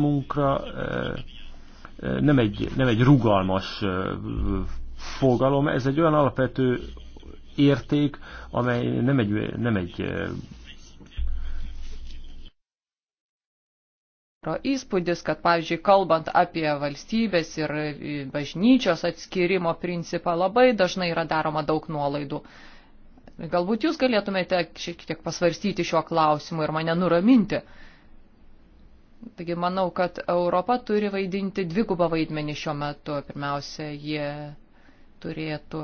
munkra nem egy, nem egy rugalmas fogalom, ez egy olyan alapvető érték, amely nem egy, nem egy yra įspūdis, kad, pavyzdžiui, kalbant apie valstybės ir e, bažnyčios atskirimo principą, labai dažnai yra daroma daug nuolaidų. Galbūt jūs galėtumėte šiek tiek pasvarstyti šiuo klausimu ir mane nuraminti. Uh, Taigi manau, kad Europa turi vaidinti dvigubą vaidmenį šiuo metu. Pirmiausia, jie turėtų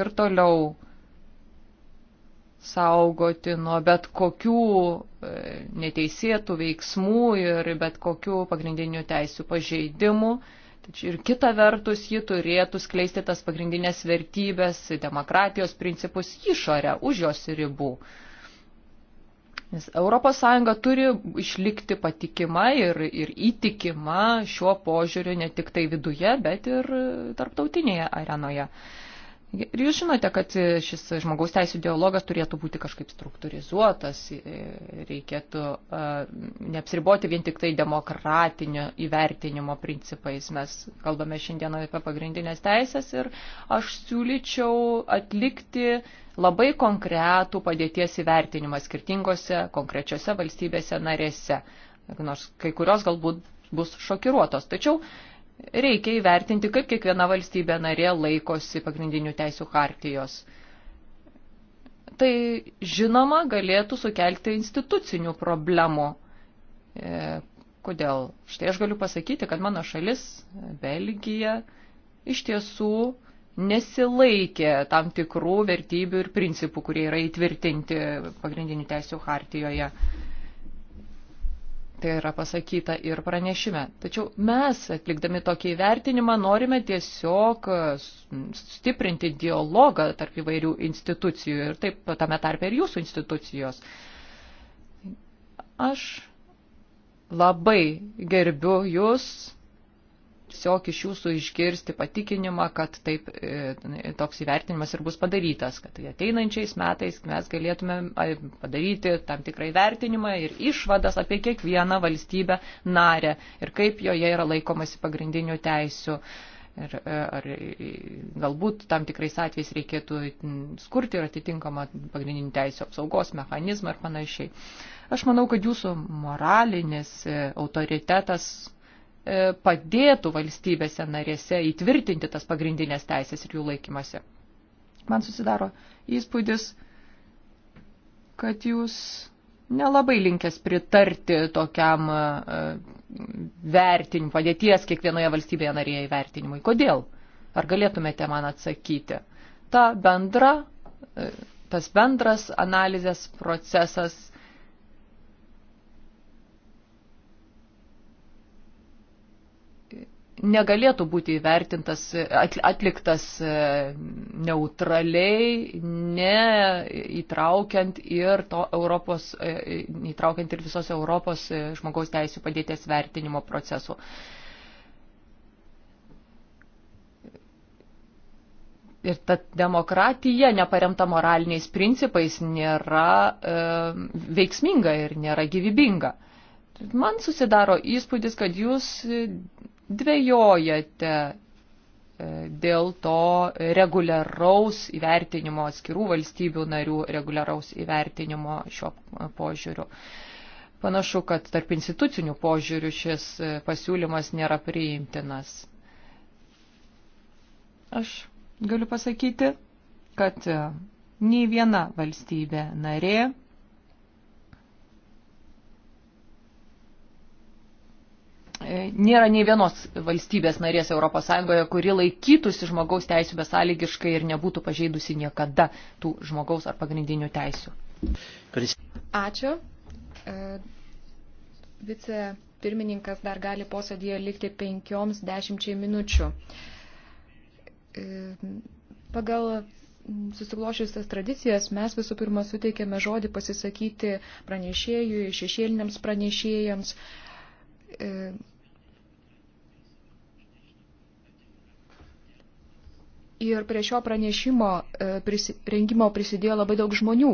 ir toliau saugoti nuo bet kokių e, neteisėtų veiksmų ir bet kokių pagrindinių teisių pažeidimų. Tačiau ir kita vertus, ji turėtų skleisti tas pagrindinės vertybės, demokratijos principus išorę, už jos ribų. Uh, Nes ES turi išlikti patikima ir, ir įtikima šiuo požiūriu ne tik tai viduje, bet ir tarptautinėje arenoje. Ir jūs žinote, kad šis žmogaus teisų dialogas turėtų būti kažkaip struktūrizuotas, reikėtų neapsiriboti vien tik tai demokratinio įvertinimo principais. Mes kalbame šiandien apie pagrindinės teisės ir aš siūlyčiau atlikti labai konkretų padėties įvertinimą skirtingose konkrečiose valstybėse narėse. Nors kai kurios galbūt bus šokiruotos. Tačiau reikia įvertinti, kaip kiekviena valstybė narė laikosi pagrindinių teisų hartijos. Tai žinoma galėtų sukelti institucinių problemų. E, kodėl? Štai aš galiu pasakyti, kad mano šalis, Belgija, iš tiesų nesilaikė tam tikrų vertybių ir principų, kurie yra įtvirtinti pagrindinių teisų hartijoje. Tai yra pasakyta ir pranešime. Tačiau mes, atlikdami tokį įvertinimą, norime tiesiog stiprinti dialogą tarp įvairių institucijų ir taip tame tarpe ir jūsų institucijos. Aš labai gerbiu jūs tiesiog iš jūsų išgirsti patikinimą, kad taip e, toks įvertinimas ir bus padarytas, kad tai ateinančiais metais mes galėtume padaryti tam tikrą įvertinimą ir išvadas apie kiekvieną valstybę narę ir kaip joje yra laikomasi pagrindinių teisių. Ir e, ar galbūt tam tikrais atvejais reikėtų skurti ir atitinkamą pagrindinių teisų apsaugos mechanizmą ir panašiai. Aš manau, kad jūsų moralinis e, autoritetas E, padėtų valstybėse narėse įtvirtinti tas pagrindinės teisės ir jų laikymasi. Man susidaro įspūdis, kad jūs nelabai linkęs pritarti tokiam e, vertinimu, padėties kiekvienoje valstybėje narėje įvertinimui. Kodėl? Ar galėtumėte man atsakyti? Ta bendra, e, tas bendras analizės procesas negalėtų būti įvertintas, atliktas e, neutraliai, neįtraukiant ir, to Europos, e, įtraukiant ir visos Europos e, žmogaus teisų padėties vertinimo procesų. Ir ta demokratija, neparemta moraliniais principais, nėra e, veiksminga ir nėra gyvybinga. Man susidaro įspūdis, kad jūs dvėjojate e, dėl to reguliaraus įvertinimo atskirų valstybių narių, reguliaraus įvertinimo šio požiūriu. Panašu, kad tarp institucinių požiūrių šis e, pasiūlymas nėra priimtinas. Aš galiu pasakyti, kad e, nei viena valstybė narė E, nėra nei vienos valstybės narės ES, kuri laikytųsi žmogaus teisų besąlygiškai ir nebūtų pažeidusi niekada tų žmogaus ar pagrindinių teisų. Ačiū. E, Vice pirmininkas dar gali posėdėje likti penkioms dešimčiai minučių. E, pagal susiklošiusias tradicijas mes visų pirma suteikėme žodį pasisakyti pranešėjui, šešėliniams pranešėjams, ir prie šio pranešimo e, prisi, rengimo prisidėjo labai daug žmonių.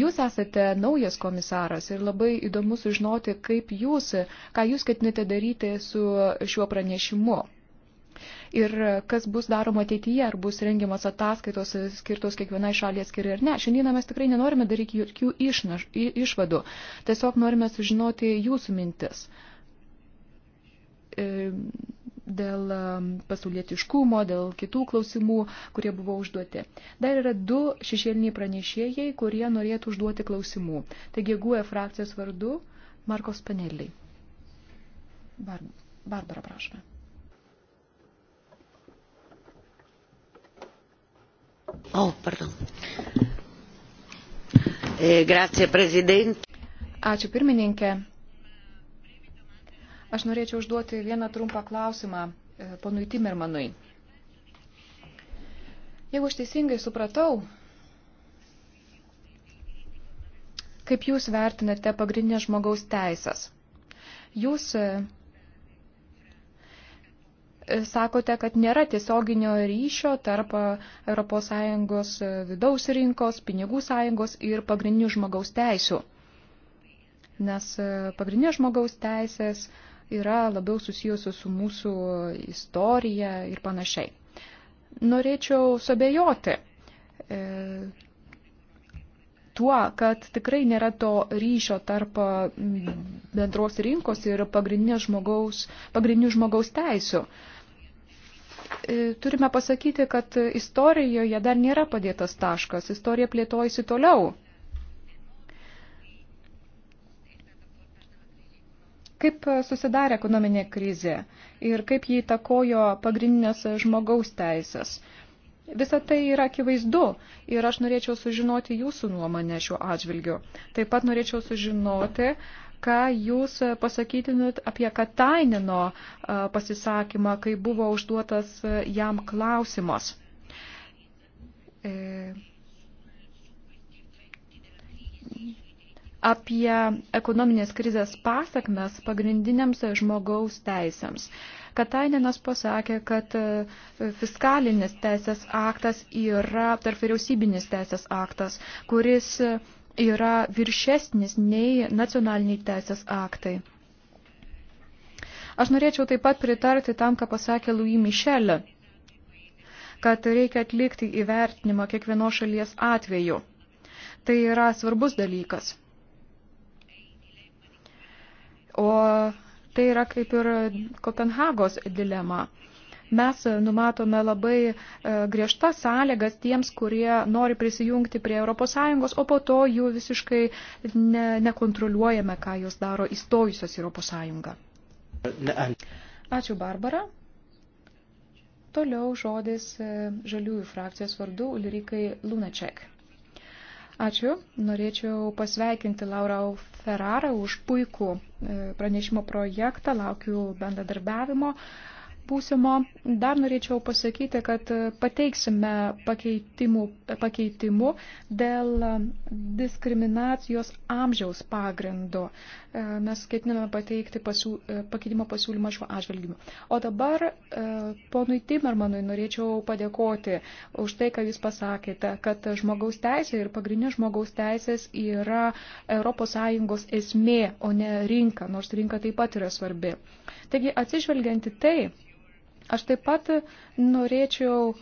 Jūs esate naujas komisaras ir labai įdomu sužinoti, kaip jūs, ką jūs ketinate daryti su šiuo pranešimu. Ir kas bus daroma ateityje, ar bus rengiamas ataskaitos skirtos kiekvienai šaliai atskirai ar ne. Šiandieną mes tikrai nenorime daryti jokių išnaš, išvadų. Tiesiog norime sužinoti jūsų mintis. E, dėl um, pasaulietiškumo, dėl kitų klausimų, kurie buvo užduoti. Dar yra du šešėliniai pranešėjai, kurie norėtų užduoti klausimų. Taigi, GUE frakcijos vardu Marko Spanelli. Bar Barbara, prašome. Oh, pardon. Eh, grazie, Ačiū pirmininkė. Aš norėčiau užduoti vieną trumpą klausimą e, ponui Timermanui. Jeigu aš teisingai supratau, kaip jūs vertinate pagrindinės žmogaus teisės? Jūs e, e, sakote, kad nėra tiesioginio ryšio tarp ES vidaus rinkos, pinigų sąjungos ir pagrindinių žmogaus teisių. Nes pagrindinės žmogaus teisės uh, yra labiau susijusios su mūsų istorija ir panašiai. Norėčiau sobejoti e, tuo, kad tikrai nėra to ryšio tarp bendros rinkos ir pagrindinių žmogaus, pagrindinių žmogaus teisų. E, turime pasakyti, kad istorijoje dar nėra padėtas taškas, istorija plėtojasi toliau Kaip susidarė ekonominė krizė ir kaip jį įtakojo pagrindinės žmogaus teisės. Visa tai yra akivaizdu ir aš norėčiau sužinoti jūsų nuomonę šiuo atžvilgiu. Taip pat norėčiau sužinoti, ką jūs pasakytumėt apie Katainino pasisakymą, kai buvo užduotas jam klausimas. E, apie ekonominės krizės pasakmes pagrindiniams žmogaus teisėms. Katainenas pasakė, kad e, fiskalinis teisės aktas yra tarp vyriausybinis teisės aktas, kuris yra viršesnis nei nacionaliniai teisės aktai. Aš norėčiau taip pat pritarti tam, ką pasakė Louis Michel, kad reikia atlikti įvertinimą kiekvienos šalies atveju. Tai yra svarbus dalykas. O tai yra kaip ir Kopenhagos dilema. Mes numatome labai e, griežtas sąlygas tiems, kurie nori prisijungti prie ES, o po to jų visiškai ne, nekontroliuojame, ką jos daro įstojusios į ES. Ačiū, Barbara. Toliau žodis e, žaliųjų frakcijos vardu Ulrikai Lunaček. Ačiū. Norėčiau pasveikinti Laura Ferrarą už puikų e, pranešimo projektą. Laukiu bendradarbiavimo pusimo dar norėčiau pasakyti, kad pateiksime pakeitimų, pakeitimų dėl diskriminacijos amžiaus pagrindo. E, mes ketiname pateikti pasiū, e, pakeitimo pasiūlymą šiuo atžvilgiu. O dabar e, ponui Timermanui norėčiau padėkoti už tai, ką jūs pasakėte, kad žmogaus teisė ir pagrindinė žmogaus teisės yra ES esmė, o ne rinka, nors rinka taip pat yra svarbi. Taigi, atsižvelgianti tai, Aš taip pat norėčiau e,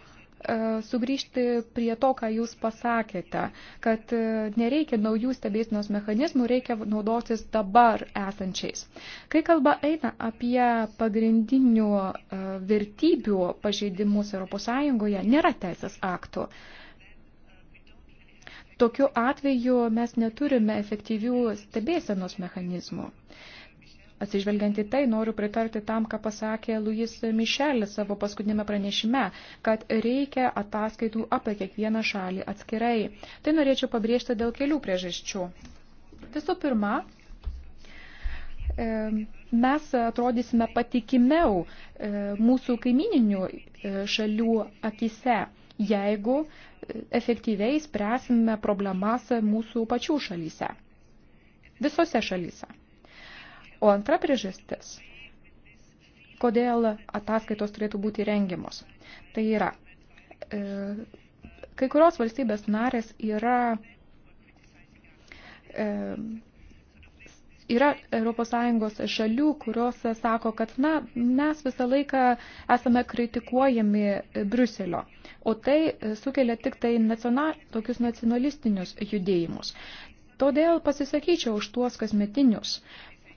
sugrįžti prie to, ką jūs pasakėte, kad e, nereikia naujų stebėsinos mechanizmų, reikia naudotis dabar esančiais. Kai kalba eina apie pagrindinių e, vertybių pažeidimus ES, nėra teisės aktų. Tokiu atveju mes neturime efektyvių stebėsenos mechanizmų. Uh, Atsižvelgiant į tai, noriu pritarti tam, ką pasakė Luis Mišelis savo paskutinėme pranešime, kad reikia ataskaitų apie kiekvieną šalį atskirai. Tai norėčiau pabrėžti dėl kelių priežasčių. Visų pirma, e, mes atrodysime patikimiau e, mūsų kaimininių e, šalių akise, jeigu efektyviai spręsime problemas mūsų pačių šalyse. Visose šalyse. O antra priežastis, kodėl ataskaitos turėtų būti rengiamos, tai yra, e, kai kurios valstybės narės yra, e, yra ES šalių, kurios sako, kad na, mes visą laiką esame kritikuojami Bruselio, o tai sukelia tik tai nacional, tokius nacionalistinius judėjimus. Todėl pasisakyčiau už tuos kasmetinius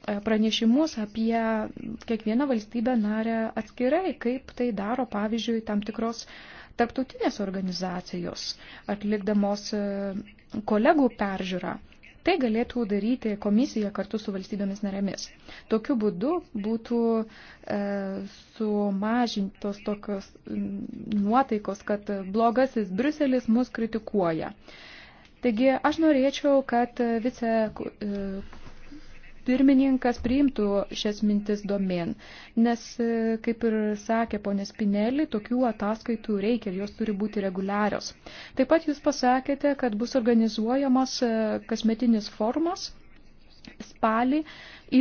E, pranešimus apie kiekvieną valstybę narę atskirai, kaip tai daro, pavyzdžiui, tam tikros tarptautinės organizacijos, atlikdamos e, kolegų peržiūrą. Tai galėtų daryti komisija kartu su valstybėmis narėmis. Tokiu būdu būtų e, sumažintos tokios nuotaikos, kad blogasis Briuselis mus kritikuoja. Taigi aš norėčiau, kad vice e, pirmininkas priimtų šias mintis domen, nes, e, kaip ir sakė ponė Spinelli, tokių ataskaitų reikia ir jos turi būti reguliarios. Taip pat jūs pasakėte, kad bus organizuojamas e, kasmetinis formas spalį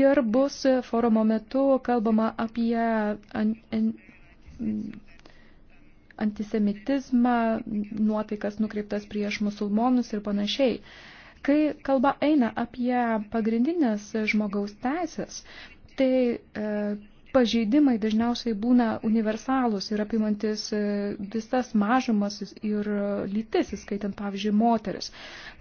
ir bus e, forumo metu kalbama apie an, an, antisemitizmą, nuotaikas nukreiptas prieš musulmonus ir panašiai. Uh, Kai kalba eina apie pagrindinės žmogaus teisės, tai e, pažeidimai dažniausiai būna universalūs ir apimantis e, visas mažumas ir lytis, įskaitant, pavyzdžiui, moteris.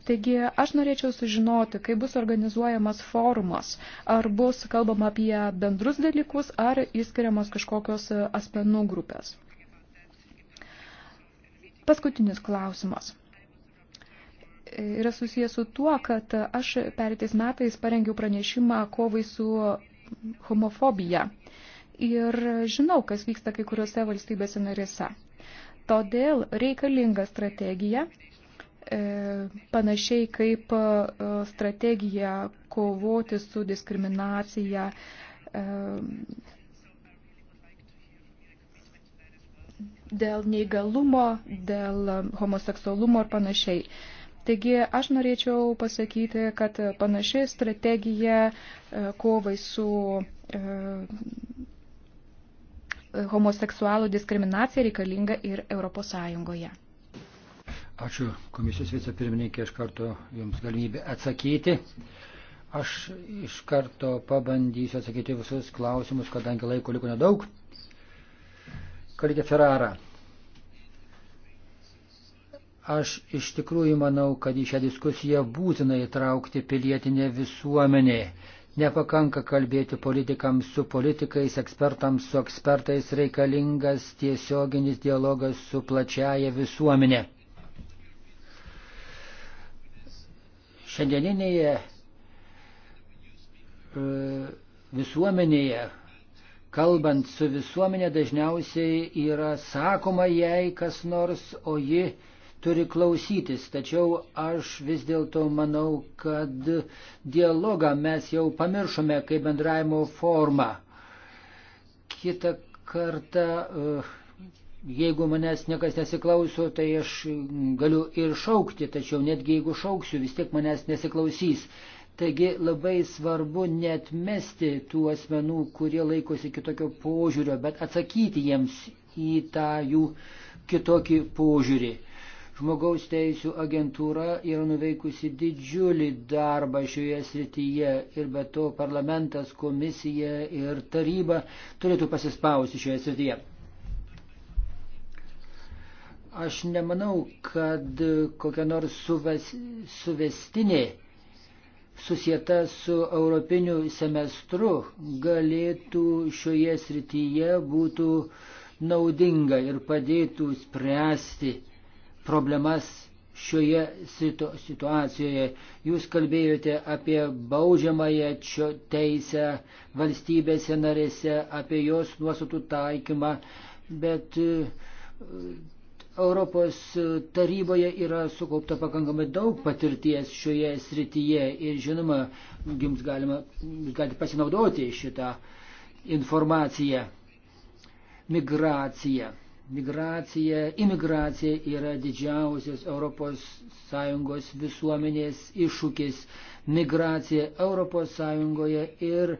Taigi aš norėčiau sužinoti, kaip bus organizuojamas forumas, ar bus kalbama apie bendrus dalykus, ar įskiriamos kažkokios asmenų grupės. Paskutinis klausimas yra susijęs su tuo, kad aš perėtais metais parengiau pranešimą kovai su homofobija. Ir žinau, kas vyksta kai kuriuose valstybėse narėse. Todėl reikalinga strategija, e, panašiai kaip e, strategija kovoti su diskriminacija. E, dėl neįgalumo, dėl homoseksualumo ir panašiai. Taigi aš norėčiau pasakyti, kad panaši strategija e, kovai su e, homoseksualų diskriminacija reikalinga ir Europos Sąjungoje. Ačiū komisijos vicepirmininkė iš karto jums galimybę atsakyti. Aš iš karto pabandysiu atsakyti visus klausimus, kadangi laiko liko nedaug. Kalikė Ferrara. Aš iš tikrųjų manau, kad į šią diskusiją būtina įtraukti pilietinę visuomenę. Nepakanka kalbėti politikams su politikais, ekspertams su ekspertais, reikalingas tiesioginis dialogas su plačiaja visuomenė. Šiandieninėje e, visuomenėje, kalbant su visuomenė, dažniausiai yra sakoma jai kas nors, o ji turi klausytis. Tačiau aš vis dėlto manau, kad dialogą mes jau pamiršome kaip bendravimo formą. Kita kartą, e, jeigu manęs niekas nesiklauso, tai aš galiu ir šaukti, tačiau netgi jeigu šauksiu, vis tiek manęs nesiklausys. Taigi labai svarbu net mesti tų asmenų, kurie laikosi kitokio požiūrio, bet atsakyti jiems į tą jų kitokį požiūrį. Žmogaus teisų agentūra yra nuveikusi didžiulį darbą šioje srityje ir be to parlamentas, komisija ir taryba turėtų pasispausti šioje srityje. Aš nemanau, kad kokia nors suves, suvestinė susieta su europiniu semestru galėtų šioje srityje būtų naudinga ir padėtų spręsti problemas šioje situ situacijoje. Jūs kalbėjote apie baudžiamąją čia teisę valstybėse narėse, apie jos nuostatų taikymą, bet e, Europos taryboje yra sukaupta pakankamai daug patirties šioje srityje ir žinoma, jums, galima, jums galite pasinaudoti šitą informaciją. Migracija migracija, imigracija yra didžiausias ES visuomenės iššūkis. Migracija ES ir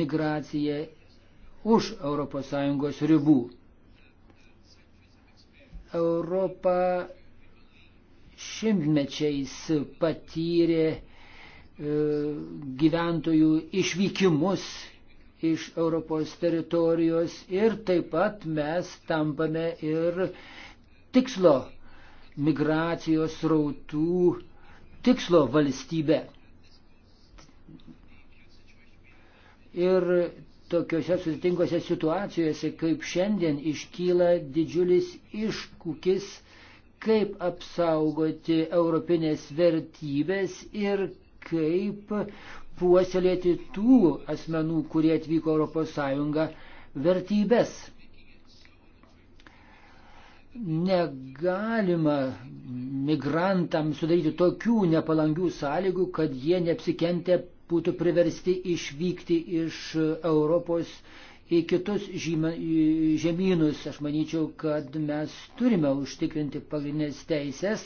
migracija už ES ribų. Europa šimtmečiais patyrė e, gyventojų išvykimus iš Europos teritorijos ir taip pat mes tampame ir tikslo migracijos rautų tikslo valstybė. Ir tokiuose susitinkose situacijose, kaip šiandien, iškyla didžiulis iškūkis, kaip apsaugoti europinės vertybės ir kaip puoselėti tų asmenų, kurie atvyko Europos Sąjungą, vertybės. Negalima migrantams sudaryti tokių nepalangių sąlygų, kad jie neapsikentę būtų priversti išvykti iš Europos į kitus žemynus. Aš manyčiau, kad mes turime užtikrinti pagrindinės teisės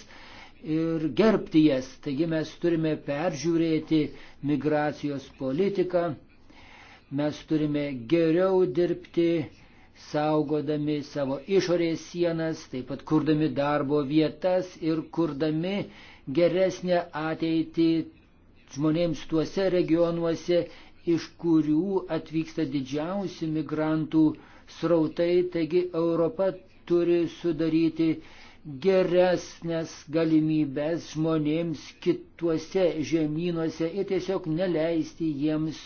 ir gerbti jas. Taigi mes turime peržiūrėti migracijos politiką, mes turime geriau dirbti, saugodami savo išorės sienas, taip pat kurdami darbo vietas ir kurdami geresnę ateitį žmonėms tuose regionuose, iš kurių atvyksta didžiausi migrantų srautai. Taigi Europa turi sudaryti geresnės galimybės žmonėms kituose žemynuose ir tiesiog neleisti jiems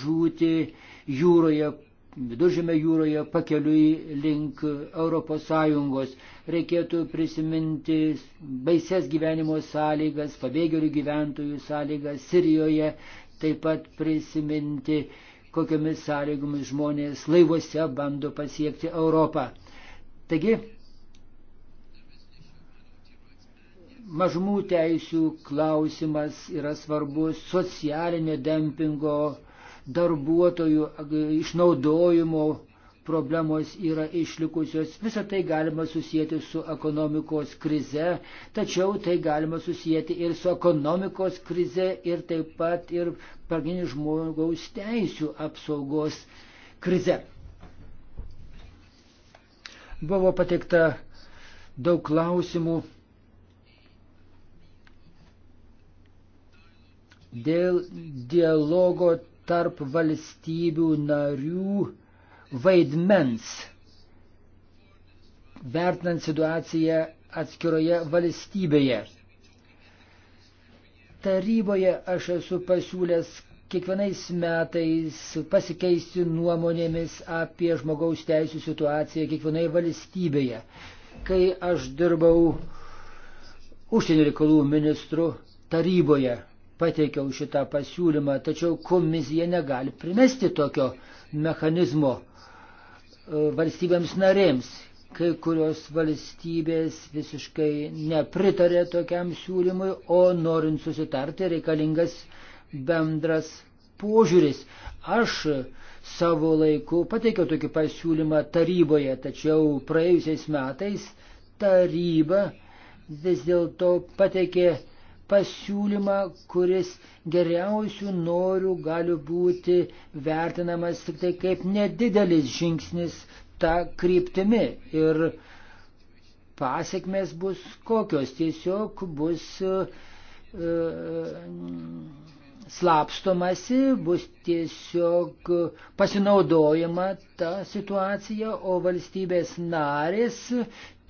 žūti jūroje, viduržėme jūroje pakeliui link ES. Reikėtų prisiminti baises gyvenimo sąlygas, pabėgėlių gyventojų sąlygas Sirijoje, taip pat prisiminti, kokiamis sąlygomis žmonės laivuose bando pasiekti Europą. Taigi, mažumų teisių klausimas yra svarbus, socialinio dempingo, darbuotojų išnaudojimo problemos yra išlikusios. Visą tai galima susijęti su ekonomikos krize, tačiau tai galima susijęti ir su ekonomikos krize ir taip pat ir pagrindinių žmogaus teisių apsaugos krize. Buvo pateikta daug klausimų dėl dialogo tarp valstybių narių vaidmens, vertinant situaciją atskiroje valstybėje. Taryboje aš esu pasiūlęs kiekvienais metais pasikeisti nuomonėmis apie žmogaus teisų situaciją kiekvienoje valstybėje. Kai aš dirbau užsienio reikalų ministru taryboje, pateikiau šitą pasiūlymą, tačiau komisija negali primesti tokio mechanizmo e, valstybėms narėms. Kai kurios valstybės visiškai nepritarė tokiam siūlymui, o norint susitarti reikalingas bendras požiūris. Aš savo laiku pateikiau tokį pasiūlymą taryboje, tačiau praėjusiais metais taryba vis dėlto pateikė pasiūlymą, kuris geriausių norių gali būti vertinamas tik tai kaip nedidelis žingsnis tą kryptimi. Ir pasiekmes bus kokios, tiesiog bus uh, slapstomasi, bus tiesiog pasinaudojama ta situacija, o valstybės narės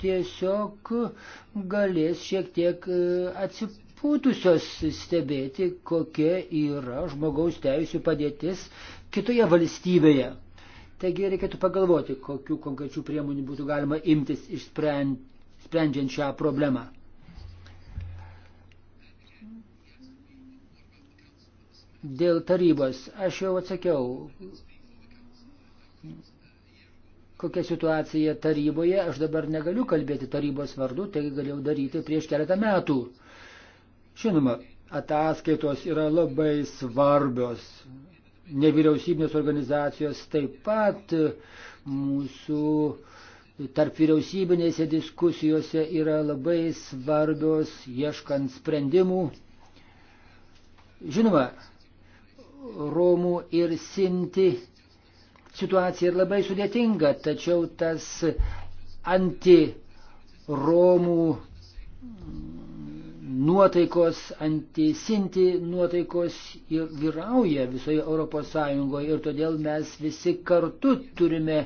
tiesiog galės šiek tiek e, atsipalaiduoti išsipūtusios stebėti, kokia yra žmogaus teisų padėtis kitoje valstybėje. Taigi reikėtų pagalvoti, kokiu konkrečiu priemonių būtų galima imtis išsprendžiant šią problemą. Dėl tarybos aš jau atsakiau, kokia situacija taryboje, aš dabar negaliu kalbėti tarybos vardu, tai galėjau daryti prieš keletą metų. Žinoma, ataskaitos yra labai svarbios. Nevyriausybinės organizacijos taip pat mūsų tarp vyriausybinėse diskusijose yra labai svarbios ieškant sprendimų. Žinoma, Romų ir Sinti situacija yra labai sudėtinga, tačiau tas anti-Romų nuotaikos, antisinti nuotaikos vyrauja visoje ES ir todėl mes visi kartu turime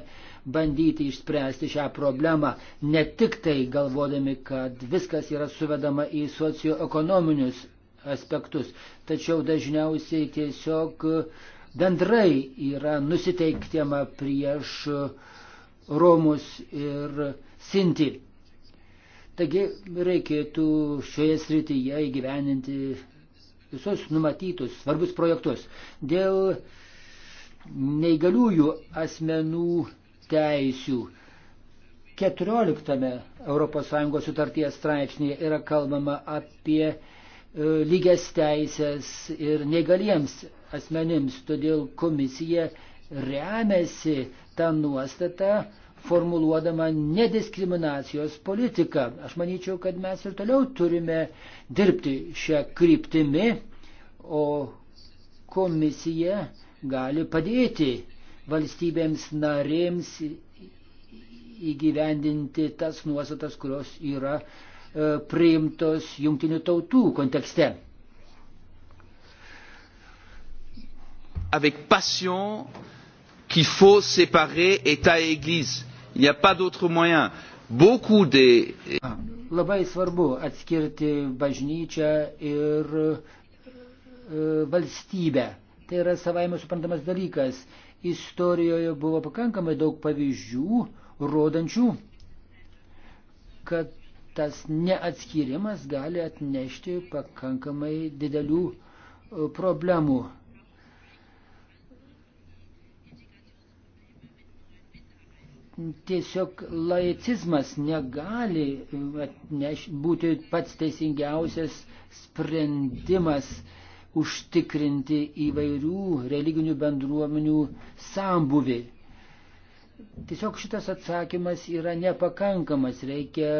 bandyti išspręsti šią problemą, ne tik tai galvodami, kad viskas yra suvedama į socioekonominius aspektus, tačiau dažniausiai tiesiog bendrai yra nusiteiktiama prieš Romus ir Sinti. Taigi reikėtų šioje srityje įgyveninti visus numatytus svarbus projektus. Dėl neįgaliųjų asmenų teisių 14 ES sutarties straipsnėje yra kalbama apie e, lygias teisės ir negaliems asmenims, todėl komisija remiasi tą nuostatą formuluodama nediskriminacijos politiką. Aš manyčiau, kad mes ir toliau turime dirbti šią kryptimį, o komisija gali padėti valstybėms narėms įgyvendinti tas nuostatas, kurios yra e, priimtos jungtinių tautų kontekste. Avec passion qu'il faut séparer État et Église Il n'y a pas d'autre moyen. Beaucoup des. Labai svarbu atskirti bažnyčią ir e, valstybę. Tai yra savaime suprantamas dalykas. Istorijoje buvo pakankamai daug pavyzdžių, rodančių, kad tas neatskirimas gali atnešti pakankamai didelių e, problemų. tiesiog laicizmas negali neš, būti pats teisingiausias sprendimas užtikrinti įvairių religinių bendruomenių sambuvį. Tiesiog šitas atsakymas yra nepakankamas, reikia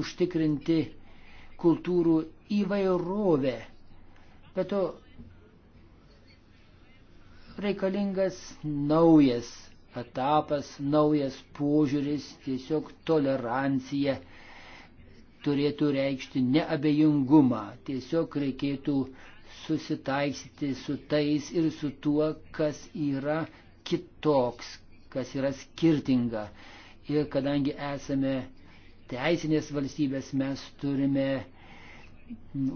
užtikrinti kultūrų įvairovę. Bet to reikalingas naujas etapas, naujas požiūris, tiesiog tolerancija turėtų reikšti neabejingumą. Tiesiog reikėtų susitaiksyti su tais ir su tuo, kas yra kitoks, kas yra skirtinga. Ir kadangi esame teisinės valstybės, mes turime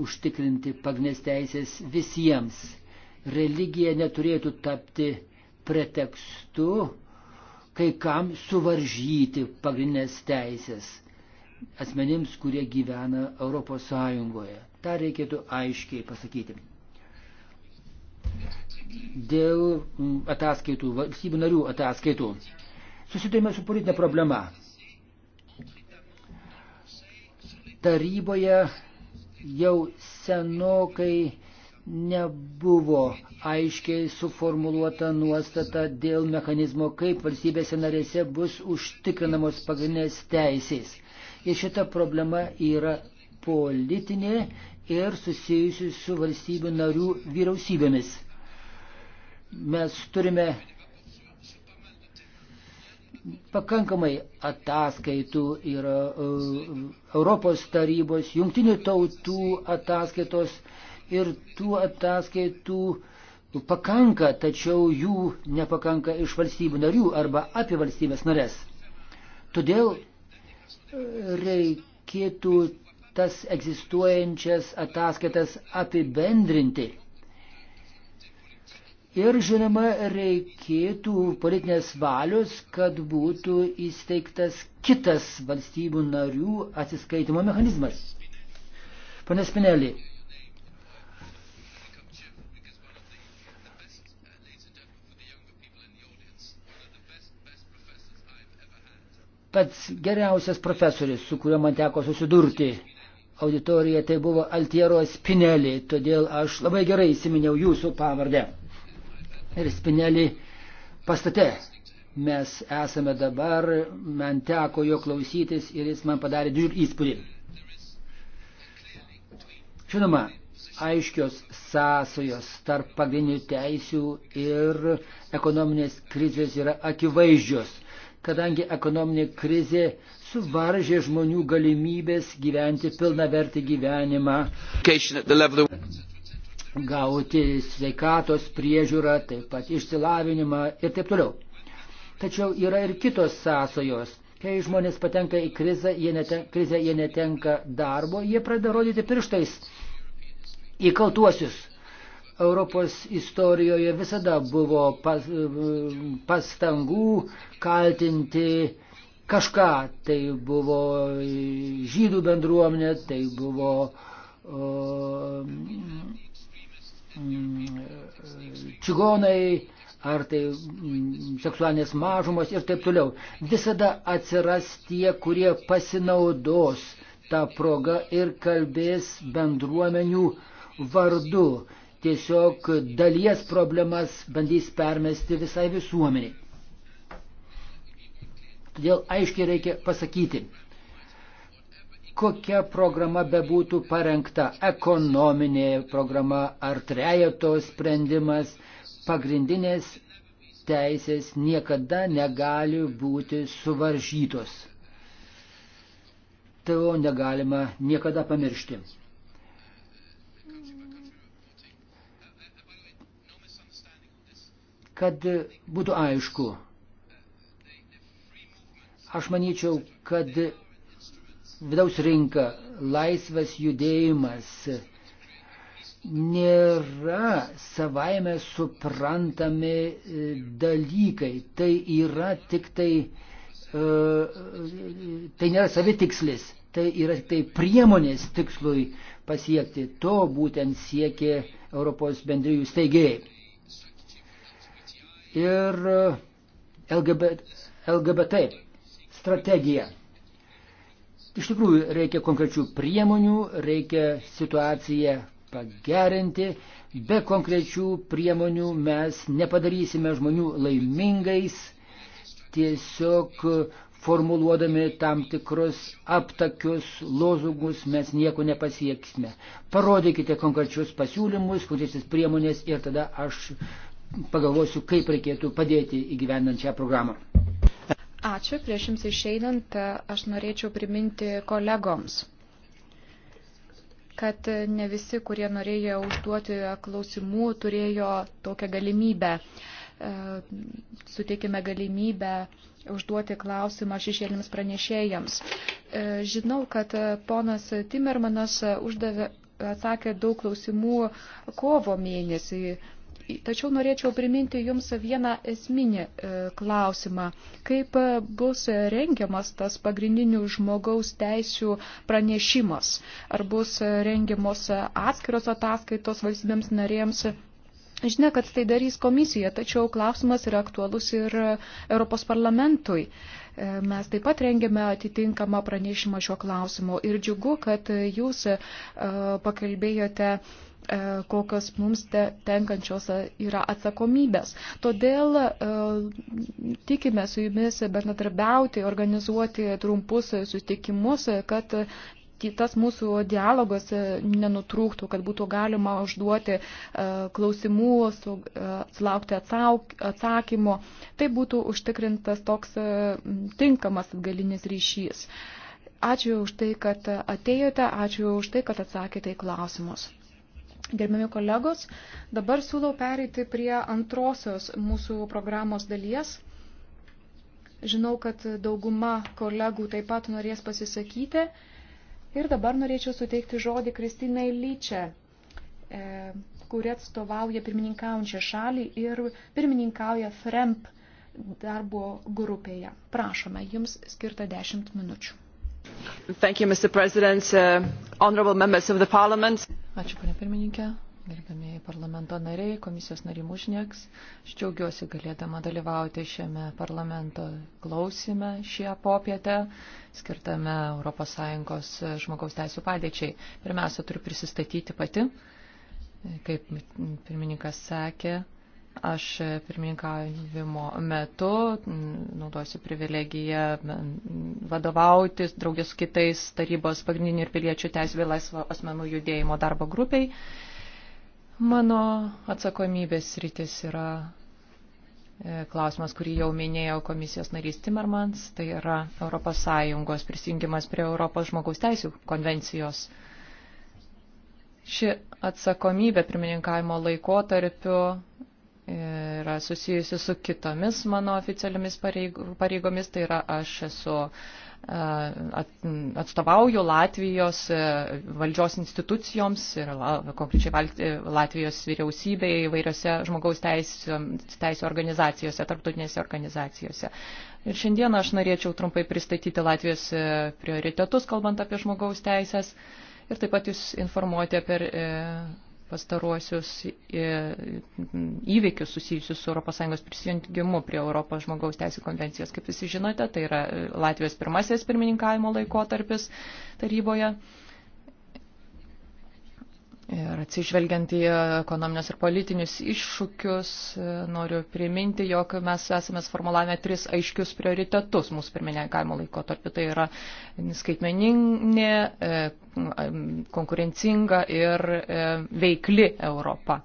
užtikrinti pagnės teisės visiems. Religija neturėtų tapti pretekstu kai kam suvaržyti pagrindinės teisės asmenims, kurie gyvena Europos Sąjungoje. Ta reikėtų aiškiai pasakyti. Dėl mm, ataskaitų, valstybių narių ataskaitų. Susidurime su politinė problema. Taryboje jau senokai nebuvo aiškiai suformuluota nuostata dėl mechanizmo, kaip valstybėse narėse bus užtikrinamos pagrindinės teisės. Ir šita problema yra politinė ir susijusi su valstybių narių vyriausybėmis. Mes turime pakankamai ataskaitų yra e, Europos tarybos, jungtinių tautų ataskaitos ir tų ataskaitų pakanka, tačiau jų nepakanka iš valstybių narių arba apie valstybės narės. Todėl e, reikėtų tas egzistuojančias ataskaitas apibendrinti. Ir žinoma, reikėtų politinės valios, kad būtų įsteigtas kitas valstybių narių atsiskaitimo mechanizmas. Pane Spinelį, pats geriausias profesorius, su kuriuo man teko susidurti. Auditorija tai buvo Altiero Spinelli, todėl aš labai gerai įsiminiau jūsų pavardę. Ir Spinelli pastate mes esame dabar, man teko jo klausytis ir jis man padarė didžiulį įspūdį. Žinoma, aiškios sąsojos tarp pagrindinių teisių ir ekonominės krizės yra akivaizdžios kadangi ekonominė krizė suvaržė žmonių galimybės gyventi pilnavertį gyvenimą, gauti sveikatos priežiūrą, taip pat išsilavinimą ir taip toliau. Tačiau yra ir kitos sąsojos. Kai žmonės patenka į krizę, jie netenka, krizę, jie netenka darbo, jie pradeda rodyti pirštais į kaltuosius. Europos istorijoje visada buvo pas, pastangų kaltinti kažką. Tai buvo žydų bendruomenė, tai buvo o, mm, čigonai, ar tai mm, seksualinės mažumos ir taip toliau. Visada atsiras tie, kurie pasinaudos tą progą ir kalbės bendruomenių vardu tiesiog dalies problemas bandys permesti visai visuomeniai. Todėl aiškiai reikia pasakyti, kokia programa bebūtų parengta - ekonominė programa ar trejato sprendimas, pagrindinės teisės niekada negali būti suvaržytos. Tai jo negalima niekada pamiršti. Kad būtų aišku, aš manyčiau, kad vidaus rinka, laisvas judėjimas nėra savaime suprantami e, dalykai. Tai yra tik tai, e, tai nėra savitikslis, tai yra tik tai priemonės tikslui pasiekti. To būtent siekė Europos bendrijų steigėjai ir LGBT, e, LGBT strategiją. Iš tikrųjų, reikia konkrečių priemonių, reikia situaciją pagerinti. Be konkrečių priemonių mes nepadarysime žmonių laimingais, tiesiog formuluodami tam tikrus aptakius lozungus mes nieko nepasieksime. Parodykite konkrečius pasiūlymus, konkrečias priemonės ir tada aš pagalvosiu, kaip reikėtų padėti įgyvendant šią programą. Ačiū. Prieš jums išeinant, aš norėčiau priminti kolegoms, kad ne visi, kurie norėjo užduoti klausimų, turėjo tokią galimybę. E, Suteikime galimybę užduoti klausimą šešėlėms pranešėjams. E, žinau, kad ponas Timermanas uždavė, atsakė daug klausimų kovo mėnesį Tačiau norėčiau priminti Jums vieną esminį e, klausimą. Kaip e, bus rengiamas tas pagrindinių žmogaus teisių pranešimas? Ar bus e, rengiamos atskiros ataskaitos valstybėms narėms? Žinia, kad tai darys komisija, tačiau klausimas yra aktualus ir Europos parlamentui. Mes taip pat rengėme atitinkamą pranešimą šiuo klausimu ir džiugu, kad jūs pakalbėjote E, kokios mums te, tenkančios e, yra atsakomybės. Todėl e, tikime su jumis bendradarbiauti, organizuoti trumpus susitikimus, kad tas mūsų dialogas nenutrūktų, kad būtų galima užduoti klausimų, sulaukti atsakymo. Tai būtų užtikrintas toks tinkamas atgalinis ryšys. Ačiū už tai, kad atėjote, ačiū už tai, kad atsakėte į klausimus. Gerbiami kolegos, dabar siūlau pereiti prie antrosios mūsų programos dalies. Žinau, kad dauguma kolegų taip pat norės pasisakyti. Ir dabar norėčiau suteikti žodį Kristinai Lyčia, e, kuri atstovauja pirmininkaujančią šalį ir pirmininkauja FREMP darbo grupėje. Prašome, jums skirta 10 minučių. You, mr president uh, honourable members of the parliament ačiū pone pirmininke gerbiamieji parlamento nariai komisijos nariai mužnieks aš džiaugiuosi galėdama dalyvauti šiame parlamento klausyme šią popietę skirtame europos sąjungos žmogaus teisių padėčiai pirmiausia turiu prisistatyti pati kaip pirmininkas sakė Aš pirmininkavimo metu naudosiu privilegiją vadovautis draugės su kitais tarybos pagrindinių ir piliečių teisų bei laisvo asmenų judėjimo darbo grupiai. Mano atsakomybės rytis yra e, klausimas, kurį jau minėjo komisijos narys Timmermans, tai yra ES prisijungimas prie Europos žmogaus teisų konvencijos. Ši atsakomybė pirmininkavimo laikotarpiu yra susijusi su kitomis mano oficialiomis pareigomis, tai yra aš esu e, atstovauju Latvijos e, valdžios institucijoms ir konkrečiai e, Latvijos vyriausybėje įvairiose žmogaus teisų, teisų organizacijose, tarptautinėse organizacijose. Ir šiandieną aš norėčiau trumpai pristatyti Latvijos prioritetus, kalbant apie žmogaus teisės ir taip pat jūs informuoti apie pastaruosius e, įvykius susijusius su ES prisijungimu prie Europos žmogaus teisų konvencijos. Kaip visi žinote, tai yra e, Latvijos pirmasis pirmininkavimo laikotarpis taryboje. Ir atsižvelgiant į ekonominius ir politinius iššūkius, e, noriu priminti, jog mes esame sformulavę tris aiškius prioritetus mūsų pirmininkavimo laiko tarp. Tai yra skaitmeninė, e, konkurencinga ir e, veikli Europa.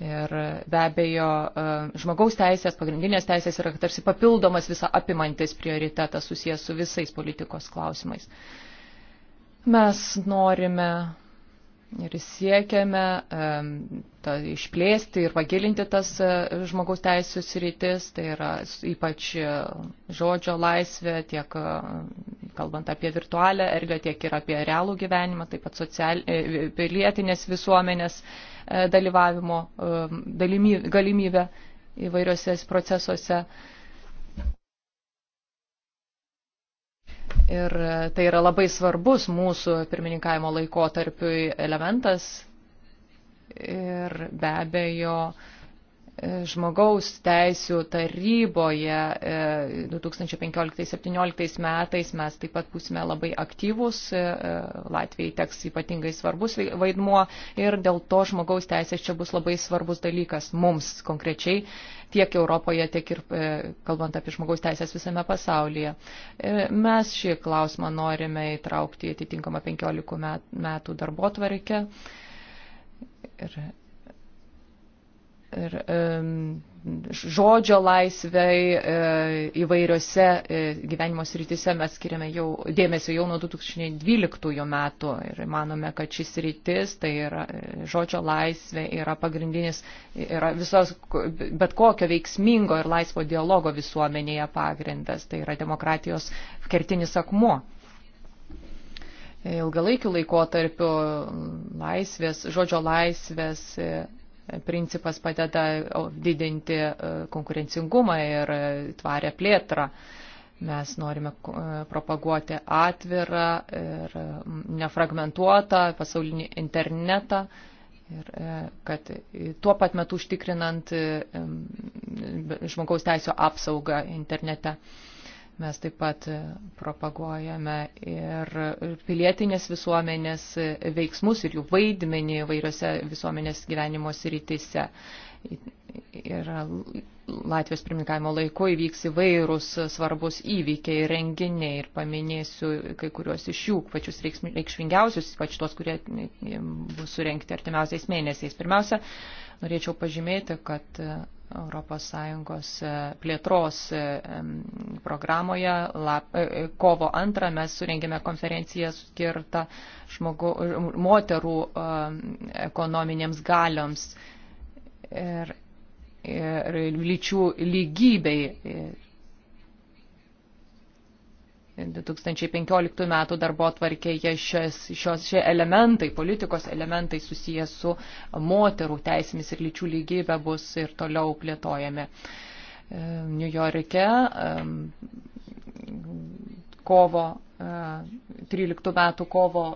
Ir be abejo, žmogaus teisės, pagrindinės teisės yra tarsi papildomas visą apimantis prioritetas susijęs su visais politikos klausimais. Mes norime ir siekiame ta, išplėsti ir pagilinti tas e, žmogaus teisų sritis, tai yra ypač e, žodžio laisvė, tiek e, kalbant apie virtualią erdvę, tiek ir apie realų gyvenimą, taip pat social, pilietinės visuomenės dalyvavimo dalimy, galimybę įvairiuose procesuose. Ir tai yra labai svarbus mūsų pirmininkavimo laikotarpiui elementas. Ir be abejo, žmogaus teisų taryboje 2015-2017 e, metais mes taip pat būsime labai aktyvūs, e, Latvijai teks ypatingai svarbus vaidmuo ir dėl to žmogaus teisės čia bus labai svarbus dalykas mums konkrečiai tiek Europoje, tiek ir e, kalbant apie žmogaus teisės visame pasaulyje. Mes šį klausimą norime įtraukti į atitinkamą 15 metų darbo tvarkę. Ir ir žodžio laisvai e, įvairiose e, gyvenimo srityse mes skiriame jau dėmesio jau nuo 2012 metų ir manome, kad šis rytis, tai yra e, žodžio laisvė, yra pagrindinis, yra visos, bet kokio veiksmingo ir laisvo dialogo visuomenėje pagrindas, tai yra demokratijos kertinis akmuo ilgalaikiu laikotarpiu laisvės, žodžio laisvės principas padeda didinti e, konkurencingumą ir e, tvarę plėtrą. Mes norime e, propaguoti atvirą ir nefragmentuotą pasaulinį internetą ir kad tuo pat metu užtikrinant žmogaus teisų apsaugą internete. Mes taip pat e, propaguojame ir pilietinės visuomenės e, veiksmus ir jų vaidmenį vairiose visuomenės gyvenimo srityse. Ir Latvijos pirmininkavimo laiku įvyks įvairūs svarbus įvykiai ir renginiai ir paminėsiu kai kuriuos iš jų, pačius reikšmingiausius, ypač tuos, kurie e, bus surenkti artimiausiais mėnesiais. Pirmiausia, norėčiau pažymėti, kad ES e, plėtros e, programoje lap, e, kovo antrą mes surengėme konferenciją skirtą žmogu, moterų ekonominėms galioms ir, ir lyčių lygybei. 2015 metų darbo atvarkėje šios, šios, šie elementai, politikos elementai susijęs su moterų teisėmis ir lyčių lygybė bus ir toliau plėtojami. E, New Yorke e, kovo, 13 e, metų kovo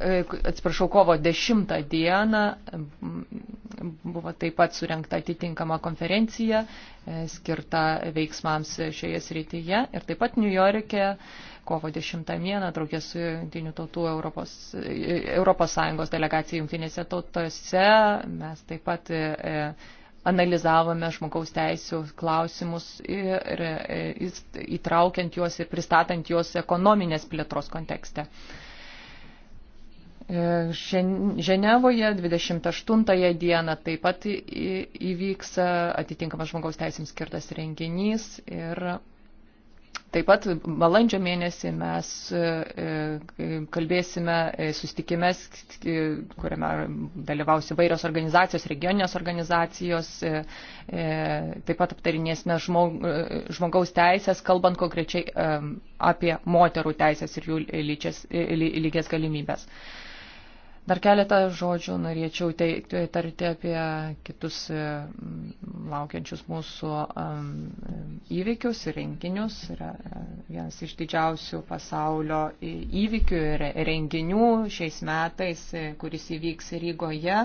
E, atsiprašau, kovo 10 dieną buvo taip pat surinkta atitinkama konferencija e, skirta veiksmams šioje srityje ir taip pat New York'e kovo 10 dieną draugė su Junktinių tautų Europos, e, Europos Sąjungos delegacija Junktinėse tautose mes taip pat analizavome žmogaus teisų klausimus ir įtraukiant juos ir pristatant juos ekonominės plėtros kontekste. E, Ženevoje 28 dieną taip pat įvyks e, atitinkamas žmogaus teisėms skirtas renginys ir taip pat balandžio mėnesį mes e, kalbėsime sustikime, kuriame dalyvaus įvairios organizacijos, regioninės organizacijos, taip pat aptarinėsime žmogaus teisės, kalbant konkrečiai apie moterų teisės ir jų lygias galimybės. Dar keletą žodžių norėčiau tarti apie kitus e, laukiančius mūsų įvykius ir renginius. Yra e, vienas iš didžiausių pasaulio įvykių ir renginių šiais metais, e, kuris įvyks Rygoje.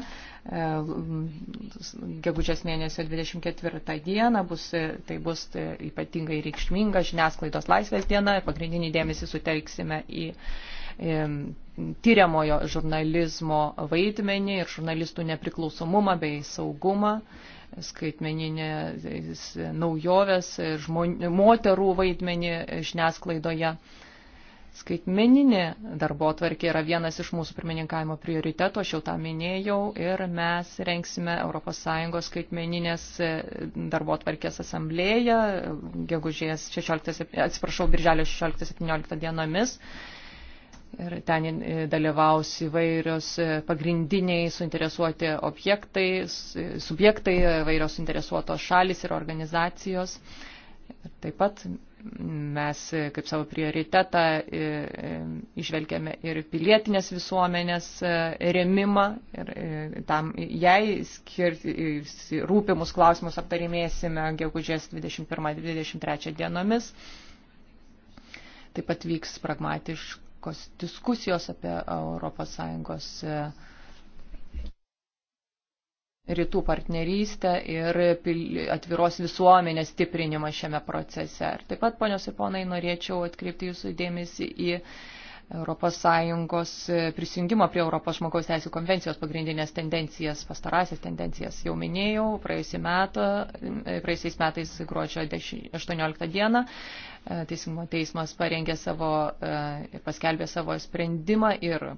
Gegužės mėnesio 24 dieną bus, tai bus ypatingai reikšminga žiniasklaidos laisvės diena. Pagrindinį dėmesį sutelksime į tyriamojo žurnalizmo vaidmenį ir žurnalistų nepriklausomumą bei saugumą, skaitmeninės naujoves, žmon, moterų vaidmenį žiniasklaidoje. Skaitmeninė darbo atvarkė yra vienas iš mūsų pirmininkavimo prioritetų, aš jau tą minėjau, ir mes renksime ES skaitmeninės e, darbo atvarkės asamblėje, gegužės 16, atsiprašau, birželio 16-17 dienomis. Ir ten e, dalyvaus įvairios e, pagrindiniai suinteresuoti objektai, e, subjektai, įvairios suinteresuotos šalis ir organizacijos. Taip pat mes kaip savo prioritetą išvelgiame ir pilietinės visuomenės remimą ir tam jai skirti rūpimus klausimus aptarimėsime gegužės 21-23 dienomis. Taip pat vyks pragmatiškas diskusijos apie ES e, rytų partnerystę ir atviros visuomenės stiprinimą šiame procese. Ir taip pat, ponios ir ponai, norėčiau atkreipti jūsų dėmesį į ES e, prisijungimo prie Europos žmogaus teisų konvencijos pagrindinės tendencijas, pastarąsias tendencijas jau minėjau, metą, e, praėjusiais metais gruodžio 18 dieną e, Teisingumo teismas parengė savo ir paskelbė savo sprendimą ir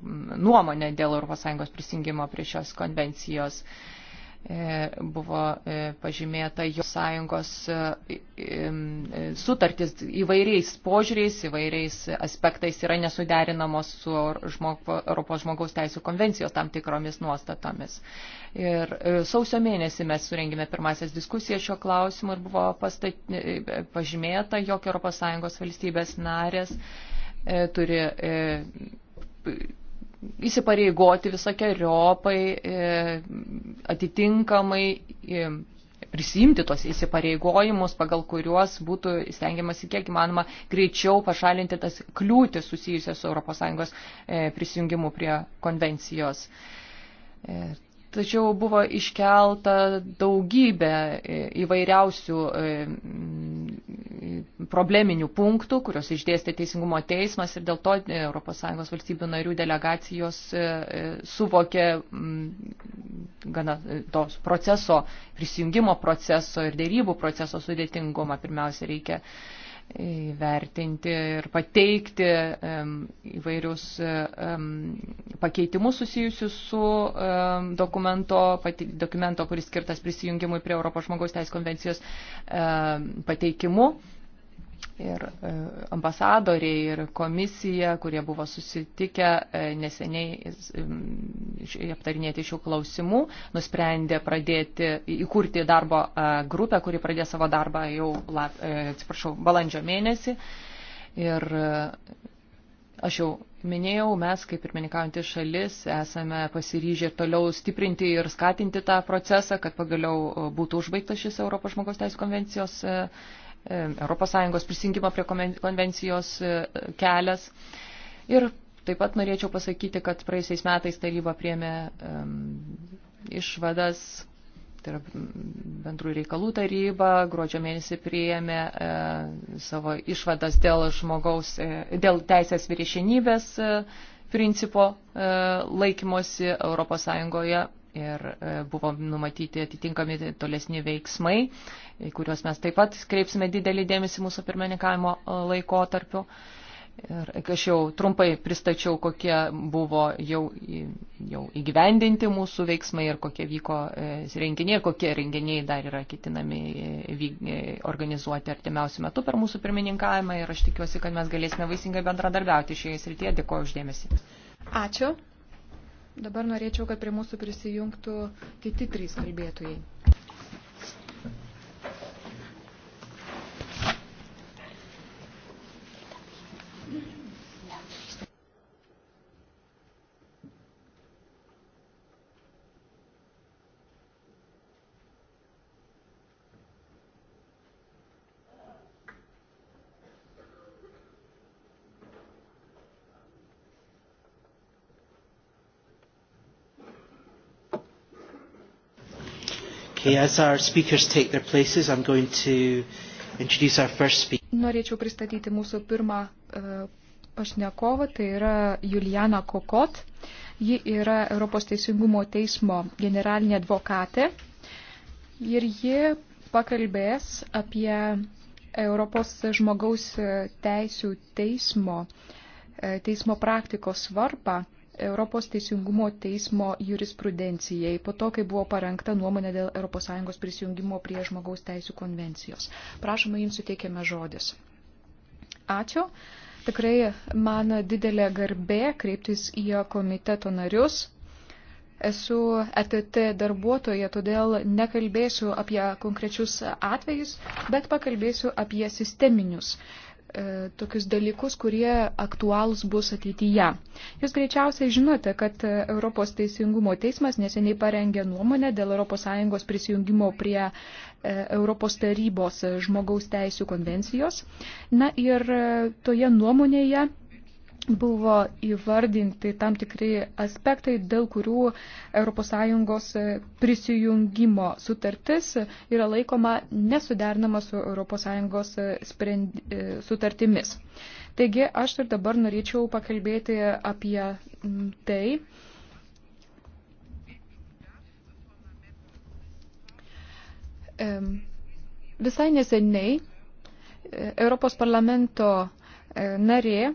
nuomonę dėl ES prisijungimo prie šios konvencijos. E, buvo e, pažymėta jo sąjungos e, sutartis įvairiais požiūriais, įvairiais aspektais yra nesuderinamos su Europos žmogaus teisų konvencijos tam tikromis nuostatomis. Ir sausio mėnesį mes surengėme pirmasias diskusijas šio klausimu ir buvo pastat, pažymėta, jog Europos sąjungos valstybės narės turi įsipareigoti visokiojopai, e, atitinkamai e, prisimti tos įsipareigojimus, pagal kuriuos būtų stengiamasi kiek įmanoma greičiau pašalinti tas kliūtis susijusias su ES e, prisijungimu prie konvencijos. Tačiau buvo iškelta daugybė įvairiausių probleminių punktų, kurios išdėstė Teisingumo teismas ir dėl to ES valstybių narių delegacijos suvokė gana tos proceso, prisijungimo proceso ir dėrybų proceso sudėtingumą. Pirmiausia, reikia uh, įvertinti ir pateikti įvairius pakeitimus susijusius su dokumento, dokumento, kuris skirtas prisijungimui prie Europos žmogaus teisų konvencijos pateikimu ir e, ambasadoriai, ir komisija, kurie buvo susitikę e, neseniai aptarinėti šių klausimų, nusprendė pradėti įkurti darbo e, grupę, kuri pradės savo darbą jau, atsiprašau, balandžio mėnesį. Ir aš jau minėjau, mes kaip pirmininkaujantį šalis esame pasiryžę ir toliau stiprinti ir skatinti tą procesą, kad pagaliau būtų užbaigtas šis Europos žmogaus teisų konvencijos ES prisijungimo prie konvencijos e, kelias. Ir taip pat norėčiau pasakyti, kad praeisiais metais taryba priemė išvadas, tai yra bendrų reikalų taryba, gruodžio mėnesį priėmė e, savo išvadas dėl žmogaus, e, dėl teisės viršienybės e, principo e, laikymosi ES ir e, buvo numatyti atitinkami tolesni veiksmai, kuriuos mes taip pat kreipsime didelį dėmesį mūsų pirmininkavimo e, laikotarpiu. Ir aš jau trumpai pristačiau, kokie buvo jau, jau įgyvendinti mūsų veiksmai ir kokie vyko e, renginiai ir kokie renginiai dar yra ketinami organizuoti artimiausių metų per mūsų pirmininkavimą ir aš tikiuosi, kad mes galėsime vaisingai bendradarbiauti šioje srityje. Dėkuoju uždėmesį. Ačiū. Dabar norėčiau, kad prie mūsų prisijungtų kiti trys kalbėtojai. Okay, as our speakers take their places, I'm going to introduce our first speaker. Norėčiau pristatyti mūsų pirmą uh, pašnekovą, tai yra Juliana Kokot. Ji yra Europos Teisingumo teismo generalinė advokatė ir ji pakalbės apie Europos žmogaus teisų teismo, e, teismo praktikos svarbą Europos teisingumo teismo jurisprudencijai po to, kai buvo parengta nuomonė dėl ES prisijungimo prie žmogaus teisų konvencijos. Prašoma, jums suteikiame žodis. Ačiū. Tikrai man didelė garbė kreiptis į komiteto narius. Esu ETT darbuotoja, todėl nekalbėsiu apie konkrečius atvejus, bet pakalbėsiu apie sisteminius E, tokius dalykus, kurie aktualūs bus ateityje. Jūs greičiausiai žinote, kad e, Europos Teisingumo teismas neseniai parengė nuomonę dėl ES prisijungimo prie e, Europos tarybos žmogaus teisų konvencijos. Na ir toje nuomonėje buvo įvardinti tam tikri aspektai, dėl kurių ES e, prisijungimo sutartis yra laikoma nesudernama su ES e, sprendi, e, sutartimis. Taigi aš ir dabar norėčiau pakalbėti apie tai. Visai neseniai Europos parlamento narė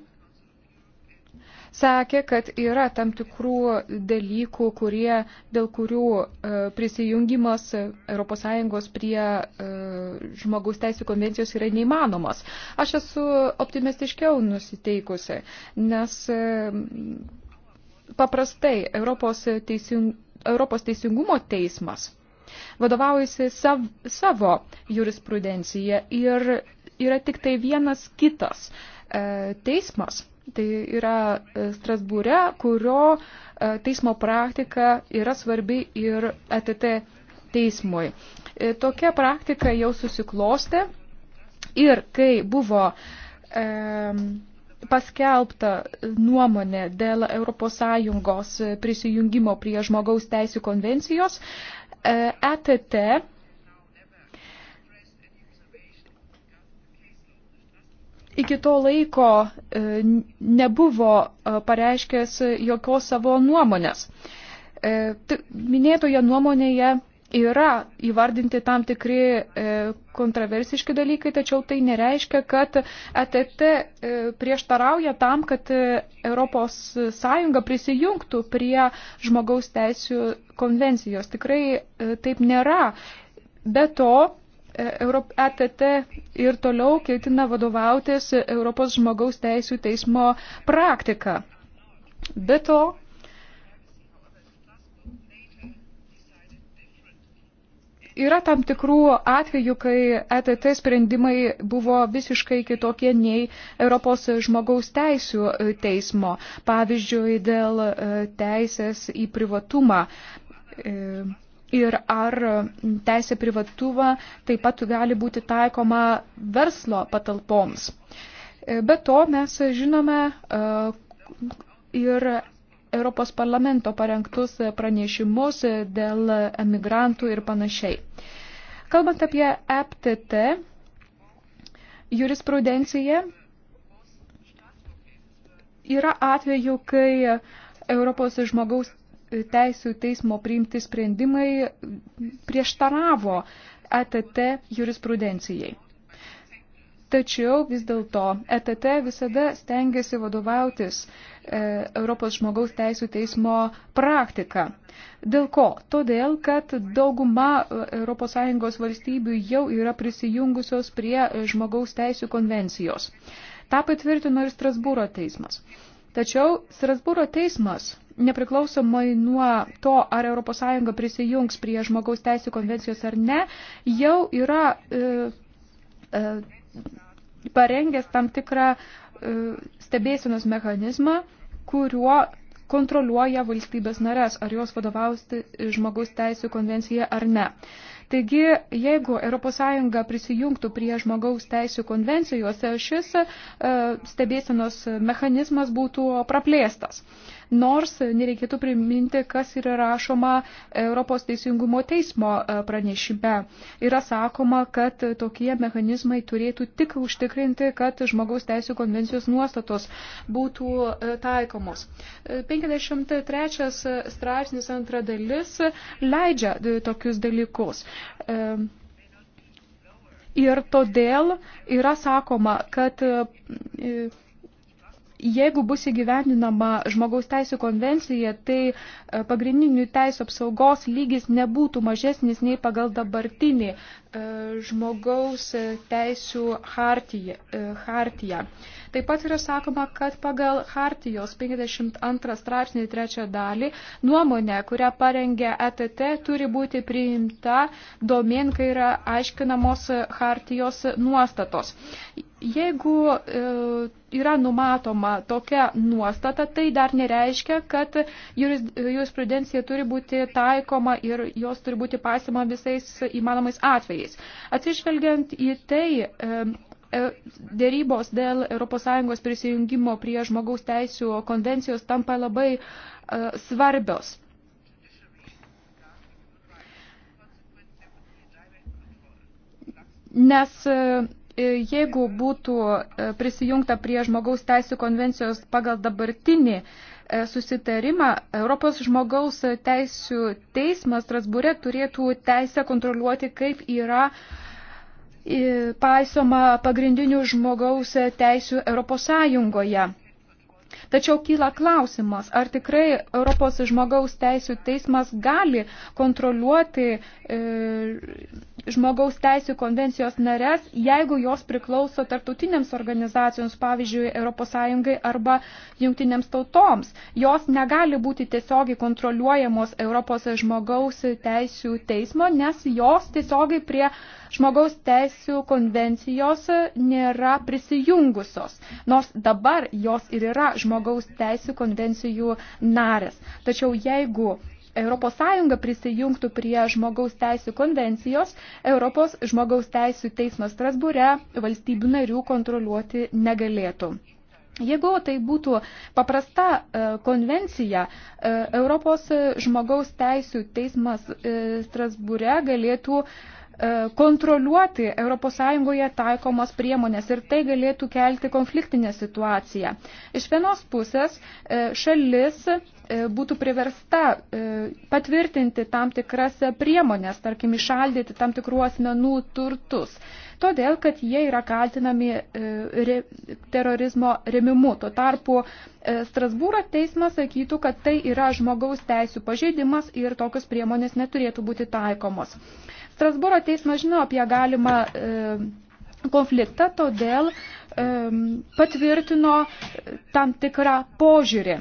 sakė, kad yra tam tikrų dalykų, kurie, dėl kurių e, prisijungimas ES prie e, žmogaus teisų konvencijos yra neįmanomas. Aš esu optimistiškiau nusiteikusi, nes e, paprastai Europos, teising, Europos teisingumo teismas vadovaujasi sav, savo jurisprudenciją ir yra tik tai vienas kitas e, teismas tai yra e, Strasbūre, kurio e, teismo praktika yra svarbi ir ATT teismui. E, tokia praktika jau susiklosti ir kai buvo e, paskelbta nuomonė dėl ES prisijungimo prie žmogaus teisų konvencijos, e, ATT iki to laiko e, nebuvo e, pareiškęs jokios savo nuomonės. E, minėtoje nuomonėje yra įvardinti tam tikri kontroversiški dalykai, tačiau tai nereiškia, kad ATT prieštarauja tam, kad ES prisijungtų prie žmogaus teisų konvencijos. Tikrai taip nėra. Be to, ETT e ir toliau ketina vadovautis Europos žmogaus teisų teismo praktika. Be to, yra tam tikrų atvejų, kai ETT sprendimai buvo visiškai kitokie nei Europos žmogaus teisų teismo, pavyzdžiui, dėl e, teisės į privatumą. E, ir ar teisė privatuvą taip pat gali būti taikoma verslo patalpoms. Be to mes žinome e, ir Europos parlamento parengtus pranešimus dėl emigrantų ir panašiai. Kalbant apie EPTT jurisprudenciją, yra atveju, kai Europos žmogaus teisų teismo priimti sprendimai prieštaravo ETT jurisprudencijai. Tačiau vis dėlto ETT visada stengiasi vadovautis e, Europos žmogaus teisų teismo praktika. Dėl ko? Todėl, kad dauguma ES valstybių jau yra prisijungusios prie žmogaus teisų konvencijos. Ta patvirtino ir Strasbūro teismas. Tačiau Strasbūro teismas nepriklausomai nuo to, ar ES prisijungs prie žmogaus teisų konvencijos ar ne, jau yra e, e, parengęs tam tikrą e, stebėsinos mechanizmą, kuriuo kontroliuoja valstybės narės, ar jos vadovausti žmogaus teisų konvencija ar ne. Taigi, jeigu ES prisijungtų prie žmogaus teisų konvencijos, šis e, stebėsenos mechanizmas būtų praplėstas nors nereikėtų priminti, kas yra rašoma Europos teisingumo teismo e, pranešime. Yra sakoma, kad tokie mechanizmai turėtų tik užtikrinti, kad žmogaus teisų konvencijos nuostatos būtų e, taikomos. 53 e, straipsnis antra dalis leidžia tokius dalykus. Ir todėl yra sakoma, kad Jeigu bus įgyvendinama žmogaus teisų konvencija, tai e, pagrindinių teisų apsaugos lygis nebūtų mažesnis nei pagal dabartinį e, žmogaus e, teisų hartiją. Taip pat yra sakoma, kad pagal Hartijos 52 straipsnį 3 dalį nuomonė, kurią parengė ETT, turi būti priimta domin, kai yra aiškinamos Hartijos nuostatos. Jeigu e, yra numatoma tokia nuostata, tai dar nereiškia, kad jurisprudencija turi būti taikoma ir jos turi būti pasima visais įmanomais atvejais. Atsižvelgiant į tai, e, E, dėrybos dėl ES prisijungimo prie žmogaus teisų konvencijos tampa labai e, svarbios. Nes e, jeigu būtų prisijungta prie žmogaus teisų konvencijos pagal dabartinį susitarimą, Europos žmogaus teisų teismas Strasbūre turėtų teisę kontroliuoti, kaip yra uh, paisoma pagrindinių žmogaus teisių Europos Sąjungoje. Tačiau kyla klausimas, ar tikrai Europos žmogaus teisų teismas gali kontroliuoti e, žmogaus teisų konvencijos nares, jeigu jos priklauso tarptautinėms organizacijoms, pavyzdžiui, ES arba jungtinėms tautoms. Jos negali būti tiesiogiai kontroliuojamos Europos žmogaus teisų teismo, nes jos tiesiogiai prie žmogaus teisų konvencijos nėra prisijungusios, nors dabar jos ir yra žmogaus teisų konvencijų narės. Tačiau jeigu ES prisijungtų prie žmogaus teisų konvencijos, Europos žmogaus teisų teismas Strasbūre valstybių narių kontroliuoti negalėtų. Jeigu tai būtų paprasta e, konvencija, e, Europos žmogaus teisų teismas e, Strasbūre galėtų E, kontroliuoti ES taikomas priemonės ir tai galėtų kelti konfliktinę situaciją. Iš vienos pusės e, šalis e, būtų priversta patvirtinti tam tikras priemonės, tarkim, išaldyti tam tikrų asmenų turtus, todėl kad jie yra kaltinami re, terorizmo remimu. Tuo tarpu Strasbūro teismas sakytų, kad tai yra žmogaus teisų pažeidimas ir tokios priemonės neturėtų būti taikomos. Strasbūro teismas žino apie galimą e, konfliktą, todėl e, patvirtino tam tikrą požiūrį,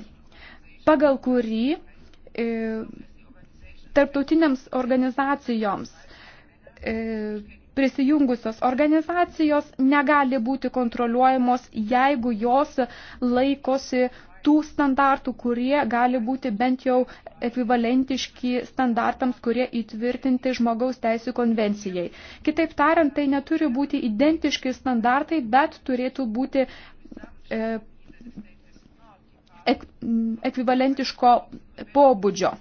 pagal kurį e, tarptautinėms organizacijoms prisijungusios organizacijos negali būti kontroliuojamos, jeigu jos laikosi tų standartų, kurie gali būti bent jau ekvivalentiški standartams, kurie įtvirtinti žmogaus teisų konvencijai. Kitaip tariant, tai neturi būti identiški standartai, bet turėtų būti e, ek, ekvivalentiško pobūdžio.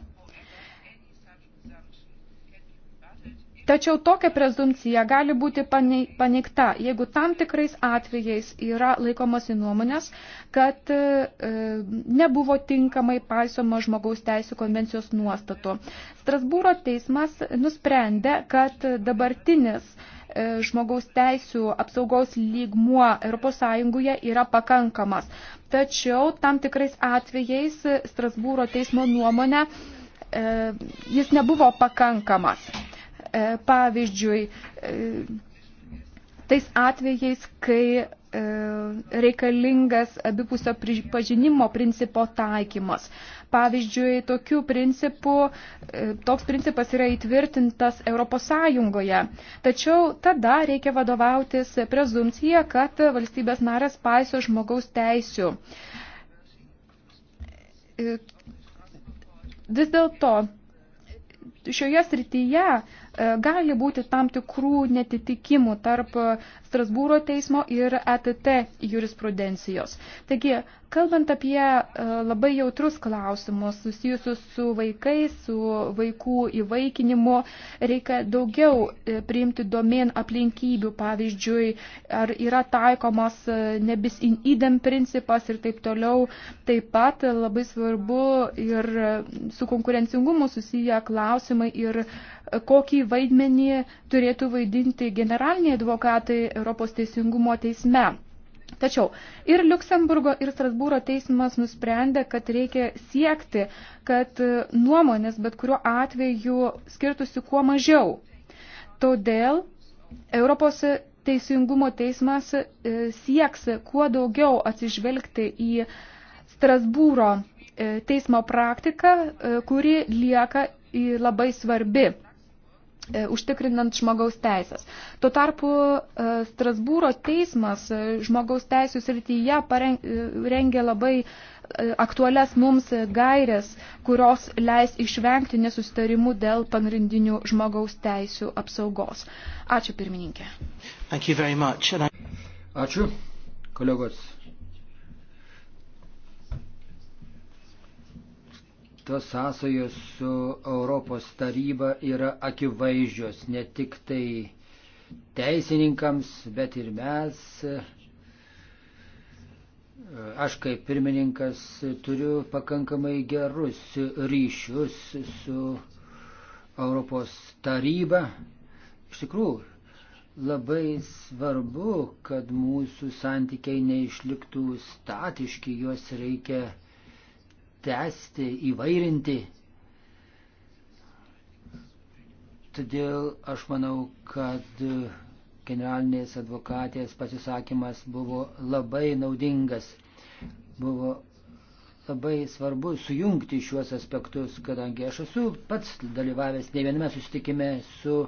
Tačiau tokia prezumcija gali būti paneigta, jeigu tam tikrais atvejais yra laikomasi nuomonės, kad e, nebuvo tinkamai paisoma žmogaus teisų konvencijos nuostatų. Strasbūro teismas nusprendė, kad dabartinis e, žmogaus teisų apsaugos lygmuo ES yra pakankamas. Tačiau tam tikrais atvejais Strasbūro teismo nuomonė e, jis nebuvo pakankamas. E, pavyzdžiui, e, tais atvejais, kai e, reikalingas abipusio pažinimo principo taikymas. Pavyzdžiui, tokiu principu, toks principas yra įtvirtintas Europos Sąjungoje. Tačiau tada reikia vadovautis prezumcija, kad valstybės naras paiso žmogaus teisių. Vis dėlto šioje srityje gali būti tam tikrų netitikimų tarp Strasbūro teismo ir ATT jurisprudencijos. Taigi, kalbant apie e, labai jautrus klausimus susijusius su vaikais, su vaikų įvaikinimu, reikia daugiau e, priimti domen aplinkybių, pavyzdžiui, ar yra taikomas e, nebis in idem principas ir taip toliau. Taip pat labai svarbu ir su konkurencingumu susiję klausimai ir kokį vaidmenį turėtų vaidinti generaliniai advokatai Europos teisingumo teisme. Tačiau ir Luksemburgo, ir Strasbūro teismas nusprendė, kad reikia siekti, kad nuomonės bet kuriuo atveju skirtusi kuo mažiau. Todėl Europos teisingumo teismas e, sieks kuo daugiau atsižvelgti į Strasbūro e, teismo praktiką, e, kuri lieka labai svarbi E, užtikrinant žmogaus teisės. Tuo tarpu e, Strasbūro teismas e, žmogaus teisų srityje rengė labai aktualias mums gairės, kurios leis išvengti nesustarimų dėl pagrindinių žmogaus teisų apsaugos. Ačiū pirmininkė. Ačiū, kolegos. tos sąsajos su Europos taryba yra akivaizdžios ne tik tai teisininkams, bet ir mes. Aš kaip pirmininkas turiu pakankamai gerus ryšius su Europos taryba. Iš tikrųjų, labai svarbu, kad mūsų santykiai neišliktų statiški, juos reikia tęsti, įvairinti. Todėl aš manau, kad generalinės advokatės pasisakymas buvo labai naudingas. Buvo labai svarbu sujungti šiuos aspektus, kadangi aš esu pats dalyvavęs ne viename susitikime su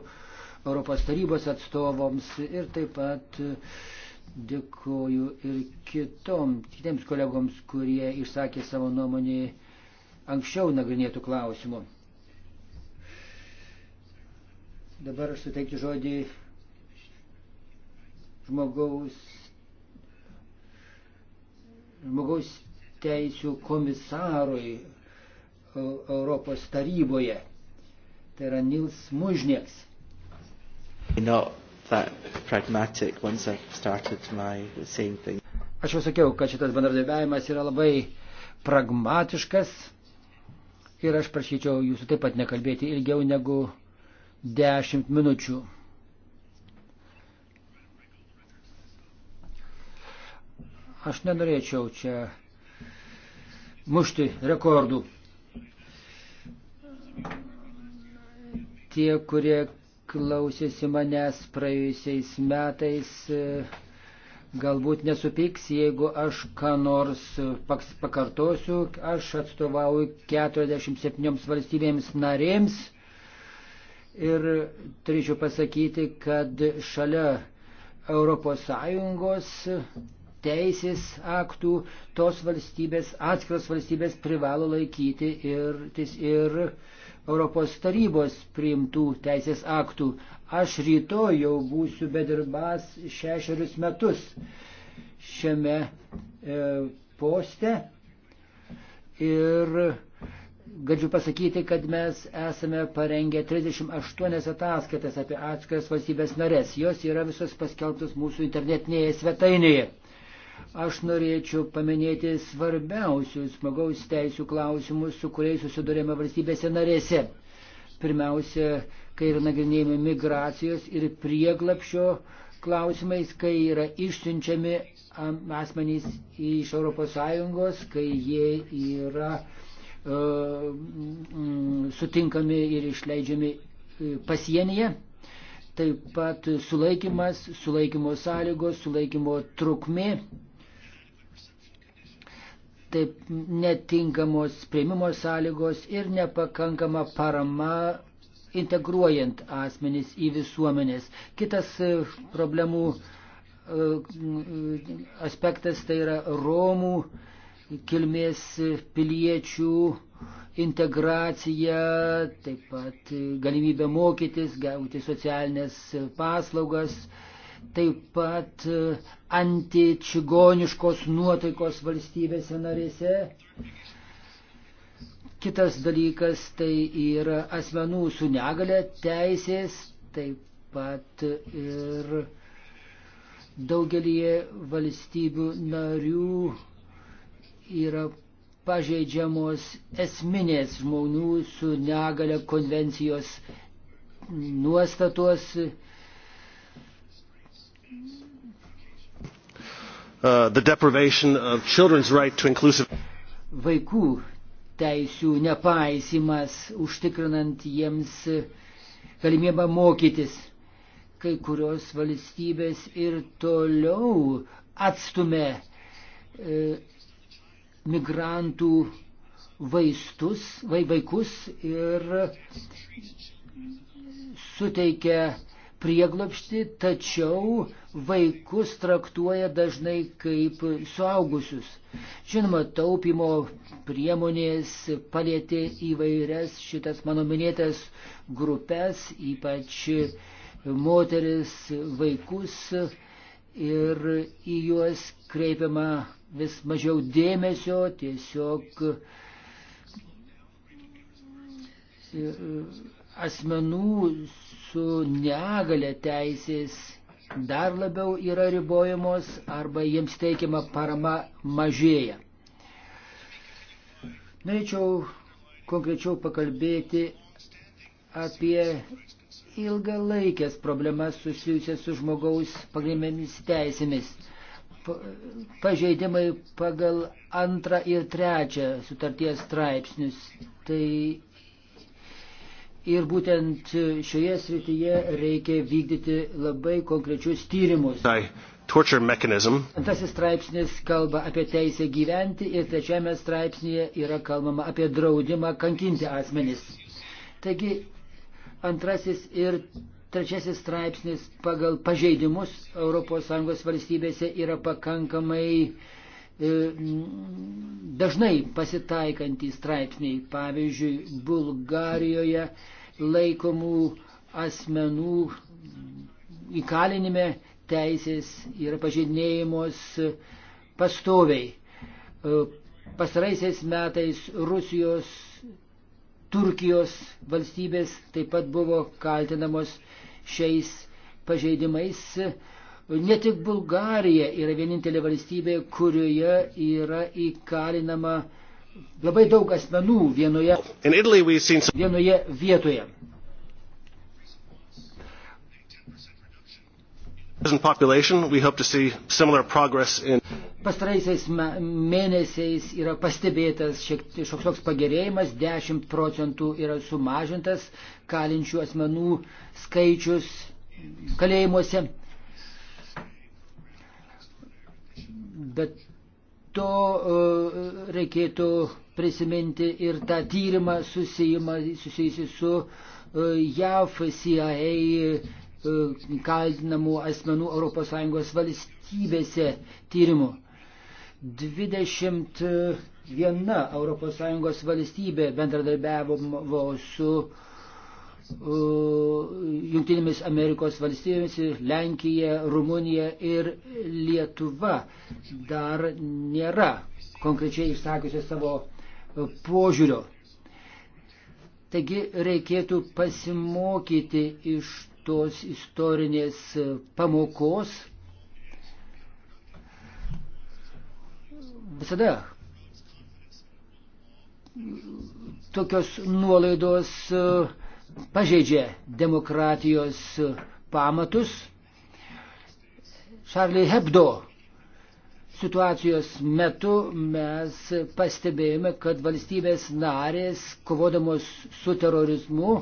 Europos tarybos atstovams ir taip pat uh, Dėkuoju ir kitom, kitiems kolegoms, kurie išsakė savo nuomonį anksčiau nagrinėtų klausimų. Dabar aš suteikiu žodį žmogaus, žmogaus teisų komisarui e, Europos taryboje. Tai yra Nils Mužnieks. No that pragmatic once I've started my saying thing. Aš jau sakiau, kad šitas bendradarbiavimas yra labai pragmatiškas ir aš prašyčiau jūsų taip pat nekalbėti ilgiau negu 10 minučių. Aš nenorėčiau čia mušti rekordų. Tie, kurie klausėsi manęs praėjusiais metais, e, galbūt nesupyks, jeigu aš ką nors pakartosiu. Aš atstovauju 47 valstybėms narėms ir turėčiau pasakyti, kad šalia ES teisės aktų tos valstybės, atskiros valstybės privalo laikyti ir, ir Europos tarybos priimtų teisės aktų. Aš rytoj jau būsiu bedirbas šešerius metus šiame e, poste ir galiu pasakyti, kad mes esame parengę 38 ataskaitas apie atskiras valstybės narės. Jos yra visos paskelbtos mūsų internetinėje svetainėje. Aš norėčiau paminėti svarbiausius žmogaus teisų klausimus, su kuriais susidurėme valstybėse narėse. Pirmiausia, kai yra nagrinėjami migracijos ir prieglapšio klausimais, kai yra išsiunčiami asmenys iš ES, kai jie yra uh, sutinkami ir išleidžiami e, pasienyje taip pat sulaikimas, sulaikimo sąlygos, sulaikimo trukmė taip netinkamos prieimimo sąlygos ir nepakankama parama integruojant asmenys į visuomenės. Kitas e, problemų e, aspektas tai yra Romų kilmės piliečių integracija, taip pat e, galimybė mokytis, gauti socialinės paslaugas, taip pat e, antičigoniškos nuotaikos valstybėse narėse. Kitas dalykas tai yra asmenų su negale teisės, taip pat ir daugelį valstybių narių yra pažeidžiamos esminės žmonių su negale konvencijos nuostatos uh, the deprivation of children's right to inclusive vaikų teisių nepaisimas, užtikrinant jiems galimybę mokytis. Kai kurios valstybės ir toliau atstumė e, migrantų vaistus, vai, vaikus ir suteikia e, prieglopšti, tačiau vaikus traktuoja dažnai kaip suaugusius. Žinoma, taupimo priemonės palėtė įvairias šitas mano minėtas grupės, ypač moteris, vaikus ir į juos kreipiama vis mažiau dėmesio, tiesiog e, e, asmenų su negale teisės dar labiau yra ribojamos arba jiems teikiama parama mažėja. Norėčiau konkrečiau pakalbėti apie ilgalaikės problemas susijusias su žmogaus pagrindinėmis teisėmis. Pažeidimai pagal antrą ir trečią sutarties straipsnius. Tai Ir būtent šioje srityje reikia vykdyti labai konkrečius tyrimus. Tai antrasis straipsnis kalba apie teisę gyventi ir trečiame straipsnėje yra kalbama apie draudimą kankinti asmenis. Taigi antrasis ir trečiasis straipsnis pagal pažeidimus ES valstybėse yra pakankamai e, dažnai pasitaikantys straipsniai. Pavyzdžiui, Bulgarijoje laikomų asmenų įkalinime teisės yra pažydinėjimos pastoviai. E, Pasaraisiais metais Rusijos, Turkijos valstybės taip pat buvo kaltinamos šiais pažeidimais. Ne tik Bulgarija yra vienintelė valstybė, kurioje yra įkalinama uh, labai daug asmenų vienoje, vienoje vietoje. Pastaraisiais mėnesiais yra pastebėtas šioks toks pagerėjimas, 10 procentų yra sumažintas kalinčių asmenų skaičius kalėjimuose. Bet to e, reikėtų prisiminti ir tą tyrimą susijusi su e, JAV CIA e, kaltinamų asmenų ES valstybėse tyrimu. 21 ES valstybė bendradarbiavo su uh, Junktinėmis Amerikos valstybėmis, Lenkija, Rumunija ir Lietuva dar nėra konkrečiai išsakiusi savo e, požiūrio. Taigi reikėtų pasimokyti iš tos istorinės e, pamokos. Visada tokios nuolaidos uh, pažeidžia demokratijos pamatus. Šarlį Hebdo situacijos metu mes pastebėjome, kad valstybės narės, kovodamos su terorizmu,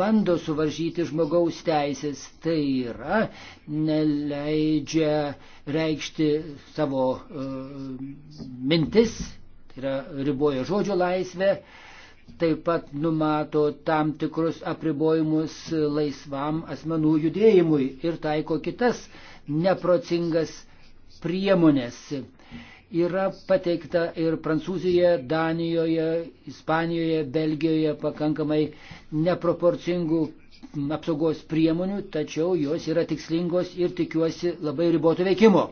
bando suvaržyti žmogaus teisės. Tai yra, neleidžia reikšti savo e, mintis, tai yra riboja žodžio laisvę, e, taip pat numato tam tikrus apribojimus laisvam asmenų judėjimui ir taiko kitas neprocingas priemonės. Yra pateikta ir Prancūzijoje, Danijoje, Ispanijoje, Belgijoje pakankamai neproporcingų apsaugos priemonių, tačiau jos yra tikslingos ir tikiuosi labai riboto veikimo.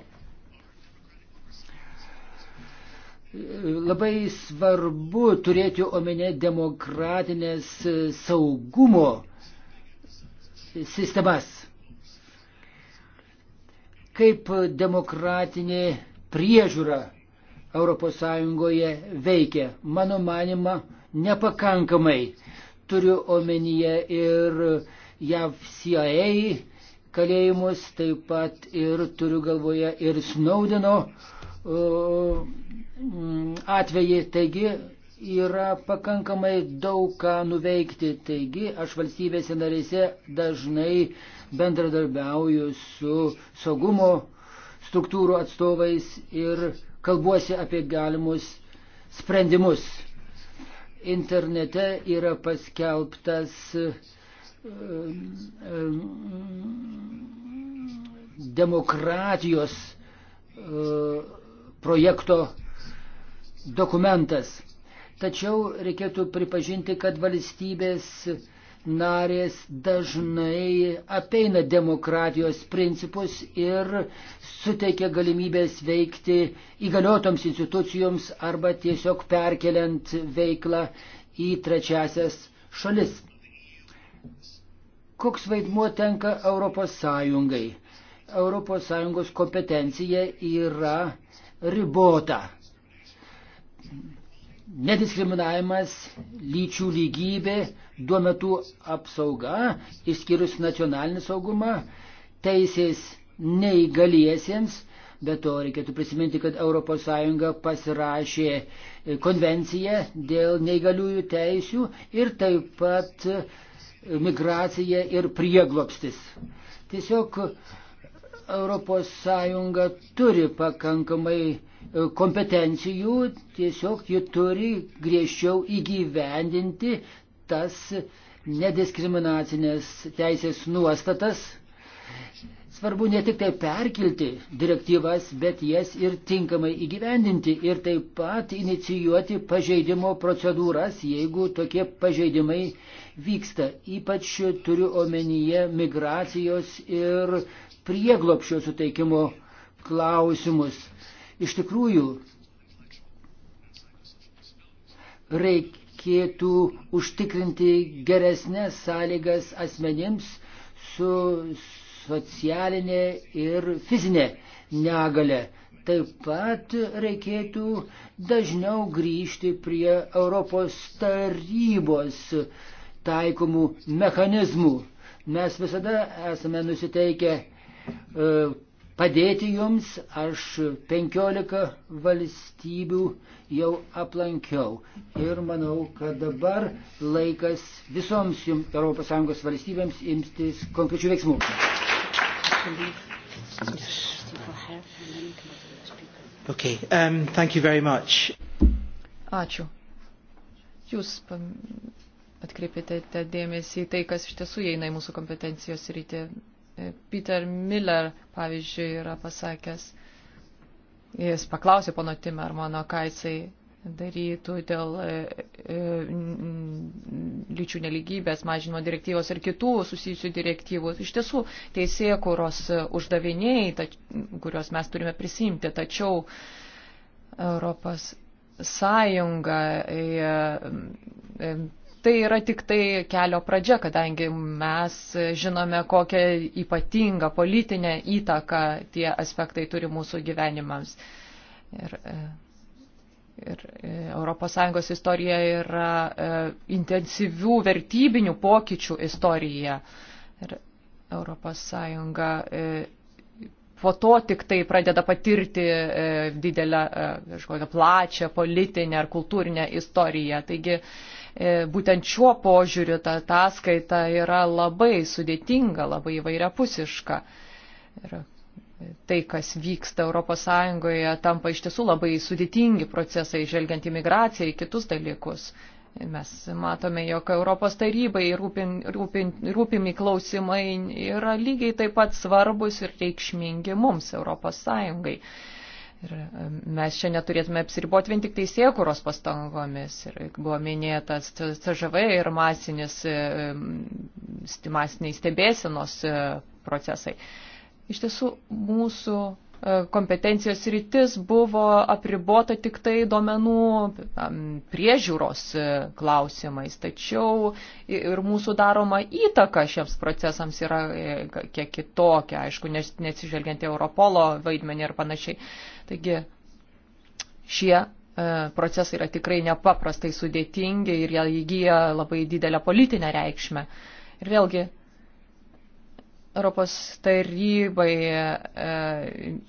Labai svarbu turėti omenyje demokratinės e, saugumo sistemas. Kaip demokratinė priežiūra ES veikia, mano manima, nepakankamai. Turiu omenyje ir JAV CIA kalėjimus, taip pat ir turiu galvoje ir Snaudino uh, E, atvejį, taigi yra pakankamai daug ką nuveikti. Taigi aš valstybėse narėse dažnai bendradarbiauju su saugumo struktūrų atstovais ir kalbuosi apie galimus sprendimus. Internete yra paskelbtas e, e, demokratijos projekto dokumentas. Tačiau reikėtų pripažinti, kad valstybės narės dažnai apeina demokratijos principus ir suteikia galimybės veikti įgaliotoms institucijoms arba tiesiog perkeliant veiklą į trečiasias šalis. Koks vaidmuo tenka Europos Sąjungai? Europos Sąjungos kompetencija yra ribota. Nediskriminavimas, lyčių lygybė, duo metu apsauga, išskyrus nacionalinį saugumą, teisės neįgaliesiems, bet to reikėtų prisiminti, kad ES pasirašė e, konvenciją dėl neįgaliųjų teisių ir taip pat e, migracija ir prieglopstis. Tiesiog ES turi pakankamai e, kompetencijų, tiesiog ji turi griežčiau įgyvendinti tas nediskriminacinės teisės nuostatas. Svarbu ne tik tai perkilti direktyvas, bet jas ir tinkamai įgyvendinti ir taip pat inicijuoti pažeidimo procedūras, jeigu tokie pažeidimai vyksta. Ypač turiu omenyje migracijos ir prieglopšio suteikimo klausimus. Iš tikrųjų, reikėtų užtikrinti geresnės sąlygas asmenims su socialinė ir fizinė negalė. Taip pat reikėtų dažniau grįžti prie Europos tarybos taikomų mechanizmų. Mes visada esame nusiteikę E, padėti jums. Aš 15 valstybių jau aplankiau ir manau, kad dabar laikas visoms ES valstybėms imtis konkrečių veiksmų. Okay, um, thank you very much. Ačiū. Jūs atkreipėte dėmesį į tai, kas iš tiesų įeina į mūsų kompetencijos rytį. E, Peter Miller, pavyzdžiui, yra pasakęs, jis paklausė pono Timermano, ką jisai darytų dėl e, e, lyčių neligybės mažinimo direktyvos ir kitų susijusių direktyvų. Iš tiesų, teisėje, kuros uždaviniai, tač, kuriuos mes turime prisimti, tačiau Europos sąjunga tai yra tik tai kelio pradžia, kadangi mes žinome, kokią ypatingą politinę įtaką tie aspektai turi mūsų gyvenimams. Ir, e, ir ES istorija yra e, intensyvių vertybinių pokyčių istorija. Ir ES e, po to tik tai pradeda patirti didelę, kažkokią plačią politinę ar kultūrinę istoriją. Taigi, E, būtent šiuo požiūriu ta ataskaita yra labai sudėtinga, labai įvairiapusiška. Ir tai, kas vyksta ES, tampa iš tiesų labai sudėtingi procesai, žvelgiant į migraciją, į kitus dalykus. Mes matome, jog Europos tarybai rūpin, rūpin, rūpimi klausimai yra lygiai taip pat svarbus ir reikšmingi mums, ES. Ir mes čia neturėtume apsiriboti vien tik teisėkuros pastangomis. Ir buvo minėtas CŽV ir masinis, masiniai stebėsinos e, procesai. Iš tiesų, mūsų E, kompetencijos rytis buvo apribota tik tai duomenų priežiūros e, klausimais, tačiau ir mūsų daroma įtaka šiems procesams yra e, kiek kitokia, aišku, nesižvelgiant į Europolo vaidmenį ir panašiai. Taigi šie procesai yra tikrai nepaprastai sudėtingi ir jie įgyja labai didelę politinę reikšmę. Ir vėlgi Europos tarybai e,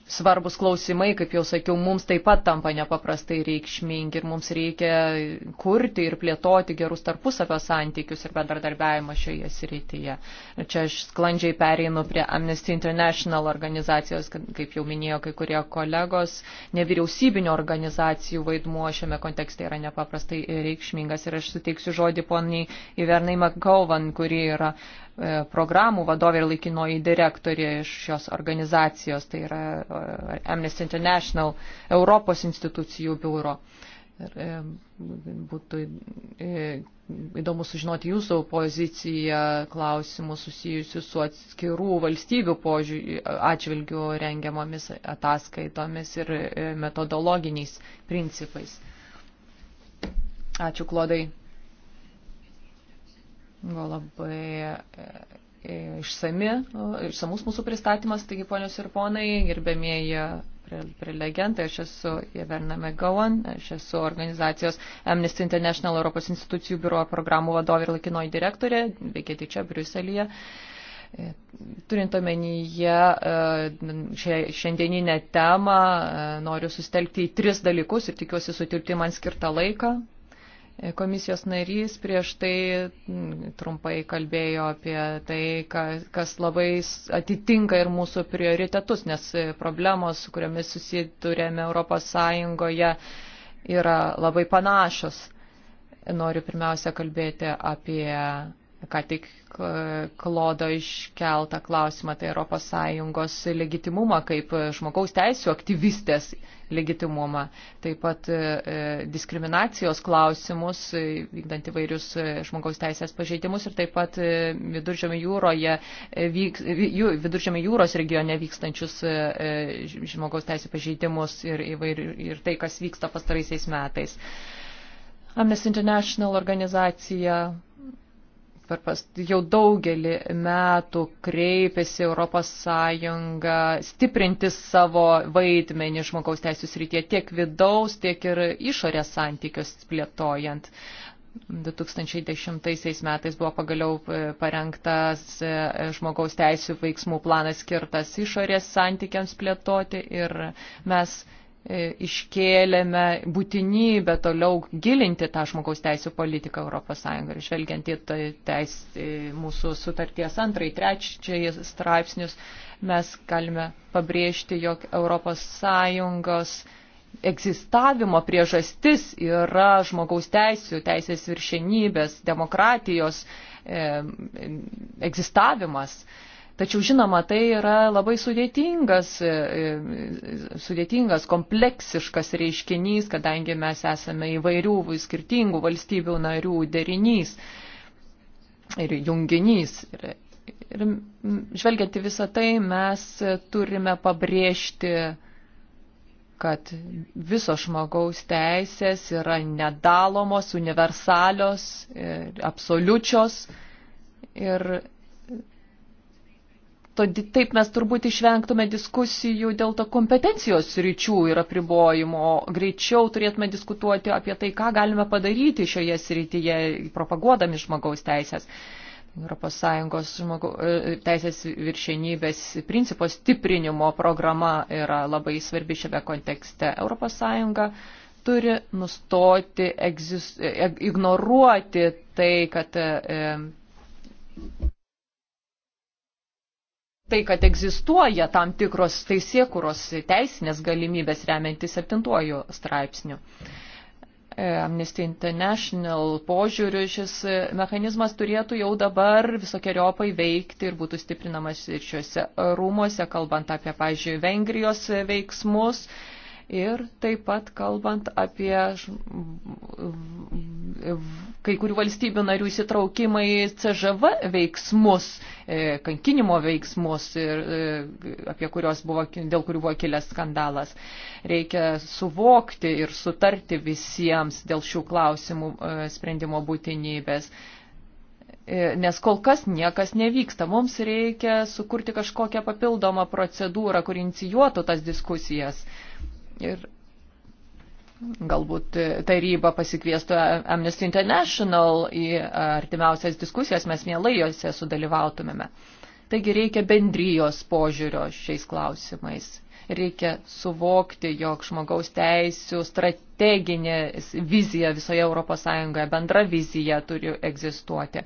svarbus klausimai, kaip jau sakiau, mums taip pat tampa nepaprastai reikšmingi ir mums reikia kurti ir plėtoti gerus tarpusavio santykius ir bendradarbiavimą šioje srityje. Ir čia aš sklandžiai pereinu prie Amnesty International organizacijos, kaip jau minėjo kai kurie kolegos, nevyriausybinio organizacijų vaidmuo šiame kontekste yra nepaprastai reikšmingas ir aš suteiksiu žodį poniai Ivernai McGowan, kuri yra E, programų vadovė ir laikinoji direktorė iš šios organizacijos, tai yra e, Amnesty International Europos institucijų biuro. Ir e, būtų įdomu sužinoti jūsų poziciją klausimų susijusių su atskirų valstybių atžvilgių rengiamomis ataskaitomis ir metodologiniais principais. Ačiū, Klodai. Buvo labai e, e, išsami, išsamus mūsų pristatymas, taigi ponios ir ponai, gerbėmieji prelegentai, aš esu Jeverna Megawan, aš esu organizacijos Amnesty International Europos institucijų biuro programų vadovė ir laikinoji direktorė, veikėti čia Briuselėje. E, turint omenyje šiandieninę temą, noriu sustelkti į tris dalykus ir tikiuosi sutilpti man skirtą laiką. Komisijos narys prieš tai trumpai kalbėjo apie tai, kas labai atitinka ir mūsų prioritetus, nes problemos, su kuriomis susidurėme Europos Sąjungoje, yra labai panašios. Noriu pirmiausia kalbėti apie ką tik e, klodo iškeltą klausimą, tai ES legitimumą kaip žmogaus teisų aktyvistės legitimumą, taip pat e, e, diskriminacijos klausimus, vykdant įvairius žmogaus teisės pažeidimus ir taip pat viduržėmio, jūroje, vyks, viduržėmio jūros regione vykstančius žmogaus teisų pažeidimus ir, įvairių, ir tai, kas vyksta pastaraisiais metais. Amnesty International organizacija per pas, jau daugelį metų kreipėsi Europos Sąjunga stiprinti savo vaidmenį žmogaus teisų srityje tiek vidaus, tiek ir išorės santykius plėtojant. 2010 metais buvo pagaliau e, parengtas e, žmogaus teisų veiksmų planas skirtas išorės santykiams plėtoti ir mes E, iškėlėme būtinybę toliau gilinti tą žmogaus teisų politiką ES ir žvelgiant į tai teis, mūsų sutarties antrąjį, trečiąjį straipsnius, mes galime pabrėžti, jog ES egzistavimo priežastis yra žmogaus teisų, teisės viršenybės, demokratijos e, egzistavimas. E, Tačiau žinoma, tai yra labai sudėtingas, e, e, sudėtingas, kompleksiškas reiškinys, kadangi mes esame įvairių skirtingų valstybių narių derinys ir junginys. Ir, ir žvelgiant į visą tai, mes turime pabrėžti kad visos žmogaus teisės yra nedalomos, universalios, e, absoliučios ir Taip mes turbūt išvengtume diskusijų dėl to kompetencijos ryčių ir apribojimo. Greičiau turėtume diskutuoti apie tai, ką galime padaryti šioje srityje, propaguodami žmogaus teisės. ES žmogų, e, teisės viršenybės principo stiprinimo programa yra labai svarbi šiame kontekste. ES turi nustoti egzist, e, ignoruoti tai, kad e, tai, kad egzistuoja tam tikros teisėkuros teisinės galimybės remiantis septintuoju straipsniu. E, Amnesty International požiūriu šis mechanizmas turėtų jau dabar visokiojopai veikti ir būtų stiprinamas ir šiuose rūmuose, kalbant apie, pavyzdžiui, Vengrijos veiksmus ir taip pat kalbant apie kai kurių valstybių narių įsitraukimą į CŽV veiksmus, e, kankinimo veiksmus, ir, e, apie kurios buvo, dėl kurių buvo kilęs skandalas. Reikia suvokti ir sutarti visiems dėl šių klausimų e, sprendimo būtinybės nes kol kas niekas nevyksta. Mums reikia sukurti kažkokią papildomą procedūrą, kuri inicijuotų tas diskusijas. Ir galbūt taryba pasikviestų Amnesty International į artimiausias diskusijas, mes mielai jose sudalyvautumėme. Taigi reikia bendrijos požiūrio šiais klausimais. Reikia suvokti, jog žmogaus teisų strateginė vizija visoje ES, bendra vizija turi egzistuoti.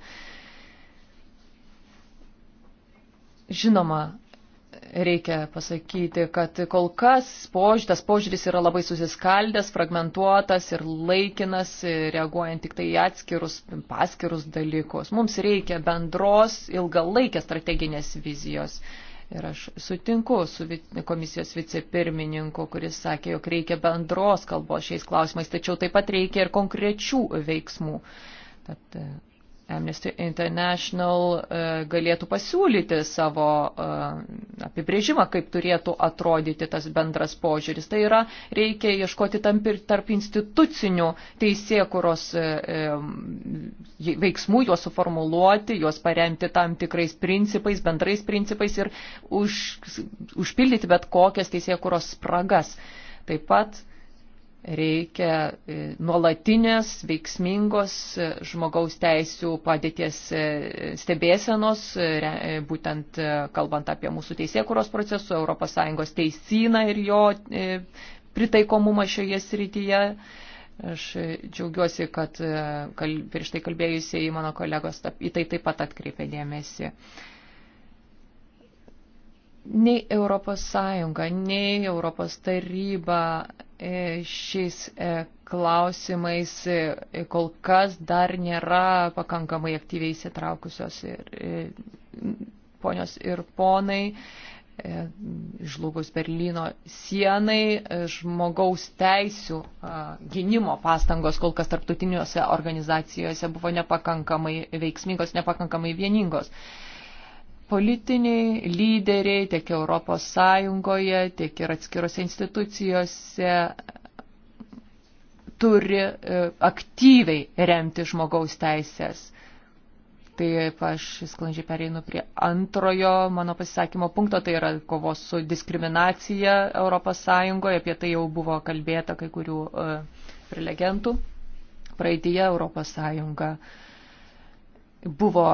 Žinoma, reikia pasakyti, kad kol kas požiūrį, tas požiūris yra labai susiskaldęs, fragmentuotas ir laikinas, reaguojant tik tai į atskirus, paskirus dalykus. Mums reikia bendros ilgalaikės strateginės vizijos. Ir aš sutinku su komisijos vicepirmininku, kuris sakė, jog reikia bendros kalbos šiais klausimais, tačiau taip pat reikia ir konkrečių veiksmų. Tad, Amnesty International e, galėtų pasiūlyti savo e, apibrėžimą, kaip turėtų atrodyti tas bendras požiūris. Tai yra, reikia ieškoti tarp institucinių teisėkuros e, veiksmų, juos suformuluoti, juos paremti tam tikrais principais, bendrais principais ir už, užpildyti bet kokias teisėkuros spragas. Taip pat reikia e, nuolatinės, veiksmingos e, žmogaus teisų padėties e, stebėsenos, būtent kalbant apie mūsų teisėkuros procesų, ES teisyną ir jo pritaikomumą šioje srityje. Aš džiaugiuosi, kad prieš tai kalbėjusiai mano kolegos į tai taip pat atkreipė dėmesį nei Europos Sąjunga, nei Europos taryba E, šiais e, klausimais e, kol kas dar nėra pakankamai aktyviai įsitraukusios ir ponios ir ponai. Žlugus Berlyno sienai, žmogaus teisų gynimo pastangos kol kas tarptautiniuose organizacijose buvo nepakankamai veiksmingos, nepakankamai vieningos politiniai lyderiai tiek Europos Sąjungoje, tiek ir atskirose institucijose turi e, aktyviai remti žmogaus teisės. Taip aš sklandžiai pereinu prie antrojo mano pasisakymo punkto, tai yra kovos su diskriminacija Europos Sąjungoje, apie tai jau buvo kalbėta kai kurių e, prelegentų. Praeitie Europos Sąjunga uh, buvo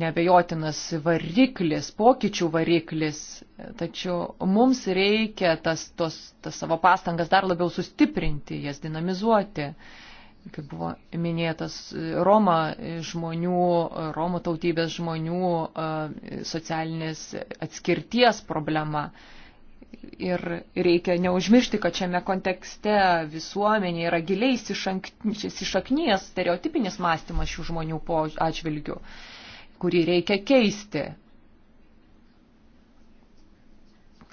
nebejotinas variklis, pokyčių variklis, tačiau mums reikia tas, tos, tas savo pastangas dar labiau sustiprinti, jas dinamizuoti. Kaip buvo minėtas, Roma žmonių, Romų tautybės žmonių socialinės atskirties problema. Ir reikia neužmiršti, kad šiame kontekste visuomenė yra giliai įsišaknyjas stereotipinis mąstymas šių žmonių atžvilgių, kurį reikia keisti.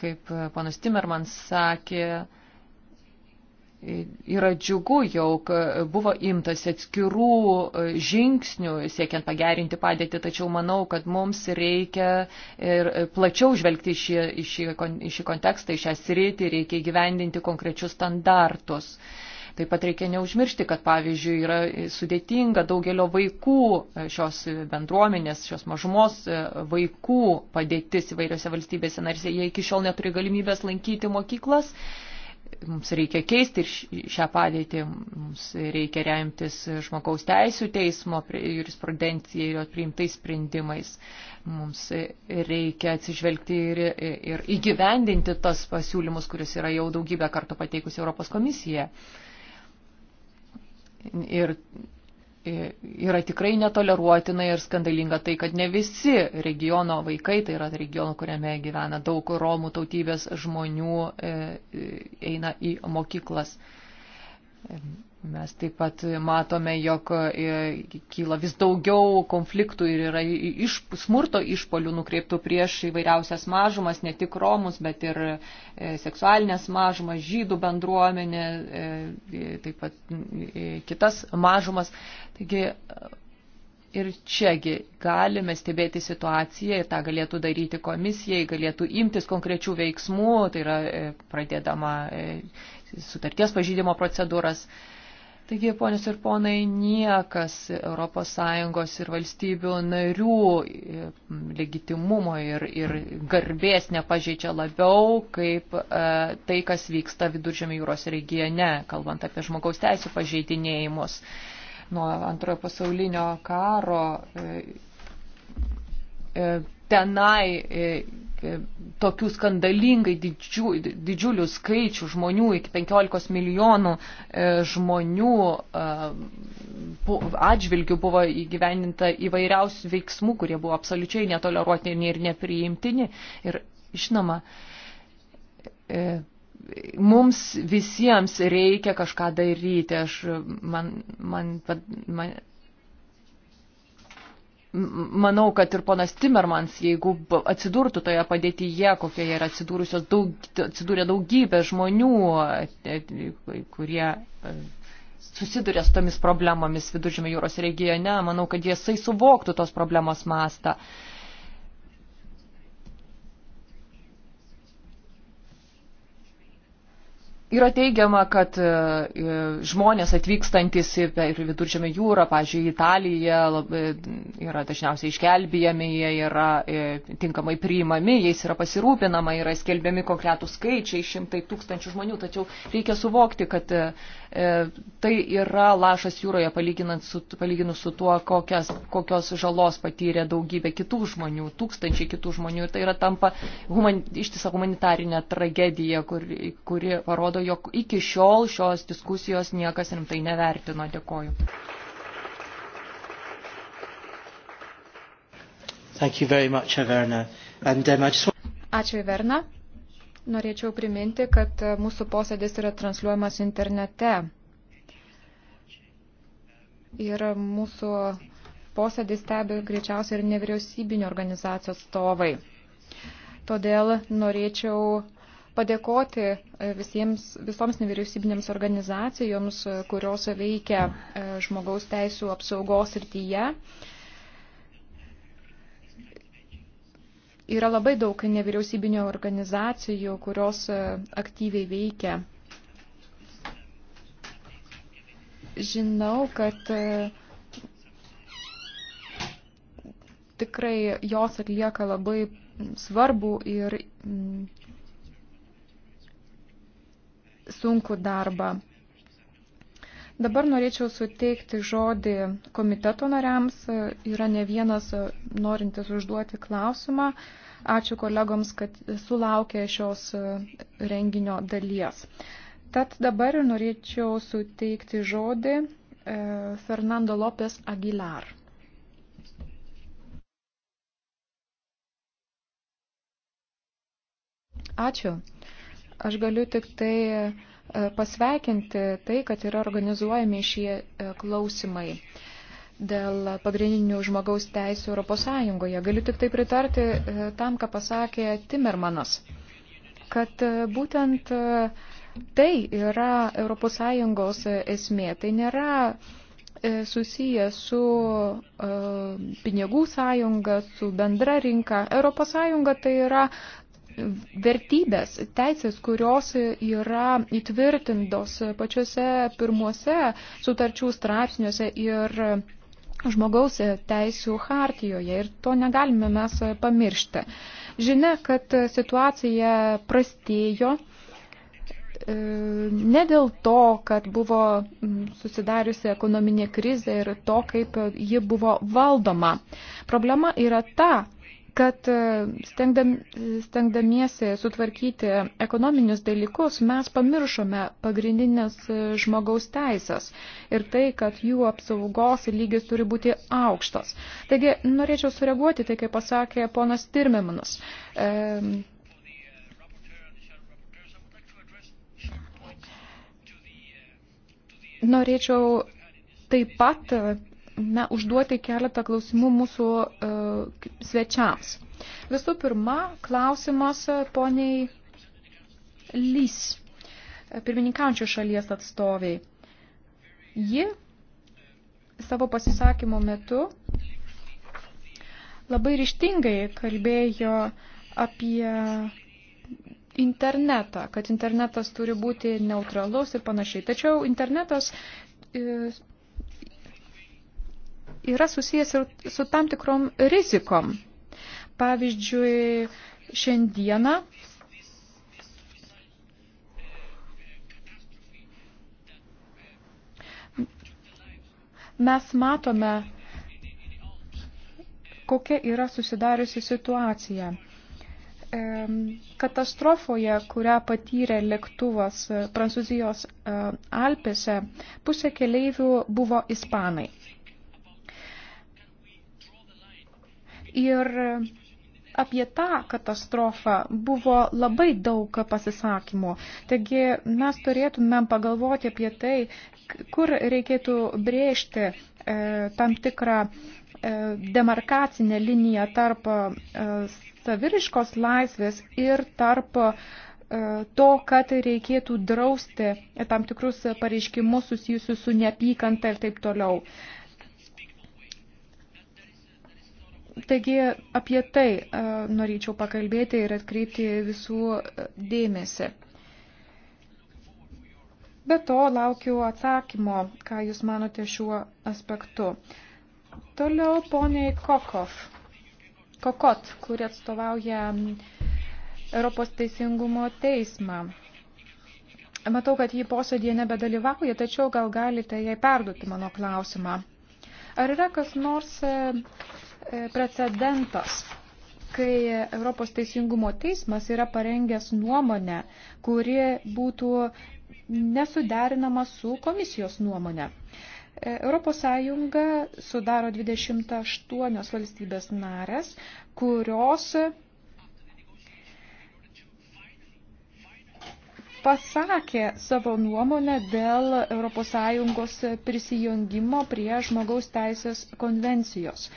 Kaip panas Timerman sakė, Yra džiugu jau, kad buvo imtas atskirų e, žingsnių siekiant pagerinti padėtį, tačiau manau, kad mums reikia ir plačiau žvelgti į šį, į šį, į šį kontekstą, į šią sritį, reikia įgyvendinti konkrečius standartus. Taip pat reikia neužmiršti, kad pavyzdžiui yra sudėtinga daugelio vaikų e, šios bendruomenės, šios mažumos e, vaikų padėtis įvairiose valstybėse, nors jie iki šiol neturi galimybės lankyti mokyklas mums reikia keisti ir šią padėtį, mums reikia remtis žmogaus teisų teismo jurisprudencijai ir jo priimtais sprendimais. Mums reikia atsižvelgti ir, ir įgyvendinti tas pasiūlymus, kuriuos yra jau daugybę kartų pateikusi Europos komisija. Ir yra tikrai netoleruotina ir skandalinga tai, kad ne visi regiono vaikai, tai yra regiono, kuriame gyvena daug romų tautybės žmonių, e, eina į mokyklas. Mes taip pat matome, jog e, kyla vis daugiau konfliktų ir yra iš, smurto išpolių nukreiptų prieš įvairiausias mažumas, ne tik romus, bet ir e, seksualinės mažumas, žydų bendruomenė, e, taip pat kitas mažumas. Taigi ir čiagi galime stebėti situaciją ir tą galėtų daryti komisijai, galėtų imtis konkrečių veiksmų, tai yra pradėdama sutarties pažydimo procedūras. Taigi, ponius ir ponai, niekas ES ir valstybių narių e, legitimumo ir, ir garbės nepažeidžia labiau, kaip e, tai, kas vyksta viduržėmio jūros regione, kalbant apie žmogaus teisų pažeidinėjimus. Nuo antrojo pasaulinio karo e, e, tenai. E, E, tokių skandalingai didžių, didžiulių skaičių žmonių, iki 15 milijonų e, žmonių e, atžvilgių buvo įgyveninta įvairiausių veiksmų, kurie buvo absoliučiai netoleruotini ir nepriimtini. Ir žinoma, mums visiems reikia kažką daryti. Aš, man, man, man, manau, kad ir ponas Timmermans, jeigu atsidurtų toje padėtyje, kokioje yra atsidūrusios daug, atsidūrė daugybė žmonių, kurie e, susiduria su tomis problemomis viduržymio jūros regione, manau, kad jisai suvoktų tos problemos mastą. Uh, Yra teigiama, kad e, e, žmonės atvykstantis per viduržėmį jūrą, pažiūrėjau, Italiją, labai, e, yra dažniausiai iškelbėjami, jie yra tinkamai priimami, jais yra pasirūpinama, yra skelbiami konkretų skaičiai, šimtai tūkstančių žmonių, tačiau reikia suvokti, kad E, tai yra lašas jūroje palyginant su, palyginus su tuo, kokias, kokios žalos patyrė daugybė kitų žmonių, tūkstančiai kitų žmonių. Ir tai yra tampa human, ištisa humanitarinė tragedija, kur, kuri parodo, jog iki šiol šios diskusijos niekas rimtai nevertino. Dėkoju. Thank you very much, Averna. And, um, I just... Ačiū, Verna. Norėčiau priminti, kad e, mūsų posėdis yra transliuojamas internete. Ir mūsų posėdį stebi greičiausiai ir nevyriausybinio organizacijos atstovai. Todėl norėčiau padėkoti e, visiems, visoms nevyriausybinėms organizacijoms, kurios veikia e, žmogaus teisų apsaugos srityje. Yra labai daug nevyriausybinio organizacijų, kurios e, aktyviai veikia. Žinau, kad e, tikrai jos atlieka labai svarbu ir mm, sunku darbą. Dabar norėčiau suteikti žodį komiteto nariams. Yra ne vienas norintis užduoti klausimą. Ačiū kolegoms, kad sulaukė šios renginio dalies. Tad dabar norėčiau suteikti žodį e, Fernando Lopes Aguilar. Ačiū. Aš galiu tik tai E, pasveikinti tai, kad yra organizuojami šie e, klausimai dėl pagrindinių žmogaus teisų Europos Sąjungoje. Galiu tik tai pritarti e, tam, ką pasakė Timermanas, kad būtent tai yra Europos Sąjungos esmė. Tai nėra susiję su uh, pinigų sąjunga, su bendra rinka. Europos sąjunga tai yra vertybės, teisės, kurios yra įtvirtintos pačiuose pirmuose sutarčių straipsniuose ir žmogaus teisų hartijoje ir to negalime mes pamiršti. Žinia, kad situacija prastėjo e, ne dėl to, kad buvo susidariusi ekonominė krizė ir to, kaip ji buvo valdoma. Problema yra ta, kad e, stengdam, stengdamiesi sutvarkyti ekonominius dalykus, mes pamiršome pagrindinės e, žmogaus teisės ir tai, kad jų apsaugos lygis turi būti aukštas. Taigi, norėčiau sureaguoti tai, kaip pasakė ponas Tirmemanas. E, norėčiau taip pat na, užduoti keletą klausimų mūsų uh, svečiams. Visų pirma, klausimas e, poniai Lys, e, pirmininkaujančio šalies atstoviai. Ji savo pasisakymo metu labai ryštingai kalbėjo apie internetą, kad internetas turi būti neutralus ir panašiai. Tačiau internetas yra susijęs ir su tam tikrom rizikom. Pavyzdžiui, šiandieną mes matome, kokia yra susidariusi situacija. Katastrofoje, kurią patyrė lėktuvas e, Prancūzijos e, Alpėse, pusė keleivių buvo ispanai. Ir apie tą katastrofą buvo labai daug pasisakymų. Taigi mes turėtumėm pagalvoti apie tai, kur reikėtų brėžti e, tam tikrą e, demarkacinę liniją tarp e, saviriškos laisvės ir tarp e, to, kad reikėtų drausti tam tikrus pareiškimus susijusius su neapykanta ir taip toliau. E, Taigi apie tai e, norėčiau pakalbėti ir atkreipti visų e, dėmesį. Be to laukiu atsakymo, ką Jūs manote šiuo aspektu. Toliau poniai Kokov, Kokot, kuri atstovauja mm, Europos teisingumo teismą. Matau, kad jį posėdėje nebedalyvauja, tačiau gal galite jai perduoti mano klausimą. Ar yra kas nors e, E, precedentas, kai Europos teisingumo teismas yra parengęs nuomonę, kuri būtų nesuderinama su komisijos nuomonė. E, Europos Sąjunga sudaro 28 valstybės narės, kurios pasakė savo nuomonę dėl ES prisijungimo prie žmogaus teisės konvencijos.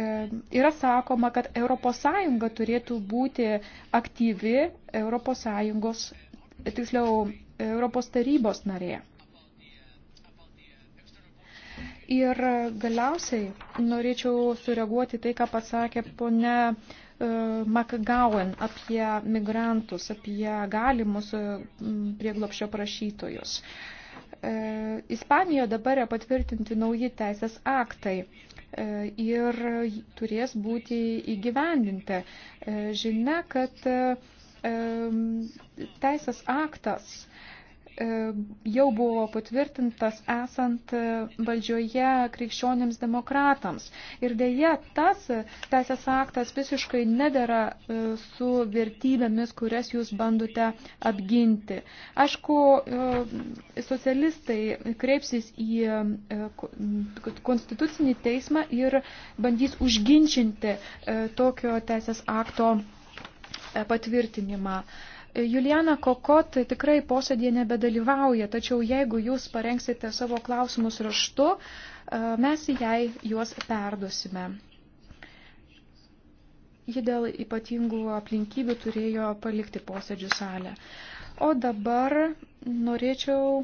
E, yra sakoma, kad ES turėtų būti aktyvi ES, tiksliau, Europos tarybos narė. Ir galiausiai norėčiau sureaguoti tai, ką pasakė ponia e, McGowan apie migrantus, apie galimus prieglopščio prašytojus. Uh, E, Ispanijoje dabar yra patvirtinti nauji teisės aktai e, ir turės būti įgyvendinti. E, Žinia, kad teisės aktas E, jau buvo patvirtintas esant e, valdžioje krikščionėms demokratams. Ir dėja, tas teisės aktas visiškai nedėra e, su vertybėmis, kurias jūs bandote apginti. Aišku, socialistai kreipsis į konstitucinį teismą ir bandys užginčinti tokio teisės akto patvirtinimą. Uh, Juliana Kokot tikrai posėdėje nebedalyvauja, tačiau jeigu jūs parengsite savo klausimus raštu, e, mes jai juos perduosime. Ji dėl ypatingų aplinkybių turėjo palikti posėdžių salę. O dabar norėčiau.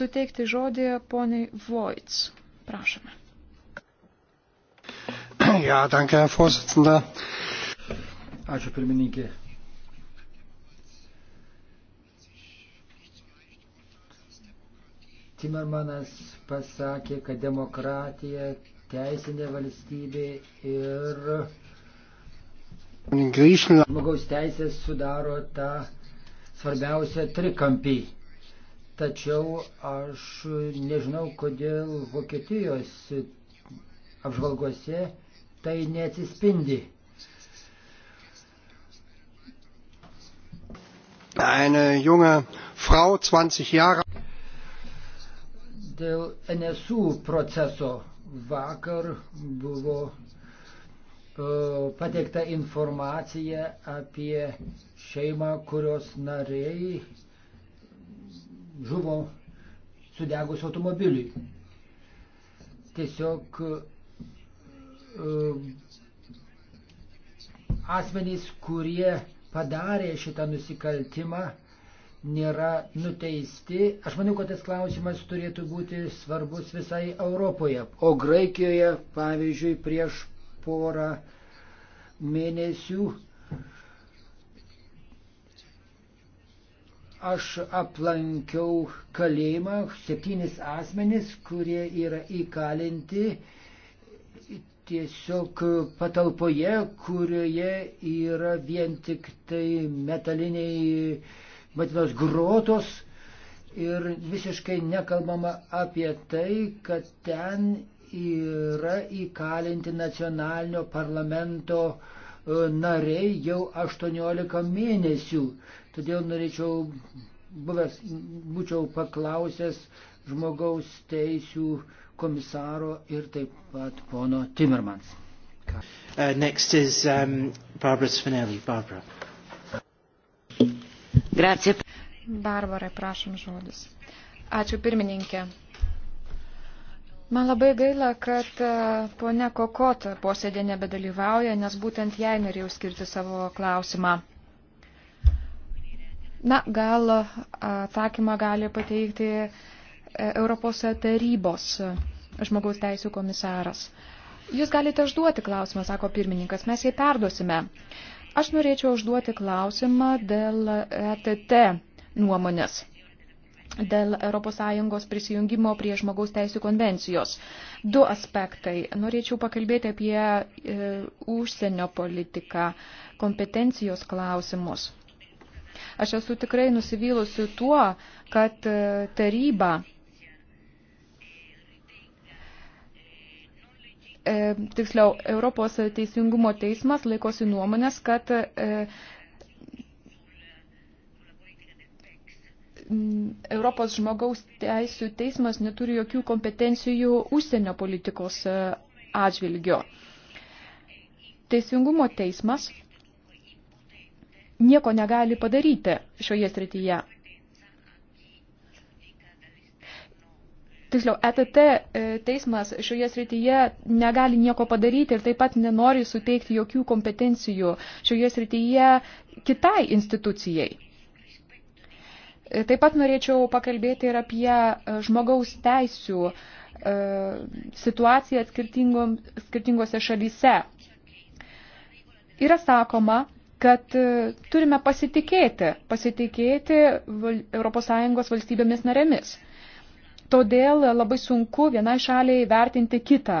Suteikti žodį poniai Voits. Prašome. Ja, danke, Herr Vorsitzender. Ačiū pirmininkė. Timermanas pasakė, kad demokratija, teisinė valstybė ir žmogaus teisės sudaro tą svarbiausią trikampį. Tačiau aš nežinau, kodėl Vokietijos apžvalgose tai neatsispindi. Eine junge Frau, 20 Jahre. Dėl NSU proceso vakar buvo e, pateikta informacija apie šeimą, kurios nariai žuvo sudegus automobiliui. Tiesiog Ehm, asmenys, kurie padarė šitą nusikaltimą, nėra nuteisti. Aš manau, kad tas klausimas turėtų būti svarbus visai Europoje. O Graikijoje, pavyzdžiui, prieš porą mėnesių aš aplankiau kalėjimą septynis asmenis, kurie yra įkalinti tiesiog patalpoje, kurioje yra vien tik tai metaliniai, matinos grotos ir visiškai nekalbama apie tai, kad ten yra įkalinti nacionalinio parlamento e, nariai jau 18 mėnesių. Todėl norėčiau, buvęs, būčiau paklausęs žmogaus teisų komisaro ir taip pat pono Timmermans. Uh, next is um, Barbara Spinelli. Barbara. Grazie. Barbarai, prašom žodis. Ačiū pirmininkė. Man labai gaila, kad uh, ponia Kokot posėdė nebedalyvauja, nes būtent jai norėjau skirti savo klausimą. Na, gal uh, atsakymą gali pateikti uh, Europos tarybos žmogaus teisų komisaras. Jūs galite užduoti klausimą, sako pirmininkas, mes jai perduosime. Aš norėčiau užduoti klausimą dėl ETT nuomonės, dėl ES prisijungimo prie žmogaus teisų konvencijos. Du aspektai. Norėčiau pakalbėti apie e, užsienio politiką, kompetencijos klausimus. Aš esu tikrai nusivylusi tuo, kad e, taryba E, tiksliau, Europos teisingumo teismas laikosi nuomonės, kad e, Europos žmogaus teisų teismas neturi jokių kompetencijų užsienio politikos e, atžvilgio. Teisingumo teismas nieko negali padaryti šioje srityje. Tiksliau, ETT e, teismas šioje srityje negali nieko padaryti ir taip pat nenori suteikti jokių kompetencijų šioje srityje kitai institucijai. E, taip pat norėčiau pakalbėti ir apie e, žmogaus teisių situaciją skirtingose šalyse. Yra sakoma, kad turime pasitikėti, pasitikėti ES valstybėmis narėmis. Todėl labai sunku vienai šaliai vertinti kitą.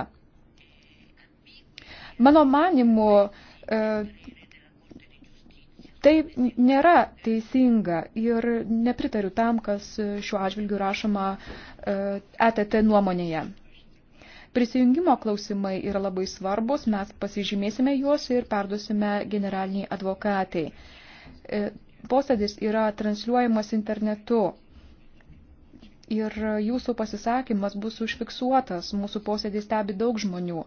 Mano manimu, e, tai nėra teisinga ir nepritariu tam, kas šiuo atžvilgiu rašoma ETT e nuomonėje. Prisijungimo klausimai yra labai svarbus, mes pasižymėsime juos ir perduosime generaliniai advokatai. E, posėdis yra transliuojamas internetu ir jūsų pasisakymas bus užfiksuotas. Mūsų posėdį stebi daug žmonių.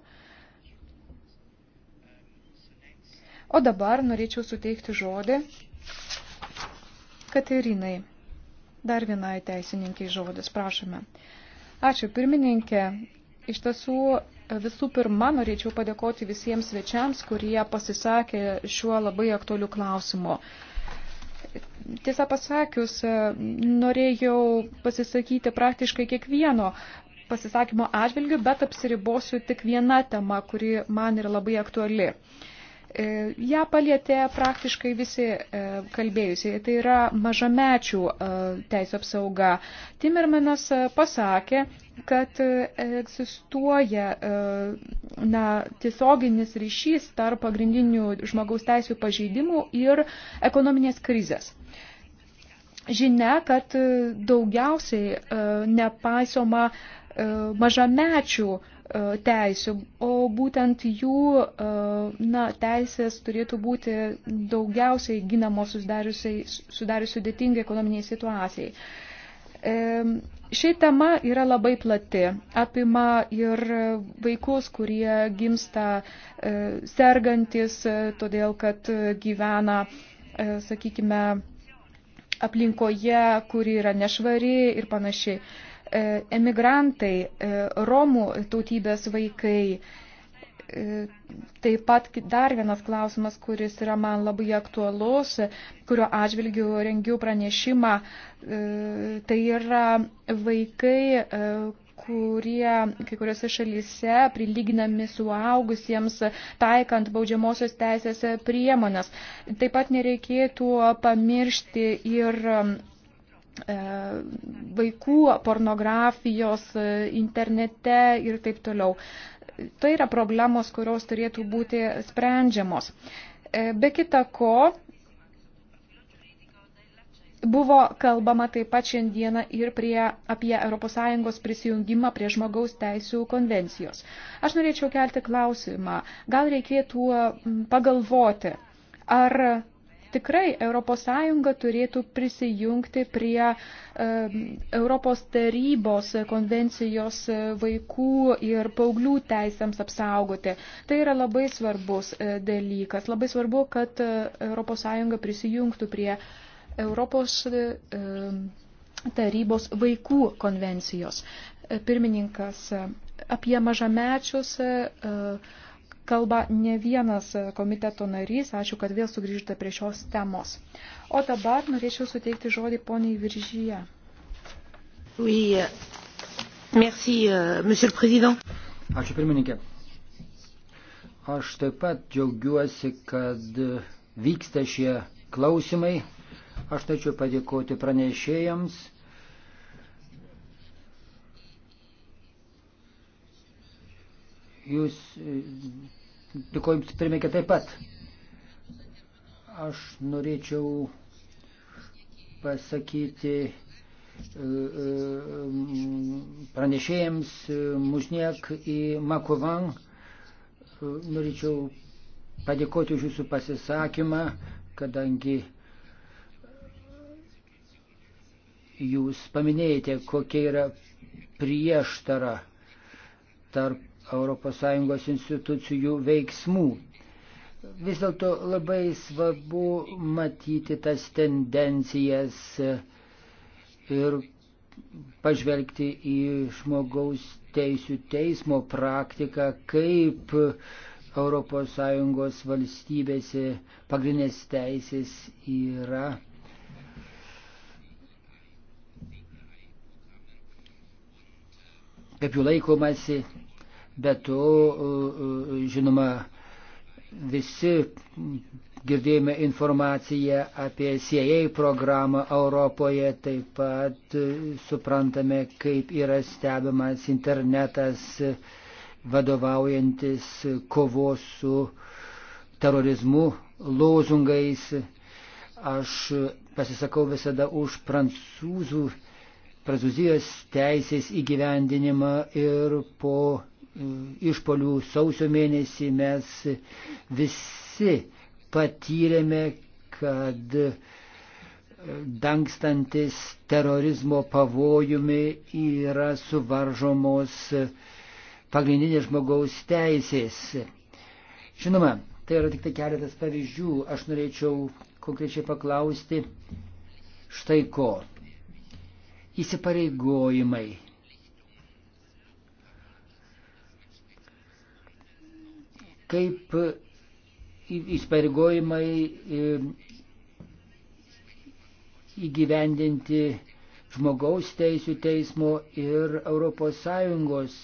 O dabar norėčiau suteikti žodį Katerinai. Dar vienai teisininkiai žodis, prašome. Ačiū, pirmininkė. Iš tiesų, visų pirma, norėčiau padėkoti visiems svečiams, kurie pasisakė šiuo labai aktualiu klausimu. Tiesą pasakius, e, norėjau pasisakyti praktiškai kiekvieno pasisakymo atžvilgiu, bet apsiribosiu tik viena tema, kuri man yra labai aktuali. E, ja palietė praktiškai visi e, kalbėjusiai, tai yra mažamečių teisų apsauga. Timirmenas pasakė, kad e, egzistuoja e, na, tiesioginis ryšys tarp pagrindinių žmogaus teisų pažeidimų ir ekonominės krizės. Žinia, kad e, daugiausiai nepaisoma mažamečių teisių, o būtent jų na, teisės turėtų būti daugiausiai ginamos sudarius sudėtingai ekonominiai situacijai. Ši tema yra labai plati, apima ir vaikus, kurie gimsta e, sergantis, e, todėl kad gyvena, e, sakykime, aplinkoje, kuri yra nešvari ir panašiai. Emigrantai, Romų tautybės vaikai E, taip pat dar vienas klausimas, kuris yra man labai aktualus, kurio atžvilgiu rengiu pranešimą, e, tai yra vaikai, e, kurie kai kuriuose šalyse prilyginami suaugusiems taikant baudžiamosios teisės priemonės. Taip pat nereikėtų pamiršti ir vaikų pornografijos internete ir taip toliau tai yra problemos, kurios turėtų būti sprendžiamos. E, be kita ko, buvo kalbama taip pat šiandieną ir prie, apie ES prisijungimą prie žmogaus teisų konvencijos. Aš norėčiau kelti klausimą, gal reikėtų pagalvoti, ar Tikrai ES turėtų prisijungti prie Europos tarybos konvencijos vaikų ir paauglių teisėms apsaugoti. Tai yra labai svarbus e, dalykas. Labai svarbu, kad ES prisijungtų prie Europos e, tarybos vaikų konvencijos. E, pirmininkas apie mažamečius. Uh, kalba ne vienas komiteto narys. Ačiū, kad vėl sugrįžtate prie šios temos. O dabar norėčiau suteikti žodį poniai Viržyje. Oui, merci, euh, monsieur le président. Ačiū, pirmininkė. Aš taip pat džiaugiuosi, kad vyksta šie klausimai. Aš tačiau padėkoti pranešėjams. jūs Dėkuoju Jums pirmininkė taip pat. Aš norėčiau pasakyti e, e, pranešėjams e, Mužniek į Makovan. Norėčiau padėkoti už Jūsų pasisakymą, kadangi Jūs paminėjote, kokia yra prieštara tarp ES institucijų veiksmų. Vis dėlto labai svarbu matyti tas tendencijas ir pažvelgti į žmogaus teisų teismo praktiką, kaip ES valstybėse pagrindinės teisės yra kaip jų laikomasi Bet to, e, e, žinoma, visi girdėjome informaciją apie CIA programą Europoje, taip pat e, suprantame, kaip yra stebimas internetas vadovaujantis kovos su terorizmu lozungais. Aš pasisakau visada už prancūzų, prancūzijos teisės įgyvendinimą ir po išpolių sausio mėnesį mes visi patyrėme, kad dangstantis terorizmo pavojumi yra suvaržomos pagrindinės žmogaus teisės. Žinoma, tai yra tik tai keletas pavyzdžių. Aš norėčiau konkrečiai paklausti štai ko. Įsipareigojimai kaip įspareigojimai e, įgyvendinti žmogaus teisų teismo ir ES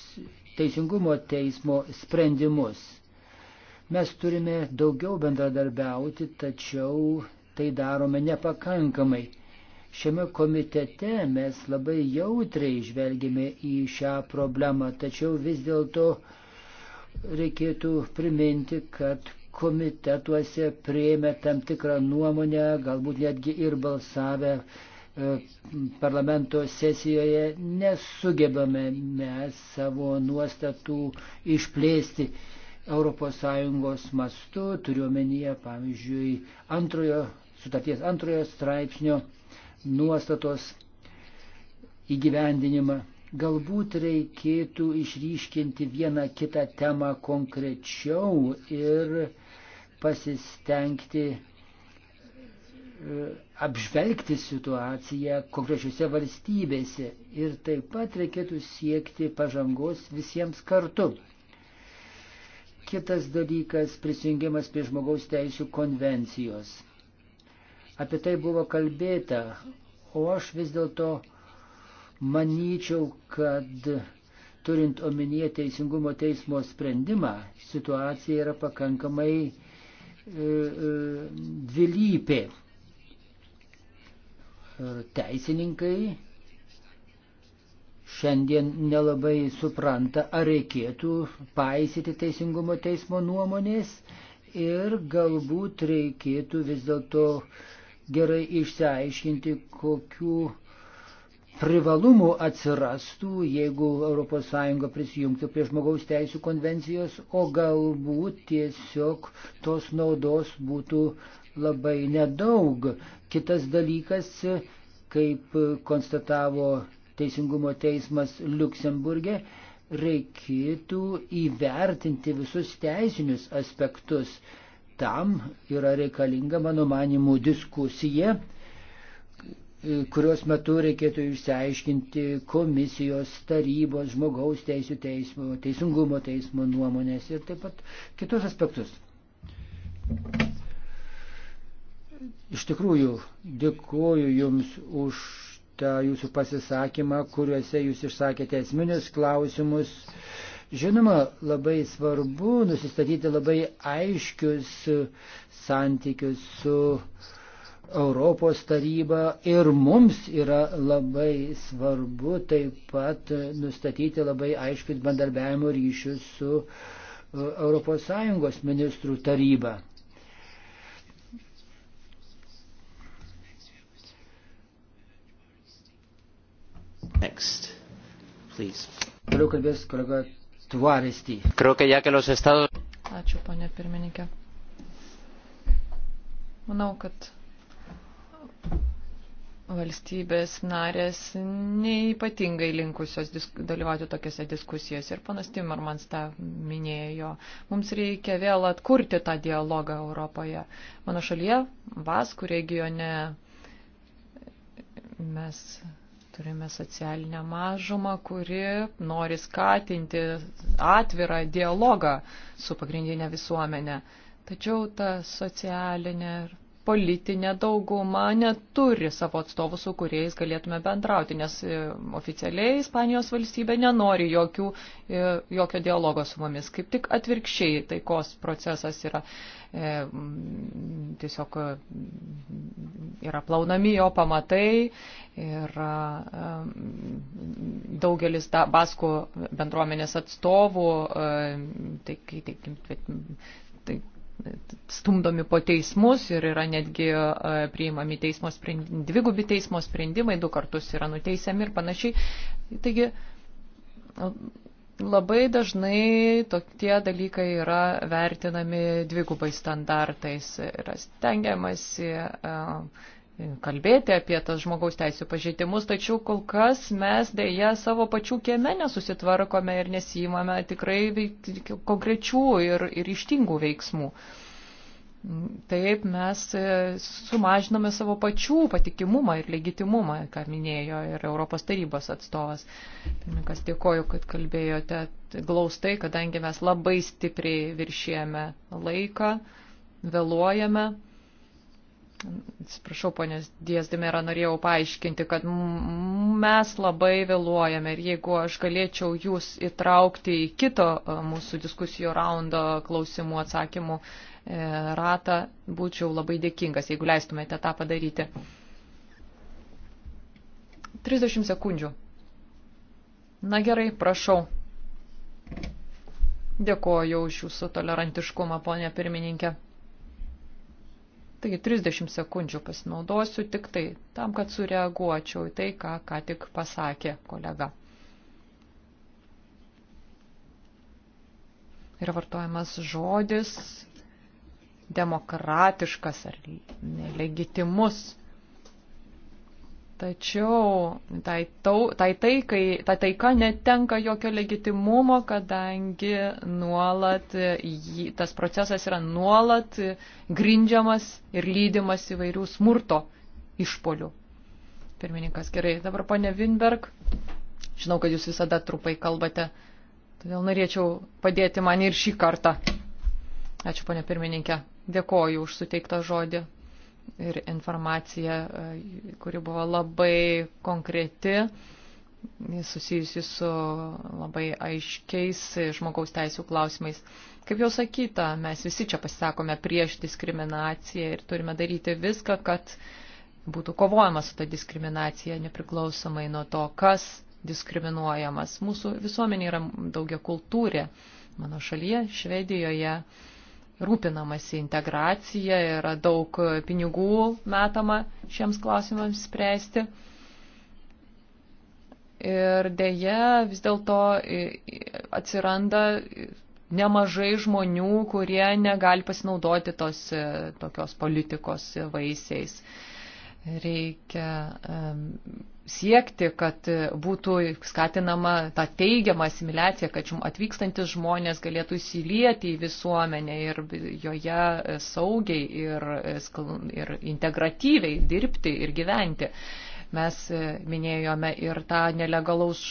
teisingumo teismo sprendimus. Mes turime daugiau bendradarbiauti, tačiau tai darome nepakankamai. Šiame komitete mes labai jautriai žvelgime į šią problemą, tačiau vis dėlto uh, reikėtų priminti, kad komitetuose prieimė tam tikrą nuomonę, galbūt netgi ir balsavę e, parlamento sesijoje nesugebame mes savo nuostatų išplėsti ES mastu, turiuomenyje, pavyzdžiui, antrojo, sutarties antrojo straipsnio nuostatos įgyvendinimą. Galbūt reikėtų išryškinti vieną kitą temą konkrečiau ir pasistengti e, apžvelgti situaciją konkrečiose valstybėse ir taip pat reikėtų siekti pažangos visiems kartu. Kitas dalykas - prisijungimas prie žmogaus teisų konvencijos. Apie tai buvo kalbėta, o aš vis dėlto Manyčiau, kad turint omenyje teisingumo teismo sprendimą, situacija yra pakankamai e, e, dvilypė. Teisininkai šiandien nelabai supranta, ar reikėtų paisyti teisingumo teismo nuomonės ir galbūt reikėtų vis dėlto gerai išsiaiškinti, kokiu privalumų atsirastų, jeigu ES prisijungtų prie žmogaus teisų konvencijos, o galbūt tiesiog tos naudos būtų labai nedaug. Kitas dalykas, kaip konstatavo Teisingumo teismas Luksemburgė, reikėtų įvertinti visus teisinius aspektus. Tam yra reikalinga, mano manimu, diskusija kurios metu reikėtų išsiaiškinti komisijos, tarybos, žmogaus teisų teismo, teisingumo teismo nuomonės ir taip pat kitus aspektus. Iš tikrųjų, dėkuoju Jums už tą Jūsų pasisakymą, kuriuose Jūs išsakėte esminius klausimus. Žinoma, labai svarbu nusistatyti labai aiškius santykius su uh, Europos taryba ir mums yra labai svarbu taip pat nustatyti labai aiškius bandarbiavimo ryšius su ES ministrų taryba. Next, please. Toliau kalbės kolega Tuaristį. Ačiū, ponė pirmininkė. Manau, kad valstybės narės neipatingai linkusios disk, dalyvauti tokiuose diskusijose ir panas Timmermans tą minėjo. Mums reikia vėl atkurti tą dialogą Europoje. Mano šalyje, Vaskų regione, mes turime socialinę mažumą, kuri nori skatinti atvirą dialogą su pagrindinė visuomenė. Tačiau ta socialinė ir politinė dauguma neturi savo atstovų, su kuriais galėtume bendrauti, nes oficialiai Ispanijos valstybė nenori jokių, jokio dialogo su mumis. Kaip tik atvirkščiai taikos procesas yra e, tiesiog yra plaunami jo pamatai ir e, daugelis da, baskų bendruomenės atstovų, e, tai, tai, tai, tai, stumdomi po teismus ir yra netgi e, priimami teismo sprendimai, dvigubi teismo sprendimai, du kartus yra nuteisiami ir panašiai. Taigi labai dažnai tokie dalykai yra vertinami dvigubai standartais, yra stengiamasi uh, kalbėti apie tas žmogaus teisų pažeidimus, tačiau kol kas mes dėja savo pačių kieme nesusitvarkome ir nesijimame tikrai veik, konkrečių ir, ir ištingų veiksmų. Taip mes e, sumažiname savo pačių patikimumą ir legitimumą, ką minėjo ir Europos tarybos atstovas. Pirmininkas, dėkoju, kad kalbėjote glaustai, kadangi mes labai stipriai viršėjame laiką, vėluojame. Atsiprašau, ponės Diezdimera, norėjau paaiškinti, kad mes labai vėluojame ir jeigu aš galėčiau jūs įtraukti į kito e, mūsų diskusijų raundo klausimų atsakymų e, ratą, būčiau labai dėkingas, jeigu leistumėte tą padaryti. 30 sekundžių. Na gerai, prašau. Dėkuoju už jūsų tolerantiškumą, ponė pirmininkė. Taigi 30 sekundžių pasinaudosiu tik tai tam, kad sureaguočiau į tai, ką, ką tik pasakė kolega. Yra vartojamas žodis demokratiškas ar legitimus Tačiau tai, tau, tai, taikai, tai taika netenka jokio legitimumo, kadangi nuolat jį, tas procesas yra nuolat grindžiamas ir lydimas įvairių smurto išpolių. Pirmininkas, gerai, dabar ponė Winberg, žinau, kad jūs visada trupai kalbate, todėl norėčiau padėti man ir šį kartą. Ačiū, ponė pirmininkė, dėkoju už suteiktą žodį ir informacija, e, kuri buvo labai konkreti, susijusi su labai aiškiais žmogaus teisų klausimais. Kaip jau sakyta, mes visi čia pasisakome prieš diskriminaciją ir turime daryti viską, kad būtų kovojama su ta diskriminacija nepriklausomai nuo to, kas diskriminuojamas. Mūsų visuomenė yra daugia kultūrė. Mano šalyje, Švedijoje, rūpinamasi integracija, yra daug pinigų metama šiems klausimams spręsti. Ir dėje vis dėlto atsiranda nemažai žmonių, kurie negali pasinaudoti tos e, tokios politikos vaisiais. Reikia siekti, kad būtų skatinama ta teigiama asimiliacija, kad atvykstantis žmonės galėtų įsilieti į visuomenę ir joje saugiai ir, ir integratyviai dirbti ir gyventi. Mes minėjome ir tą nelegalios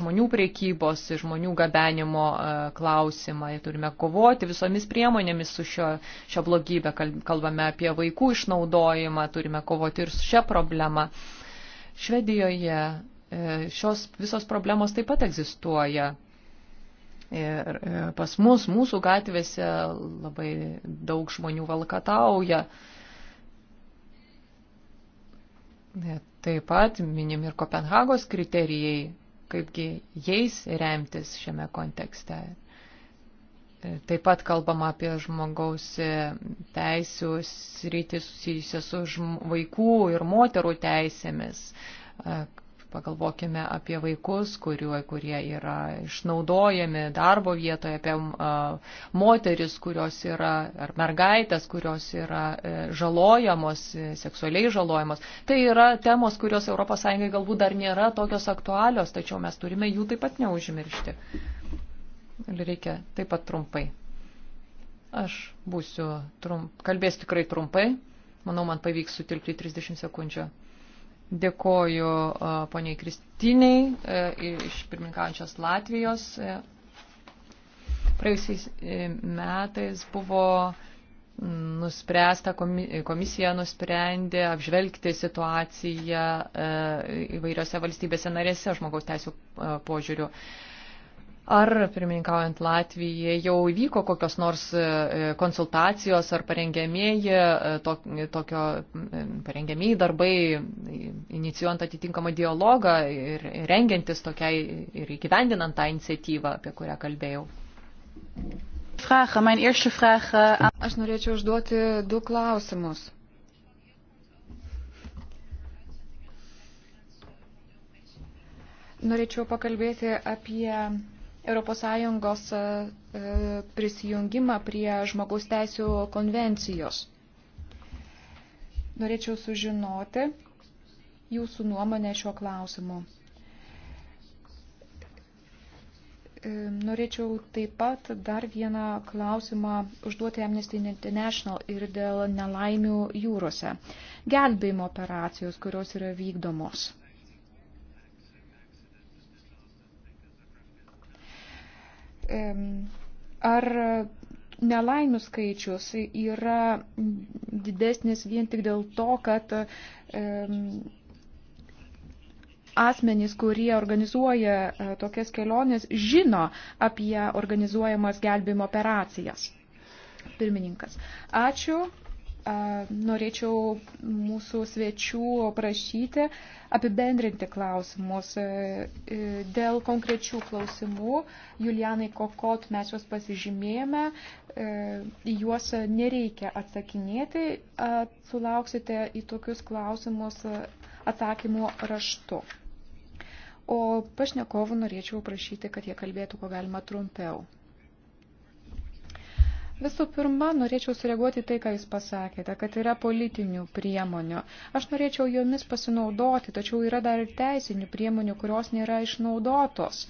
žmonių priekybos, žmonių gabenimo e, klausimą. Turime kovoti visomis priemonėmis su šio, šio blogybė. Kalbame apie vaikų išnaudojimą, turime kovoti ir su šia problema. Švedijoje e, šios visos problemos taip pat egzistuoja. Ir e, pas mus, mūsų gatvėse labai daug žmonių valkatauja. E, taip pat minim ir Kopenhagos kriterijai, kaipgi jais remtis šiame kontekste. Taip pat kalbama apie žmogaus teisų sritį susijusią su vaikų ir moterų teisėmis. Pagalvokime apie vaikus, kuriuo, kurie yra išnaudojami darbo vietoje, apie moteris, kurios yra, ar mergaitės, kurios yra e, žalojamos, e, seksualiai žalojamos. Tai yra temos, kurios ES galbūt dar nėra tokios aktualios, tačiau mes turime jų taip pat neužmiršti. Reikia taip pat trumpai. Aš būsiu trump, kalbėsiu tikrai trumpai. Manau, man pavyks sutilpti 30 sekundžių. Dėkoju poniai Kristiniai iš pirmininkančios Latvijos. Praėjusiais e, metais buvo nuspręsta, komisija nusprendė apžvelgti situaciją e, įvairiose valstybėse narėse žmogaus teisų e, požiūrių. Ar, pirmininkaujant Latvijai, jau įvyko kokios nors e, konsultacijos ar parengėmėji, e, to, e, tokio parengėmėji darbai, inicijuojant atitinkamą dialogą ir rengiantis tokiai ir įgyvendinant tą iniciatyvą, apie kurią kalbėjau? Aš norėčiau užduoti du klausimus. Norėčiau pakalbėti apie ES e, e, prisijungimą prie žmogaus teisų konvencijos. Norėčiau sužinoti jūsų nuomonę šiuo klausimu. E, norėčiau taip pat dar vieną klausimą užduoti Amnesty International ir dėl nelaimių jūrose. Gelbėjimo operacijos, kurios yra vykdomos. Ar nelaimių skaičius yra didesnis vien tik dėl to, kad asmenys, kurie organizuoja e, tokias keliones, žino apie organizuojamas gelbėjimo operacijas. Pirmininkas. Ačiū norėčiau mūsų svečių prašyti apibendrinti klausimus. E, dėl konkrečių klausimų, Julianai Kokot, mes juos pasižymėjome, e, juos nereikia atsakinėti, sulauksite į tokius klausimus atsakymų raštu. O pašnekovų norėčiau prašyti, kad jie kalbėtų, ko galima trumpiau. Visų pirma, norėčiau sureaguoti tai, ką Jūs pasakėte, kad yra politinių priemonių. Aš norėčiau jomis pasinaudoti, tačiau yra dar ir teisinių priemonių, kurios nėra išnaudotos.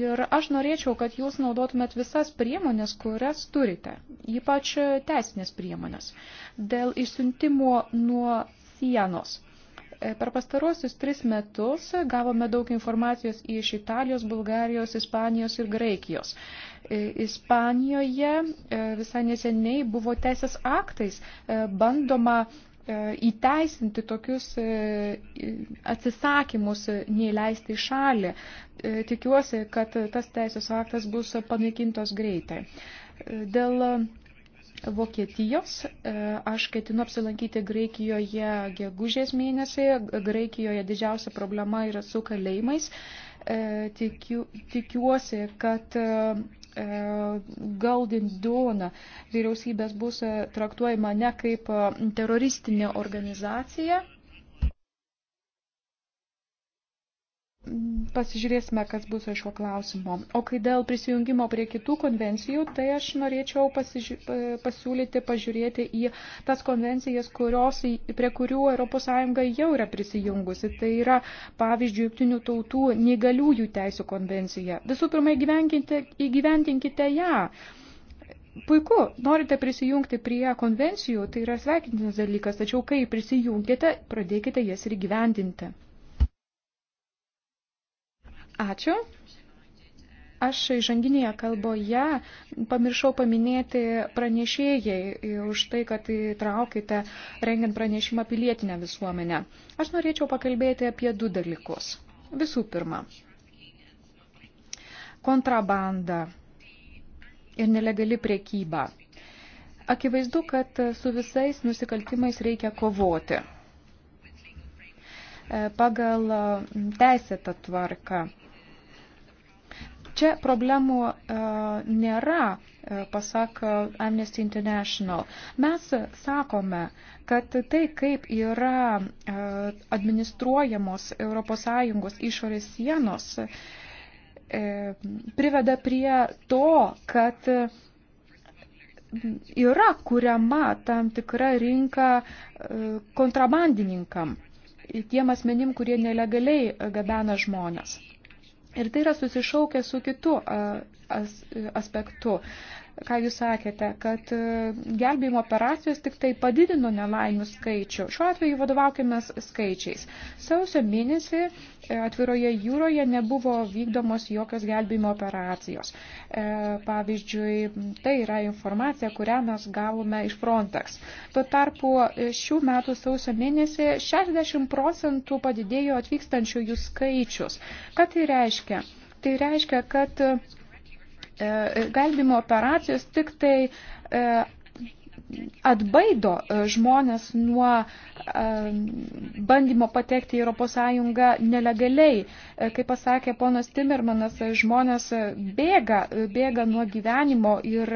Ir aš norėčiau, kad jūs naudotumėt visas priemonės, kurias turite, ypač teisinės priemonės, dėl išsiuntimo nuo sienos. E, per pastaruosius tris metus gavome daug informacijos iš Italijos, Bulgarijos, Ispanijos ir Graikijos. E, Ispanijoje e, visai neseniai buvo teisės aktais bandoma įteisinti tokius atsisakymus neįleisti į šalį. Tikiuosi, kad tas teisės aktas bus panaikintos greitai. Dėl Vokietijos. E, aš ketinu apsilankyti Graikijoje gegužės mėnesį. Graikijoje didžiausia problema yra su kalėjimais. E, tikiu, tikiuosi, kad e, Golden Dawn vyriausybės bus traktuojama ne kaip teroristinė organizacija pasižiūrėsime, kas bus iš šio klausimo. O kai dėl prisijungimo prie kitų konvencijų, tai aš norėčiau pasiži... pasiūlyti pažiūrėti į tas konvencijas, kurios, prie kurių ES jau yra prisijungusi. Tai yra, pavyzdžiui, Junktinių tautų negaliųjų teisų konvencija. Visų pirma, įgyventinkite ją. Puiku, norite prisijungti prie konvencijų, tai yra sveikintinas dalykas, tačiau kai prisijungite, pradėkite jas ir gyvendinti. Ačiū. Aš įžanginėje kalboje pamiršau paminėti pranešėjai už tai, kad įtraukite rengiant pranešimą pilietinę visuomenę. Aš norėčiau pakalbėti apie du dalykus. Visų pirma, kontrabanda ir nelegali priekyba. Akivaizdu, kad su visais nusikaltimais reikia kovoti pagal teisėtą tvarką Čia problemų e, nėra, e, pasak Amnesty International. Mes sakome, kad tai, kaip yra e, administruojamos ES išorės sienos, priveda prie to, kad yra kuriama tam tikra rinka kontrabandininkam, tiem asmenim, kurie nelegaliai gabena žmonės. Ir tai yra susišaukę su kitu aspektu ką jūs sakėte, kad e, gelbėjimo operacijos tik tai padidino nelaimių skaičių. Šiuo atveju vadovaukimės skaičiais. Sausio mėnesį e, atviroje jūroje nebuvo vykdomos jokios gelbėjimo operacijos. E, pavyzdžiui, tai yra informacija, kurią mes gavome iš Frontex. Tuo tarpu šių metų sausio mėnesį 60 procentų padidėjo atvykstančiųjų skaičius. Ką tai reiškia? Tai reiškia, kad E, gelbimo operacijos tik tai e, atbaido e, žmonės nuo bandymo patekti į ES nelegaliai. Kaip pasakė ponas Timirmanas, žmonės bėga, bėga nuo gyvenimo ir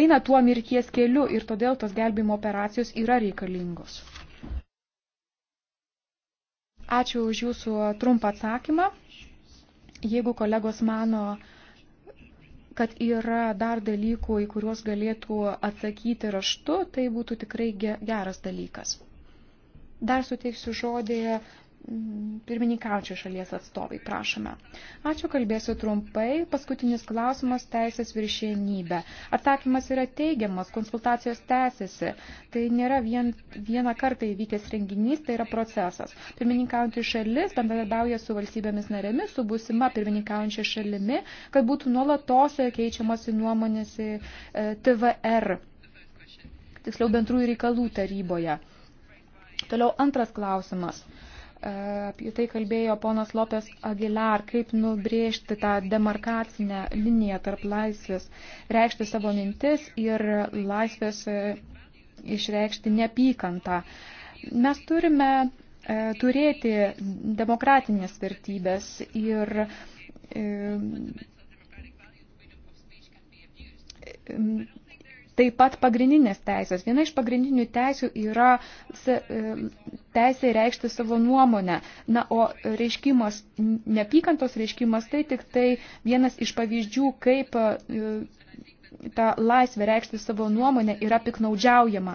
eina tuo mirties keliu ir todėl tos gelbimo operacijos yra reikalingos. Ačiū už jūsų trumpą atsakymą. Jeigu kolegos mano, kad yra dar dalykų, į kuriuos galėtų atsakyti raštu, tai būtų tikrai geras dalykas. Dar suteiksiu žodį pirmininkaučio šalies atstovai, prašome. Ačiū, kalbėsiu trumpai. Paskutinis klausimas – teisės viršienybė. Atsakymas yra teigiamas, konsultacijos tęsiasi. Tai nėra vien, vieną kartą įvykęs renginys, tai yra procesas. Pirmininkaujantį šalis bendradarbiauja su valstybėmis narėmis, su būsima pirmininkaujančia šalimi, kad būtų nuolatos keičiamasi nuomonės į e, TVR, tiksliau bendrųjų reikalų taryboje. Toliau antras klausimas – E, apie tai kalbėjo ponas Lopės Aguilar, kaip nubrėžti tą demarkacinę liniją tarp laisvės, reikšti savo mintis ir laisvės e, išreikšti nepykantą. Mes turime e, turėti demokratinės vertybės ir Taip pat pagrindinės teisės. Viena iš pagrindinių teisių yra e, teisė reikšti savo nuomonę. Na, o reiškimas, nepykantos reiškimas, tai tik tai vienas iš pavyzdžių, kaip e, ta laisvė reikšti savo nuomonę yra piknaudžiaujama.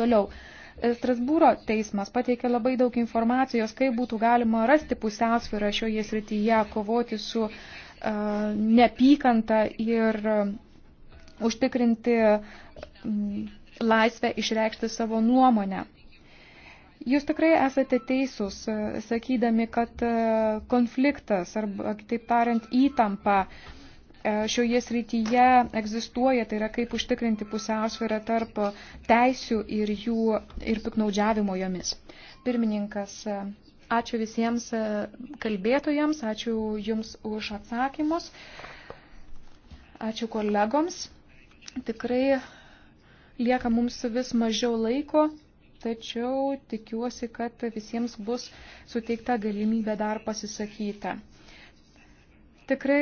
Toliau. E, Strasbūro teismas pateikė labai daug informacijos, kaip būtų galima rasti pusiausvyrą šioje srityje, kovoti su uh, nepykanta ir užtikrinti laisvę išreikšti savo nuomonę. Jūs tikrai esate teisūs, e, sakydami, kad e, konfliktas arba, taip tariant, įtampa e, šioje srityje egzistuoja, tai yra kaip užtikrinti pusiausvyrą tarp teisių ir jų ir piknaudžiavimo jomis. Pirmininkas, ačiū visiems kalbėtojams, ačiū Jums už atsakymus, ačiū kolegoms. Tikrai lieka mums vis mažiau laiko, tačiau tikiuosi, kad visiems bus suteikta galimybė dar pasisakyti. Tikrai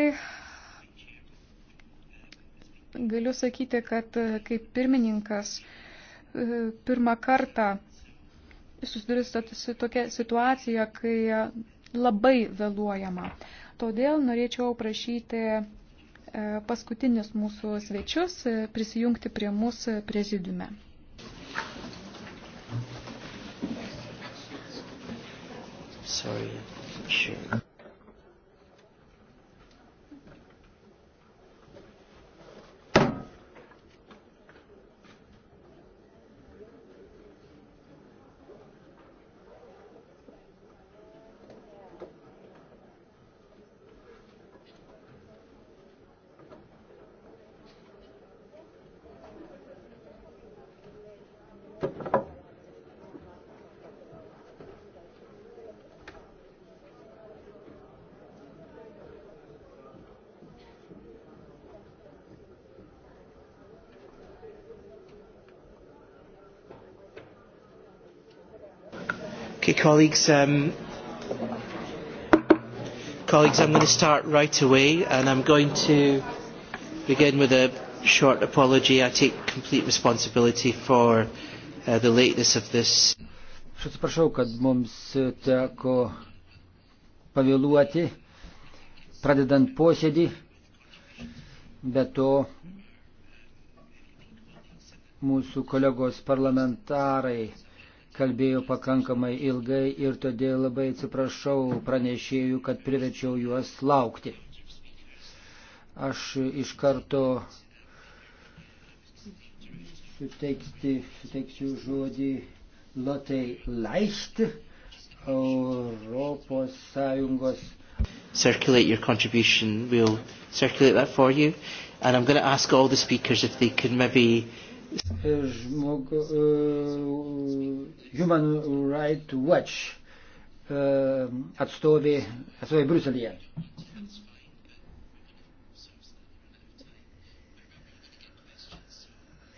galiu sakyti, kad kaip pirmininkas e, pirmą kartą susiduriu su tokia situacija, kai labai vėluojama. Todėl norėčiau prašyti paskutinius mūsų svečius e, prisijungti prie mūsų prezidiume. Sorry. Sure. Colleagues, um, colleagues, I'm going to start right away and I'm going to begin with a short apology. I take complete responsibility for uh, the lateness of this. Aš atsiprašau, kad mums teko pavėluoti, pradedant posėdį, bet to mūsų kolegos parlamentarai kalbėjo pakankamai ilgai ir todėl labai atsiprašau pranešėjų, kad privečiau juos laukti. Aš iš karto suteikti, suteiksiu žodį Lotai Leicht, Europos Sąjungos. Circulate your contribution, we'll circulate that for you. And I'm going to ask all the speakers if they could maybe Žmog, uh, e, Human Rights Watch uh, atstovė, atstovė Bruselėje.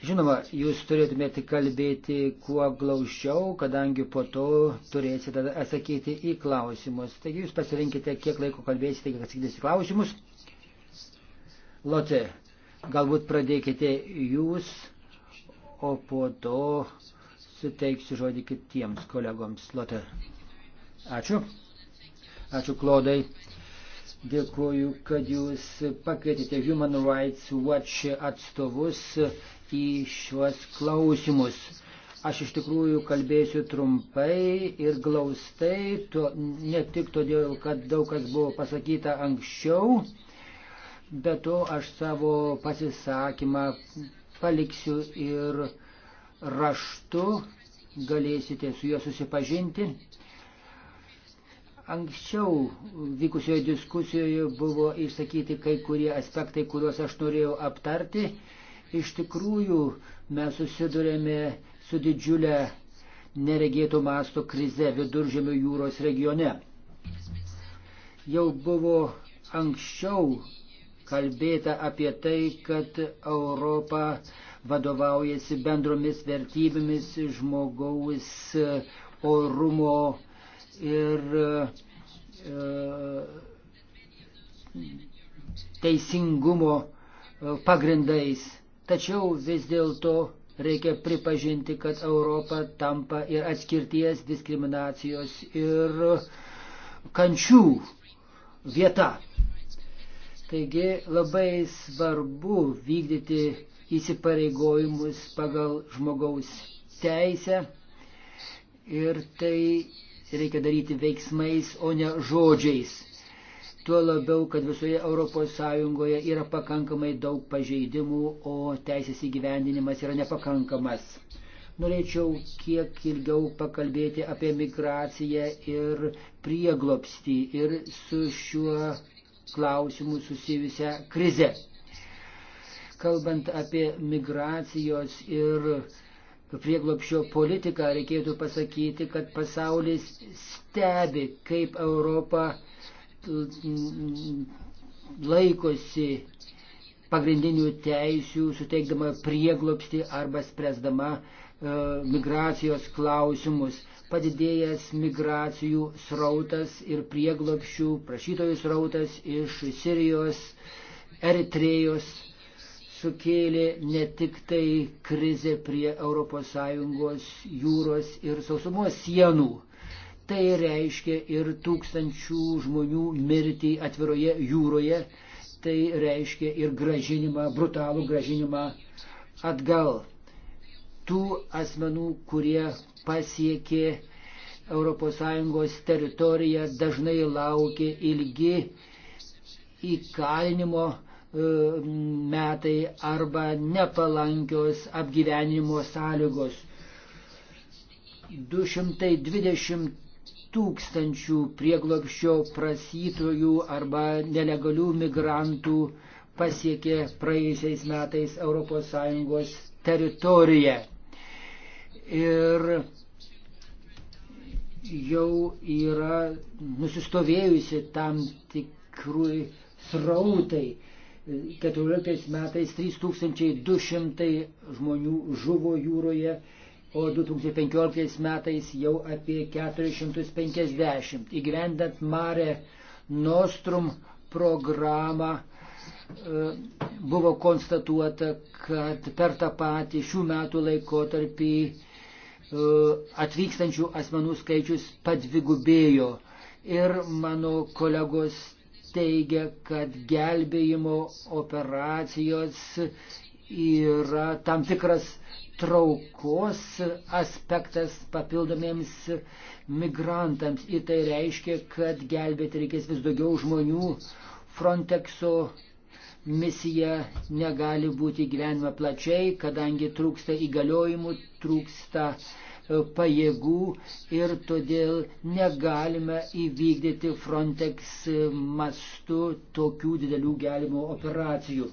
Žinoma, jūs turėtumėte kalbėti kuo glaušiau, kadangi po to turėsite atsakyti į klausimus. Taigi jūs pasirinkite, kiek laiko kalbėsite, kiek atsakysite į klausimus. Lote, galbūt pradėkite jūs, o po to suteiksiu žodį kitiems kolegoms. Lote. Ačiū. Ačiū, Klodai. Dėkuoju, kad jūs pakvietėte Human Rights Watch atstovus į šiuos klausimus. Aš iš tikrųjų kalbėsiu trumpai ir glaustai, to, ne tik todėl, kad daug kas buvo pasakyta anksčiau, bet to aš savo pasisakymą paliksiu ir raštu, galėsite su juo susipažinti. Anksčiau vykusioje diskusijoje buvo išsakyti kai kurie aspektai, kuriuos aš norėjau aptarti. Iš tikrųjų, mes susidurėme su didžiulė neregėto masto krize viduržėmio jūros regione. Jau buvo anksčiau kalbėta apie tai, kad Europa vadovaujasi bendromis vertybėmis žmogaus e, orumo ir e, teisingumo e, pagrindais. Tačiau vis dėlto reikia pripažinti, kad Europa tampa ir atskirties, diskriminacijos ir kančių vieta. Taigi labai svarbu vykdyti įsipareigojimus pagal žmogaus teisę ir tai reikia daryti veiksmais, o ne žodžiais. Tuo labiau, kad visoje ES yra pakankamai daug pažeidimų, o teisės įgyvendinimas yra nepakankamas. Norėčiau kiek ilgiau pakalbėti apie migraciją ir prieglopstį ir su šiuo klausimų susijusią krizę. Kalbant apie migracijos ir prieglopšio politiką, reikėtų pasakyti, kad pasaulis stebi, kaip Europa mm, mm, laikosi pagrindinių teisių, suteikdama prieglopsti arba spręsdama uh, E, migracijos klausimus. Padidėjęs migracijų srautas ir prieglopšių prašytojų srautas iš Sirijos, Eritrėjos sukėlė ne tik tai krizę prie ES jūros ir sausumos sienų. Tai reiškia ir tūkstančių žmonių mirtį atviroje jūroje, tai reiškia ir gražinimą, brutalų gražinimą atgal tų asmenų, kurie pasiekė ES teritoriją, dažnai laukia ilgi įkalinimo e, metai arba nepalankios apgyvenimo sąlygos. 220 tūkstančių prieglopščio prasytojų arba nelegalių migrantų pasiekė praėjusiais metais ES teritoriją ir jau yra nusistovėjusi tam tikrui srautai. 14 metais 3200 žmonių žuvo jūroje, o 2015 metais jau apie 450. Įgyvendant Mare Nostrum programą e, buvo konstatuota, kad per tą patį šių metų laikotarpį E, atvykstančių asmenų skaičius padvigubėjo. Ir mano kolegos teigia, kad gelbėjimo operacijos yra tam tikras traukos aspektas papildomiems migrantams. Ir tai reiškia, kad gelbėti reikės vis daugiau žmonių. Frontexo misija negali būti gyvenima plačiai, kadangi trūksta įgaliojimų, trūksta uh, pajėgų ir todėl negalime įvykdyti Frontex mastu tokių didelių gelimo operacijų.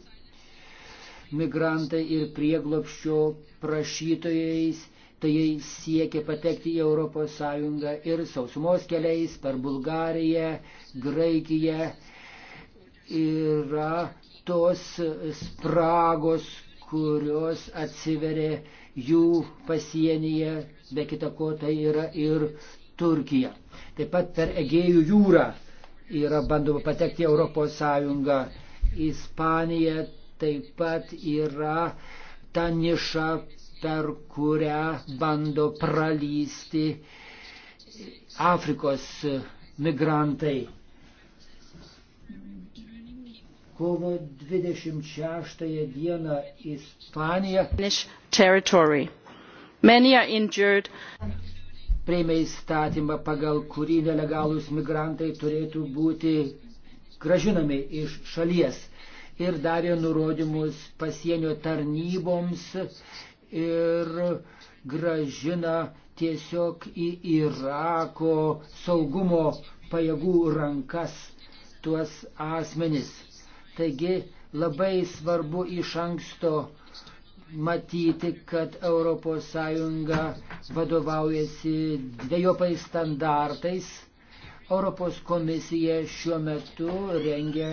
Migrantai ir prieglopščio prašytojais tai siekia patekti į ES ir sausumos keliais per Bulgariją, Graikiją. Yra tos spragos, kurios atsiveria jų pasienyje, be kita ko tai yra ir Turkija. Taip pat per Egejų jūrą yra bandoma patekti Europos Sąjungą. Ispanija taip pat yra ta niša, per kurią bando pralysti Afrikos migrantai kovo 26 dieną Ispanija prieimė įstatymą, pagal kurį nelegalūs migrantai turėtų būti gražinami iš šalies ir darė nurodymus pasienio tarnyboms ir gražina tiesiog į Irako saugumo pajėgų rankas tuos asmenis. Taigi labai svarbu iš anksto matyti, kad ES vadovaujasi dviejopai standartais. Europos komisija šiuo metu rengia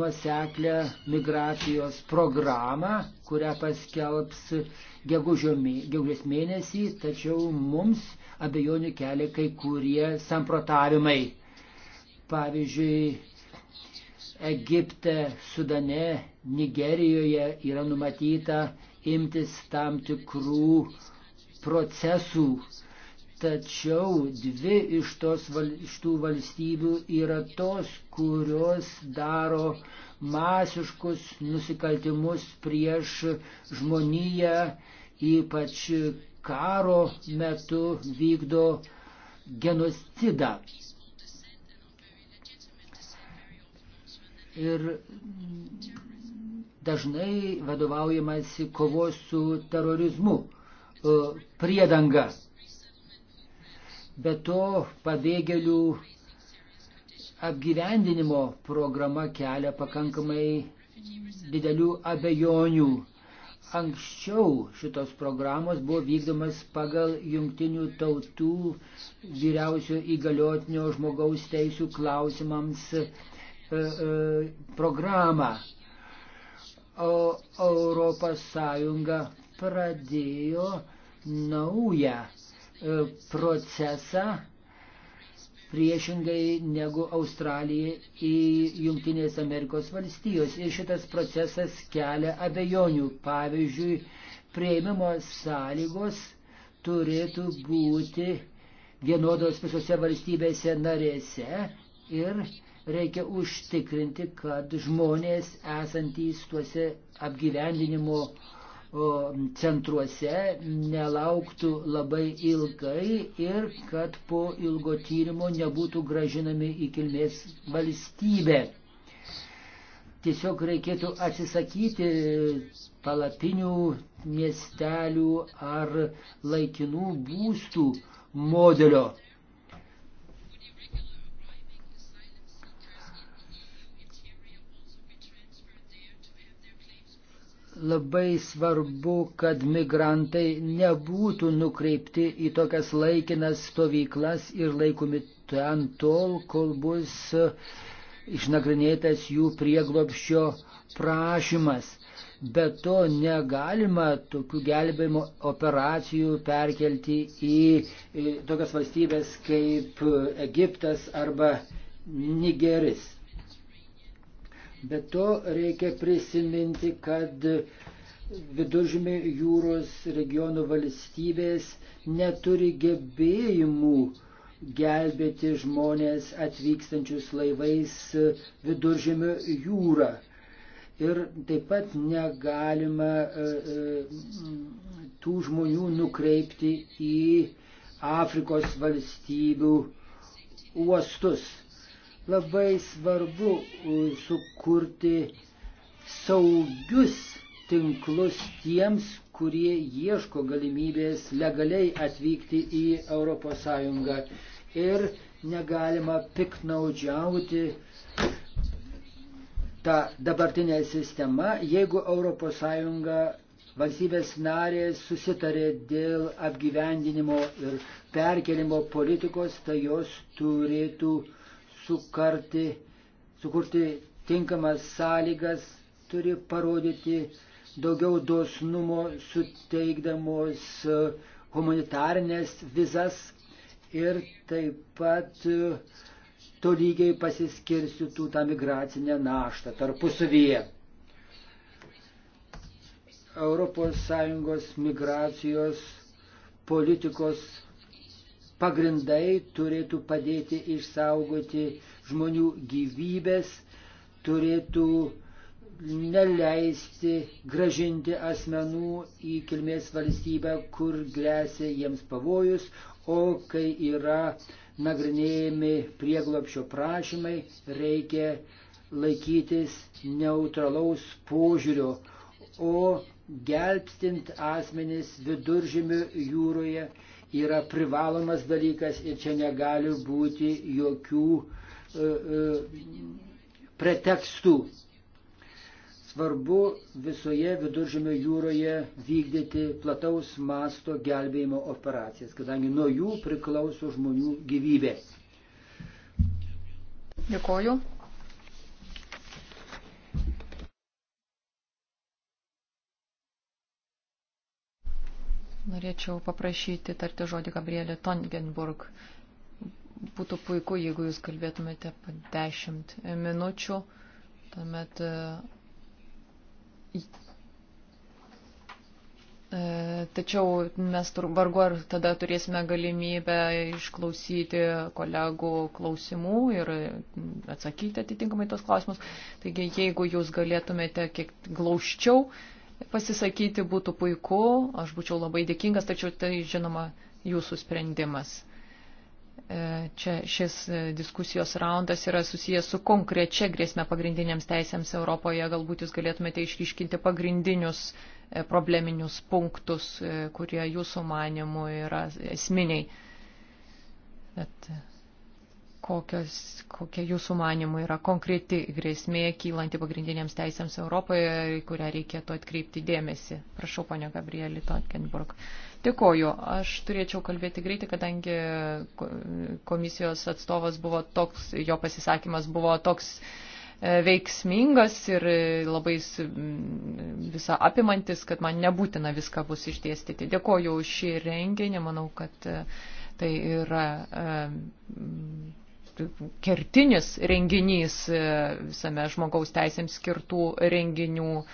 nuoseklę migracijos programą, kurią paskelbs gegužės mėnesį, tačiau mums abejonių kelia kai kurie samprotavimai. Pavyzdžiui, Egipte, Sudane, Nigerijoje yra numatyta imtis tam tikrų procesų. Tačiau dvi iš, tos, iš tų valstybių yra tos, kurios daro masiškus nusikaltimus prieš žmoniją, ypač karo metu vykdo genocidą. ir dažnai vadovaujamasi kovos su terorizmu e, priedanga. Be to pabėgėlių apgyvendinimo programa kelia pakankamai didelių abejonių. Anksčiau šitos programos buvo vykdomas pagal jungtinių tautų vyriausio įgaliotinio žmogaus teisų klausimams E, e, programą. O Europos Sąjunga pradėjo naują e, procesą priešingai negu Australija į Junktinės Amerikos valstijos. Ir šitas procesas kelia abejonių. Pavyzdžiui, prieimimo sąlygos turėtų būti vienodos visose valstybėse narėse ir Reikia užtikrinti, kad žmonės esantys tuose apgyvendinimo centruose nelauktų labai ilgai ir kad po ilgo tyrimo nebūtų gražinami į kilmės valstybę. Tiesiog reikėtų atsisakyti palapinių, miestelių ar laikinų būstų modelio. labai svarbu, kad migrantai nebūtų nukreipti į tokias laikinas stovyklas ir laikomi ten tol, kol bus e, išnagrinėtas jų prieglopščio prašymas. Be to negalima tokių gelbėjimo operacijų perkelti į, į tokias valstybės kaip Egiptas arba Nigeris. Bet to reikia prisiminti, kad viduržymė jūros regionų valstybės neturi gebėjimų gelbėti žmonės atvykstančius laivais viduržymio jūrą. Ir taip pat negalima e, e, tų žmonių nukreipti į Afrikos valstybių uostus. Labai svarbu sukurti saugius tinklus tiems, kurie ieško galimybės legaliai atvykti į ES ir negalima piknaudžiauti tą dabartinę sistemą, jeigu ES valstybės narės susitarė dėl apgyvendinimo ir perkelimo politikos, tai jos turėtų uh, sukarti, sukurti tinkamas sąlygas, turi parodyti daugiau dosnumo suteikdamos e, humanitarnės vizas ir taip pat e, tolygiai pasiskirstytų tą migracinę naštą tarpusavyje. ES migracijos politikos pagrindai turėtų padėti išsaugoti žmonių gyvybės, turėtų neleisti gražinti asmenų į kilmės valstybę, kur grėsia jiems pavojus, o kai yra nagrinėjami prieglopšio prašymai, reikia laikytis neutralaus požiūrio, o gelbstint asmenis viduržymio jūroje yra privalomas dalykas ir čia negali būti jokių e, e, pretekstų. Svarbu visoje viduržėmio jūroje vykdyti plataus masto gelbėjimo operacijas, kadangi nuo jų priklauso žmonių gyvybė. Dėkoju. Norėčiau paprašyti tarti žodį Gabrielė Tongenburg. Būtų puiku, jeigu jūs kalbėtumėte po 10 minučių. Tuomet e, e, Tačiau mes vargu ar tada turėsime galimybę išklausyti kolegų klausimų ir atsakyti atitinkamai tos klausimus. Taigi, jeigu jūs galėtumėte kiek glaučiau pasisakyti būtų puiku, aš būčiau labai dėkingas, tačiau tai žinoma jūsų sprendimas. E, čia šis e, diskusijos raundas yra susijęs su konkrečia grėsme pagrindiniams teisėms Europoje. Galbūt jūs galėtumėte išryškinti pagrindinius e, probleminius punktus, kurie jūsų manimų yra esminiai. Bet kokios, kokia jūsų manimų yra konkreti grėsmė kylanti pagrindinėms teisėms Europoje, į kurią reikėtų atkreipti dėmesį. Prašau, ponia Gabrielė Tonkenburg. Dėkoju. Aš turėčiau kalbėti greitai, kadangi komisijos atstovas buvo toks, jo pasisakymas buvo toks e, veiksmingas ir labai visą apimantis, kad man nebūtina viską bus išdėstyti. Dėkoju už šį renginį, manau, kad e, tai yra e, kertinis renginys e, visame žmogaus teisėms skirtų renginių e,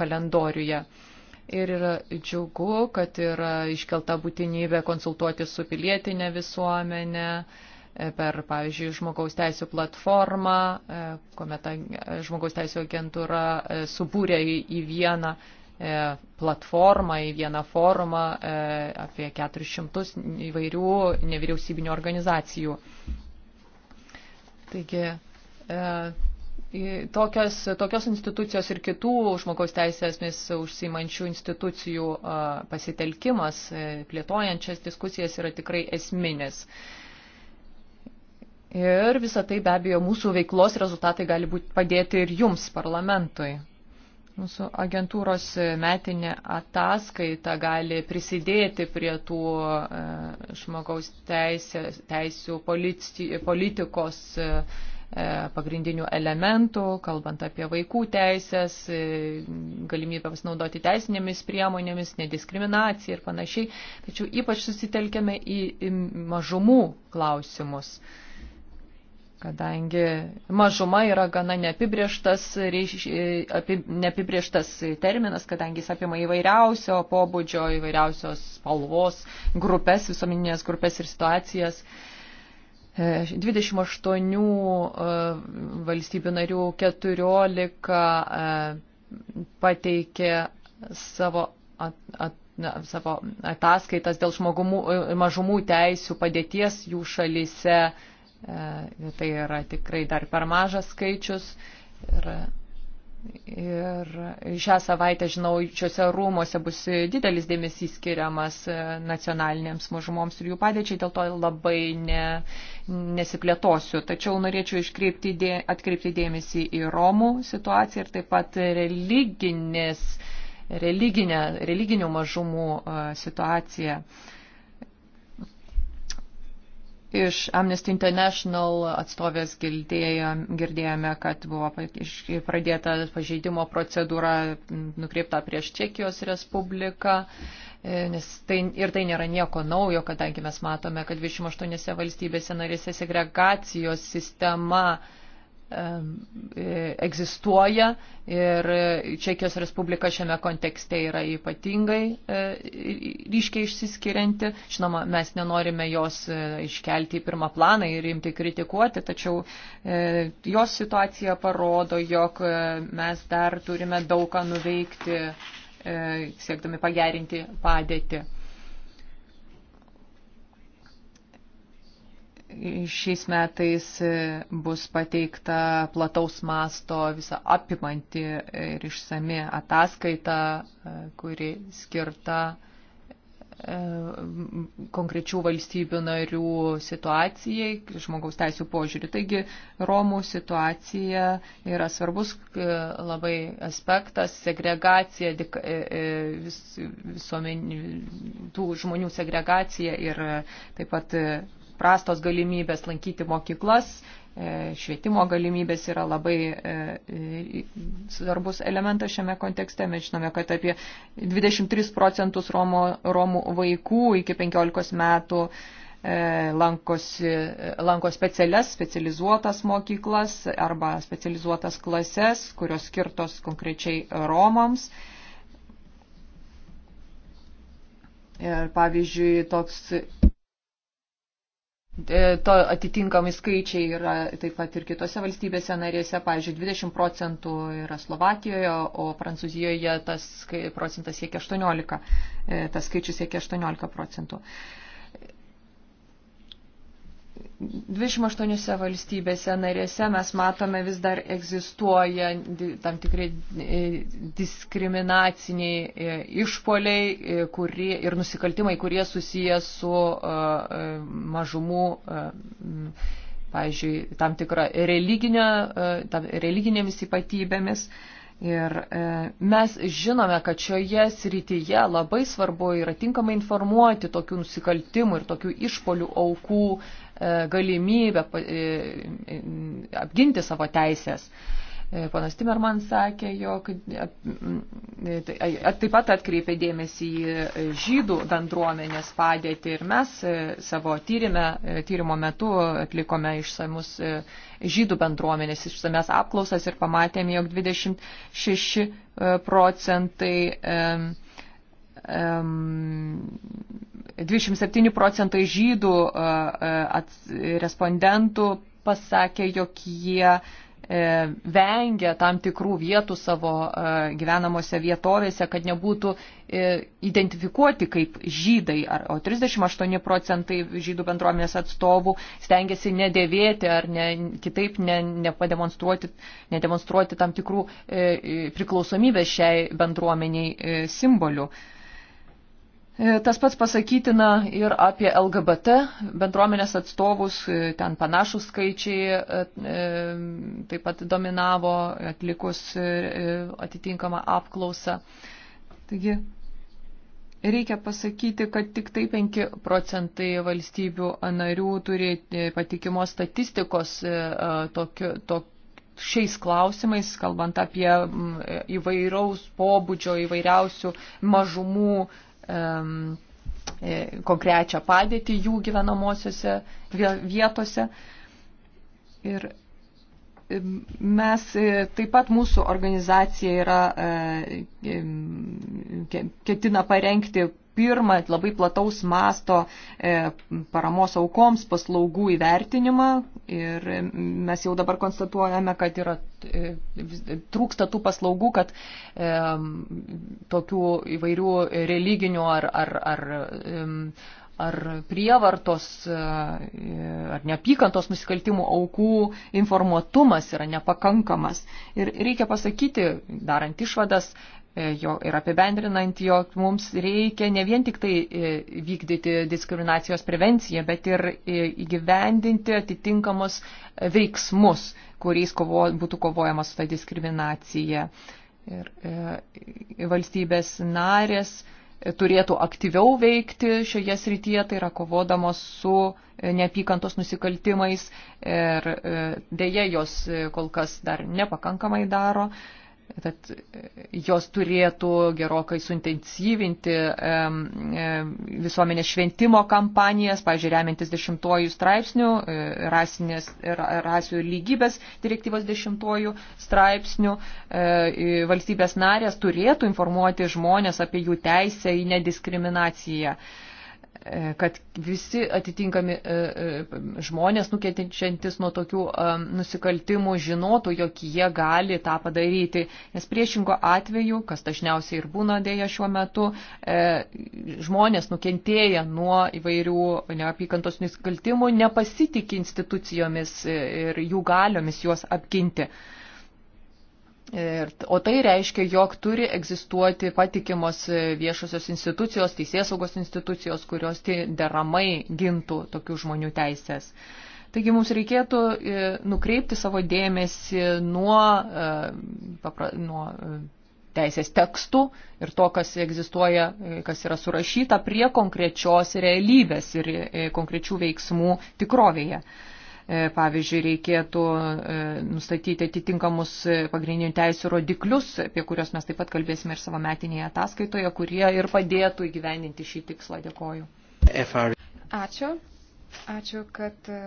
kalendoriuje. Ir yra džiugu, kad yra iškelta būtinybė konsultuoti su pilietinė visuomenė e, per, pavyzdžiui, žmogaus teisų platformą, kuomet žmogaus teisų agentūra subūrė į vieną platformą, į vieną forumą apie 400 įvairių nevyriausybinių organizacijų. Taigi, e, tokios, tokios institucijos ir kitų žmogaus teisėmis užsimančių institucijų e, pasitelkimas, e, plėtojančias diskusijas yra tikrai esminis. Ir visą tai be abejo mūsų veiklos rezultatai gali būti padėti ir jums parlamentui. Mūsų agentūros metinė ataskaita gali prisidėti prie tų e, žmogaus teisės, teisų politi, politikos e, e, pagrindinių elementų, kalbant apie vaikų teisės, galimybę pasinaudoti teisinėmis priemonėmis, nediskriminaciją ir panašiai. Tačiau ypač susitelkėme į mažumų klausimus kadangi mažuma yra gana neapibrieštas, neapibrieštas terminas, kadangi jis apima įvairiausio pobūdžio, įvairiausios spalvos grupės, visuomeninės grupės ir situacijas. 28 e, e, valstybių narių 14 e, pateikė savo, at, at, na, savo ataskaitas dėl žmogumų, mažumų teisių padėties jų šalyse E, tai yra tikrai dar per mažas skaičius. Ir, ir šią savaitę, žinau, šiuose rūmose bus didelis dėmesys skiriamas e, nacionalinėms mažumoms ir jų padėčiai, dėl to labai ne, nesiplėtosiu. Tačiau norėčiau dė, atkreipti dėmesį į Romų situaciją ir taip pat religinės, religinę, religinių mažumų e, situaciją. Uh, Iš Amnesty International atstovės girdėjome, kad buvo pradėta pažeidimo procedūra nukreipta prieš Čekijos Respubliką. E, nes tai, ir tai nėra nieko naujo, kadangi mes matome, kad 28 valstybėse narėse segregacijos sistema uh, E, egzistuoja ir Čekijos Respublika šiame kontekste yra ypatingai e, ryškiai išsiskirianti. Žinoma, mes nenorime jos e, iškelti į pirmą planą ir imti kritikuoti, tačiau jos situacija parodo, jog mes dar turime daug ką nuveikti siekdami pagerinti padėtį. šiais metais e, bus pateikta plataus masto visą apimanti ir išsami ataskaita, e, kuri skirta e, konkrečių valstybių narių situacijai, žmogaus teisų požiūrį. Taigi, Romų situacija yra svarbus labai aspektas, segregacija, vis, visuomen, tų žmonių segregacija ir taip pat prastos galimybės lankyti mokyklas, e, švietimo galimybės yra labai e, e, svarbus elementas šiame kontekste. Mes žinome, kad apie 23 procentus Romo, Romų vaikų iki 15 metų lankosi, lanko specialias, specializuotas mokyklas arba specializuotas klases, kurios skirtos konkrečiai Romams. Ir pavyzdžiui, toks E, to atitinkami skaičiai yra taip pat ir kitose valstybėse narėse, pavyzdžiui, 20 procentų yra Slovakijoje, o Prancūzijoje tas procentas siekia 18, e, tas skaičius siekia 18 procentų. E, 28 valstybėse narėse mes matome vis dar egzistuoja tam tikrai e, diskriminaciniai e, išpoliai e, kurie, ir nusikaltimai, kurie susiję su mažumų, pavyzdžiui, tam tikra religinė, tam, religinėmis ypatybėmis. Ir e, mes žinome, kad šioje srityje labai svarbu yra tinkamai informuoti tokių nusikaltimų ir tokių išpolių aukų E, galimybę e, apginti savo teisės. E, ponas Timerman sakė, jog tai, taip pat atkreipė dėmesį į žydų bendruomenės padėtį ir mes savo tyrime, tyrimo metu atlikome išsamus žydų bendruomenės išsames apklausas ir pamatėme, jog 26 procentai um, 27 procentai žydų respondentų pasakė, jog jie e, vengia tam tikrų vietų savo gyvenamose vietovėse, kad nebūtų e, identifikuoti kaip žydai, o 38 procentai žydų bendruomenės atstovų stengiasi nedėvėti ar ne, kitaip ne, nepademonstruoti, nedemonstruoti tam tikrų e, priklausomybės šiai bendruomeniai simbolių. E, tas pats pasakytina ir apie LGBT bendruomenės atstovus, e, ten panašus skaičiai e, taip pat dominavo atlikus atitinkamą apklausą. Taigi reikia pasakyti, kad tik tai 5 procentai valstybių narių turi patikimos statistikos tokiu, tokiu šiais klausimais, kalbant apie įvairaus pobūdžio, įvairiausių mažumų um, konkrečią padėtį jų gyvenamosiose vietose. Ir e, mes e, taip pat mūsų organizacija yra ketina parengti pirmą labai plataus masto e, paramos aukoms paslaugų įvertinimą ir mes jau dabar konstatuojame, kad yra e, trūksta tų paslaugų, kad e, tokių įvairių religinių ar, ar, ar, ar prievartos ar neapykantos nusikaltimų aukų informuotumas yra nepakankamas. Ir reikia pasakyti, darant išvadas, E, jo ir apibendrinant, jog mums reikia ne vien tik tai e, vykdyti diskriminacijos prevenciją, bet ir e, įgyvendinti atitinkamos veiksmus, kuriais kovo, būtų kovojama su ta diskriminacija. Ir valstybės narės turėtų aktyviau veikti šioje srityje, tai yra kovodamos su neapykantos nusikaltimais ir dėje jos kol kas dar nepakankamai daro. Tad e, jos turėtų gerokai suintensyvinti e, e, visuomenės šventimo kampanijas, pažiūrėmintis dešimtojų straipsnių, rasinės, rasių lygybės direktyvos dešimtojų straipsnių. Valstybės narės turėtų informuoti žmonės apie jų teisę į nediskriminaciją. E, kad visi atitinkami e, e, žmonės nukentžiantis nuo tokių nusikaltimų žinotų, jog jie gali tą padaryti. Nes priešingo atveju, kas dažniausiai ir būna dėja šiuo metu, žmonės nukentėję nuo įvairių neapykantos nusikaltimų nepasitikė institucijomis ir jų galiomis juos apginti. Ir, o tai reiškia, jog turi egzistuoti patikimos e, viešosios institucijos, teisėsaugos institucijos, kurios deramai gintų tokių žmonių teisės. Taigi mums reikėtų e, nukreipti savo dėmesį nuo, e, nuo teisės tekstų ir to, kas egzistuoja, kas yra surašyta prie konkrečios realybės ir konkrečių veiksmų tikrovėje. E, pavyzdžiui, reikėtų e, nustatyti atitinkamus pagrindinių teisų rodiklius, apie kuriuos mes taip pat kalbėsime ir savo metinėje ataskaitoje, kurie ir padėtų įgyvendinti šį tikslą. Dėkoju. FR. Ačiū. Ačiū, kad e,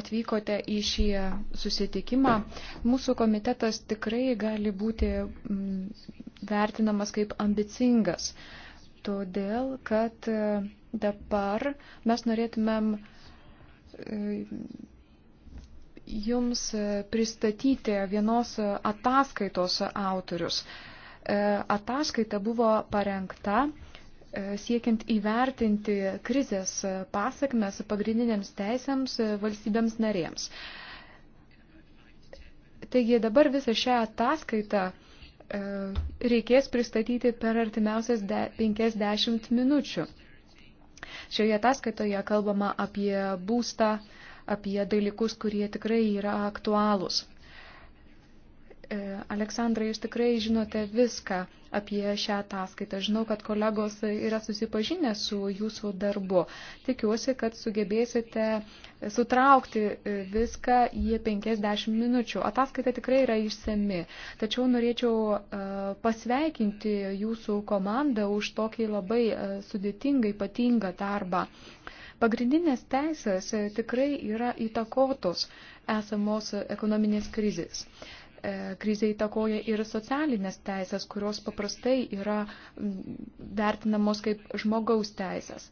atvykote į šį susitikimą. Mūsų komitetas tikrai gali būti vertinamas kaip ambicingas, todėl kad Dabar mes norėtumėm e, jums pristatyti vienos ataskaitos autorius. E, ataskaita buvo parengta e, siekiant įvertinti krizės pasakmes pagrindinėms teisėms valstybėms narėms. Taigi dabar visą šią ataskaitą reikės pristatyti per artimiausias 50 minučių. Šioje ataskaitoje kalbama apie būstą, apie dalykus, kurie tikrai yra aktualūs. E, Aleksandra, jūs tikrai žinote viską apie šią ataskaitą. Žinau, kad kolegos yra susipažinę su jūsų darbu. Tikiuosi, kad sugebėsite sutraukti viską į 50 minučių. Ataskaita tikrai yra išsami. Tačiau norėčiau e, pasveikinti jūsų komandą už tokį labai e, sudėtingą, ypatingą darbą. Pagrindinės teisės e, tikrai yra įtakotos esamos ekonominės krizės. E, krizė įtakoja ir socialinės teisės, kurios paprastai yra vertinamos kaip žmogaus teisės.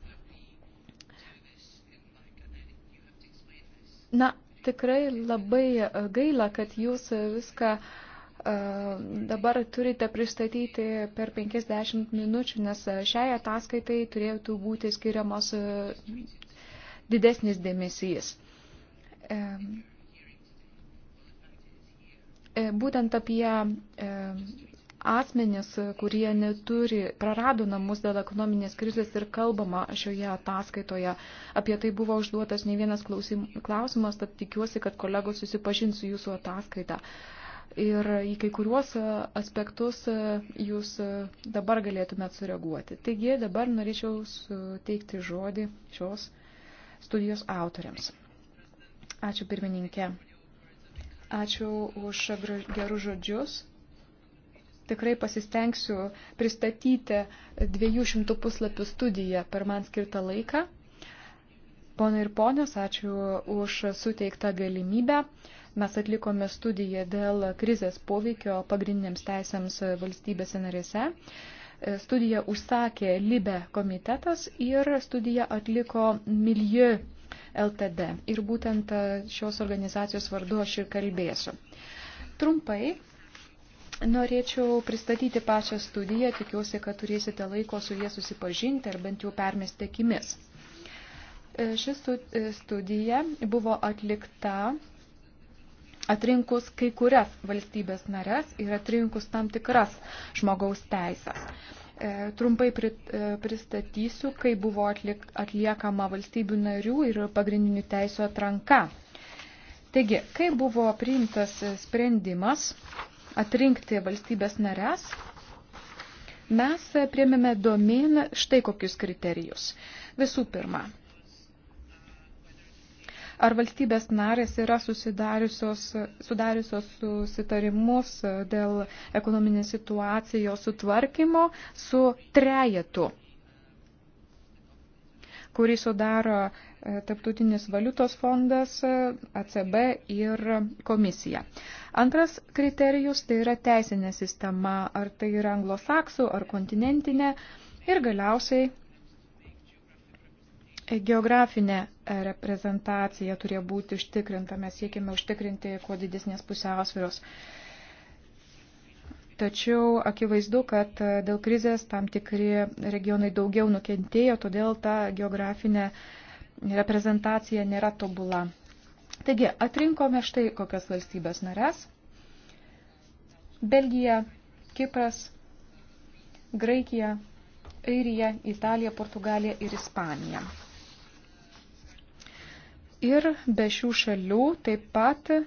Na, tikrai labai e, gaila, kad jūs viską e, dabar turite pristatyti per 50 minučių, nes šiai ataskaitai turėtų būti skiriamas didesnis dėmesys. Um E, būtent apie e, asmenis, kurie neturi, prarado namus dėl ekonominės krizės ir kalbama šioje ataskaitoje. Apie tai buvo užduotas ne vienas klausimas, tad tikiuosi, kad kolegos susipažins su jūsų ataskaita. Ir į kai kuriuos aspektus jūs dabar galėtumėt sureaguoti. Taigi dabar norėčiau suteikti žodį šios studijos autoriams. Ačiū pirmininkė. Ačiū už gerus žodžius. Tikrai pasistengsiu pristatyti 200 puslapių studiją per man skirtą laiką. Pone ir ponios, ačiū už suteiktą galimybę. Mes atlikome studiją dėl krizės poveikio pagrindiniams teisėms valstybėse narėse studiją užsakė Libe komitetas ir studiją atliko Milieu LTD. Ir būtent e, šios organizacijos vardu aš ir kalbėsiu. Trumpai norėčiau pristatyti pačią studiją, tikiuosi, kad turėsite laiko su jie susipažinti ar bent jau permesti akimis. E, ši e, studija buvo atlikta atrinkus kai kurias valstybės nares ir atrinkus tam tikras žmogaus teisės. E, trumpai e, pristatysiu, kai buvo atliekama valstybių narių ir pagrindinių teisų atranka. Taigi, kai buvo priimtas sprendimas atrinkti valstybės narės, mes priemėme domin štai kokius kriterijus. Visų pirma, Ar valstybės narės yra sudariusios susitarimus dėl ekonominės situacijos sutvarkymo su trejetu, kurį sudaro e, Taptautinis valiutos fondas, e, ACB ir komisija. Antras kriterijus tai yra teisinė sistema, ar tai yra anglosaksų, ar kontinentinė. Ir galiausiai Geografinė reprezentacija turėjo būti užtikrinta. Mes siekime užtikrinti kuo didesnės pusiausvėros. Tačiau akivaizdu, kad dėl krizės tam tikri regionai daugiau nukentėjo, todėl ta geografinė reprezentacija nėra tobula. Taigi, atrinkome štai kokias valstybės narės. Belgija, Kipras, Graikija, Airija, Italija, Portugalija ir Ispanija. Ir be šių šalių taip pat e,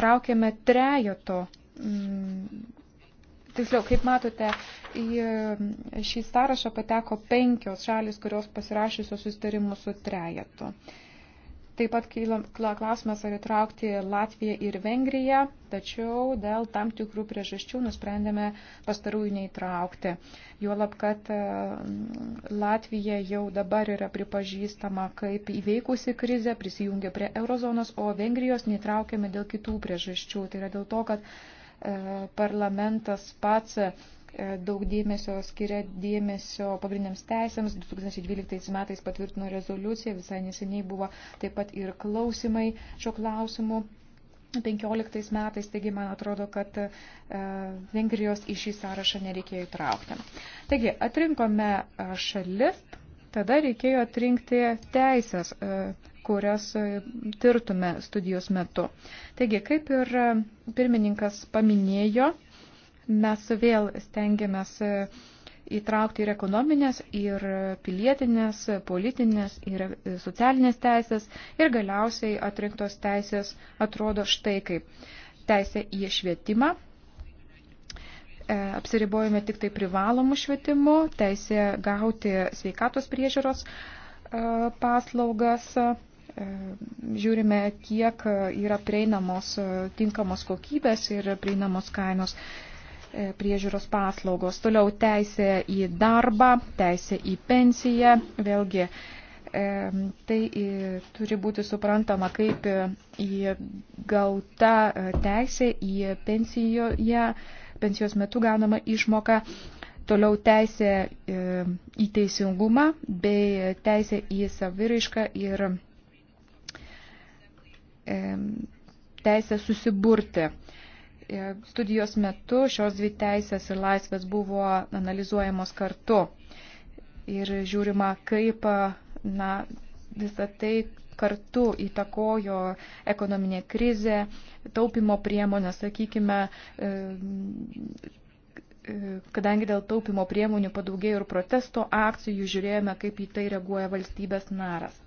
traukiame trejoto. Mm, tiksliau, kaip matote, į šį sąrašą pateko penkios šalis, kurios pasirašysios susitarimus su trejetu. Taip pat kyla klausimas, ar įtraukti Latviją ir Vengriją, tačiau dėl tam tikrų priežasčių nusprendėme pastarųjų neįtraukti. Juolab, kad e, Latvija jau dabar yra pripažįstama kaip įveikusi krizę, prisijungia prie eurozonos, o Vengrijos neįtraukėme dėl kitų priežasčių. Tai yra dėl to, kad e, parlamentas pats E, daug dėmesio skiria dėmesio pagrindiniams teisėms. 2012 metais patvirtino rezoliuciją, visai neseniai buvo taip pat ir klausimai šio klausimu. 15 metais, taigi man atrodo, kad e, Vengrijos į šį sąrašą nereikėjo įtraukti. Taigi, atrinkome e, šalis, tada reikėjo atrinkti teisės, e, kurias e, tirtume studijos metu. Taigi, kaip ir pirmininkas paminėjo, mes vėl stengiamės įtraukti ir ekonominės, ir pilietinės, politinės, ir socialinės teisės ir galiausiai atrinktos teisės atrodo štai kaip. Teisė į švietimą. E, apsiribojame tik tai privalomų švietimu, teisė gauti sveikatos priežiūros e, paslaugas, e, žiūrime, kiek yra prieinamos tinkamos kokybės ir prieinamos kainos. E, priežiūros paslaugos. Toliau teisė į darbą, teisė į pensiją, vėlgi e, tai turi būti suprantama kaip įgauta e, teisė į pensijoje, pensijos metu gaunama išmoka, toliau teisė į teisingumą bei teisė į saviraišką ir teisę susiburti. E, studijos metu šios dvi teisės ir laisvės buvo analizuojamos kartu ir žiūrima, kaip na, visą tai kartu įtakojo ekonominė krizė, taupimo priemonė, sakykime, e, e, kadangi dėl taupimo priemonių padaugėjo ir protesto akcijų, žiūrėjome, kaip į tai reaguoja valstybės naras.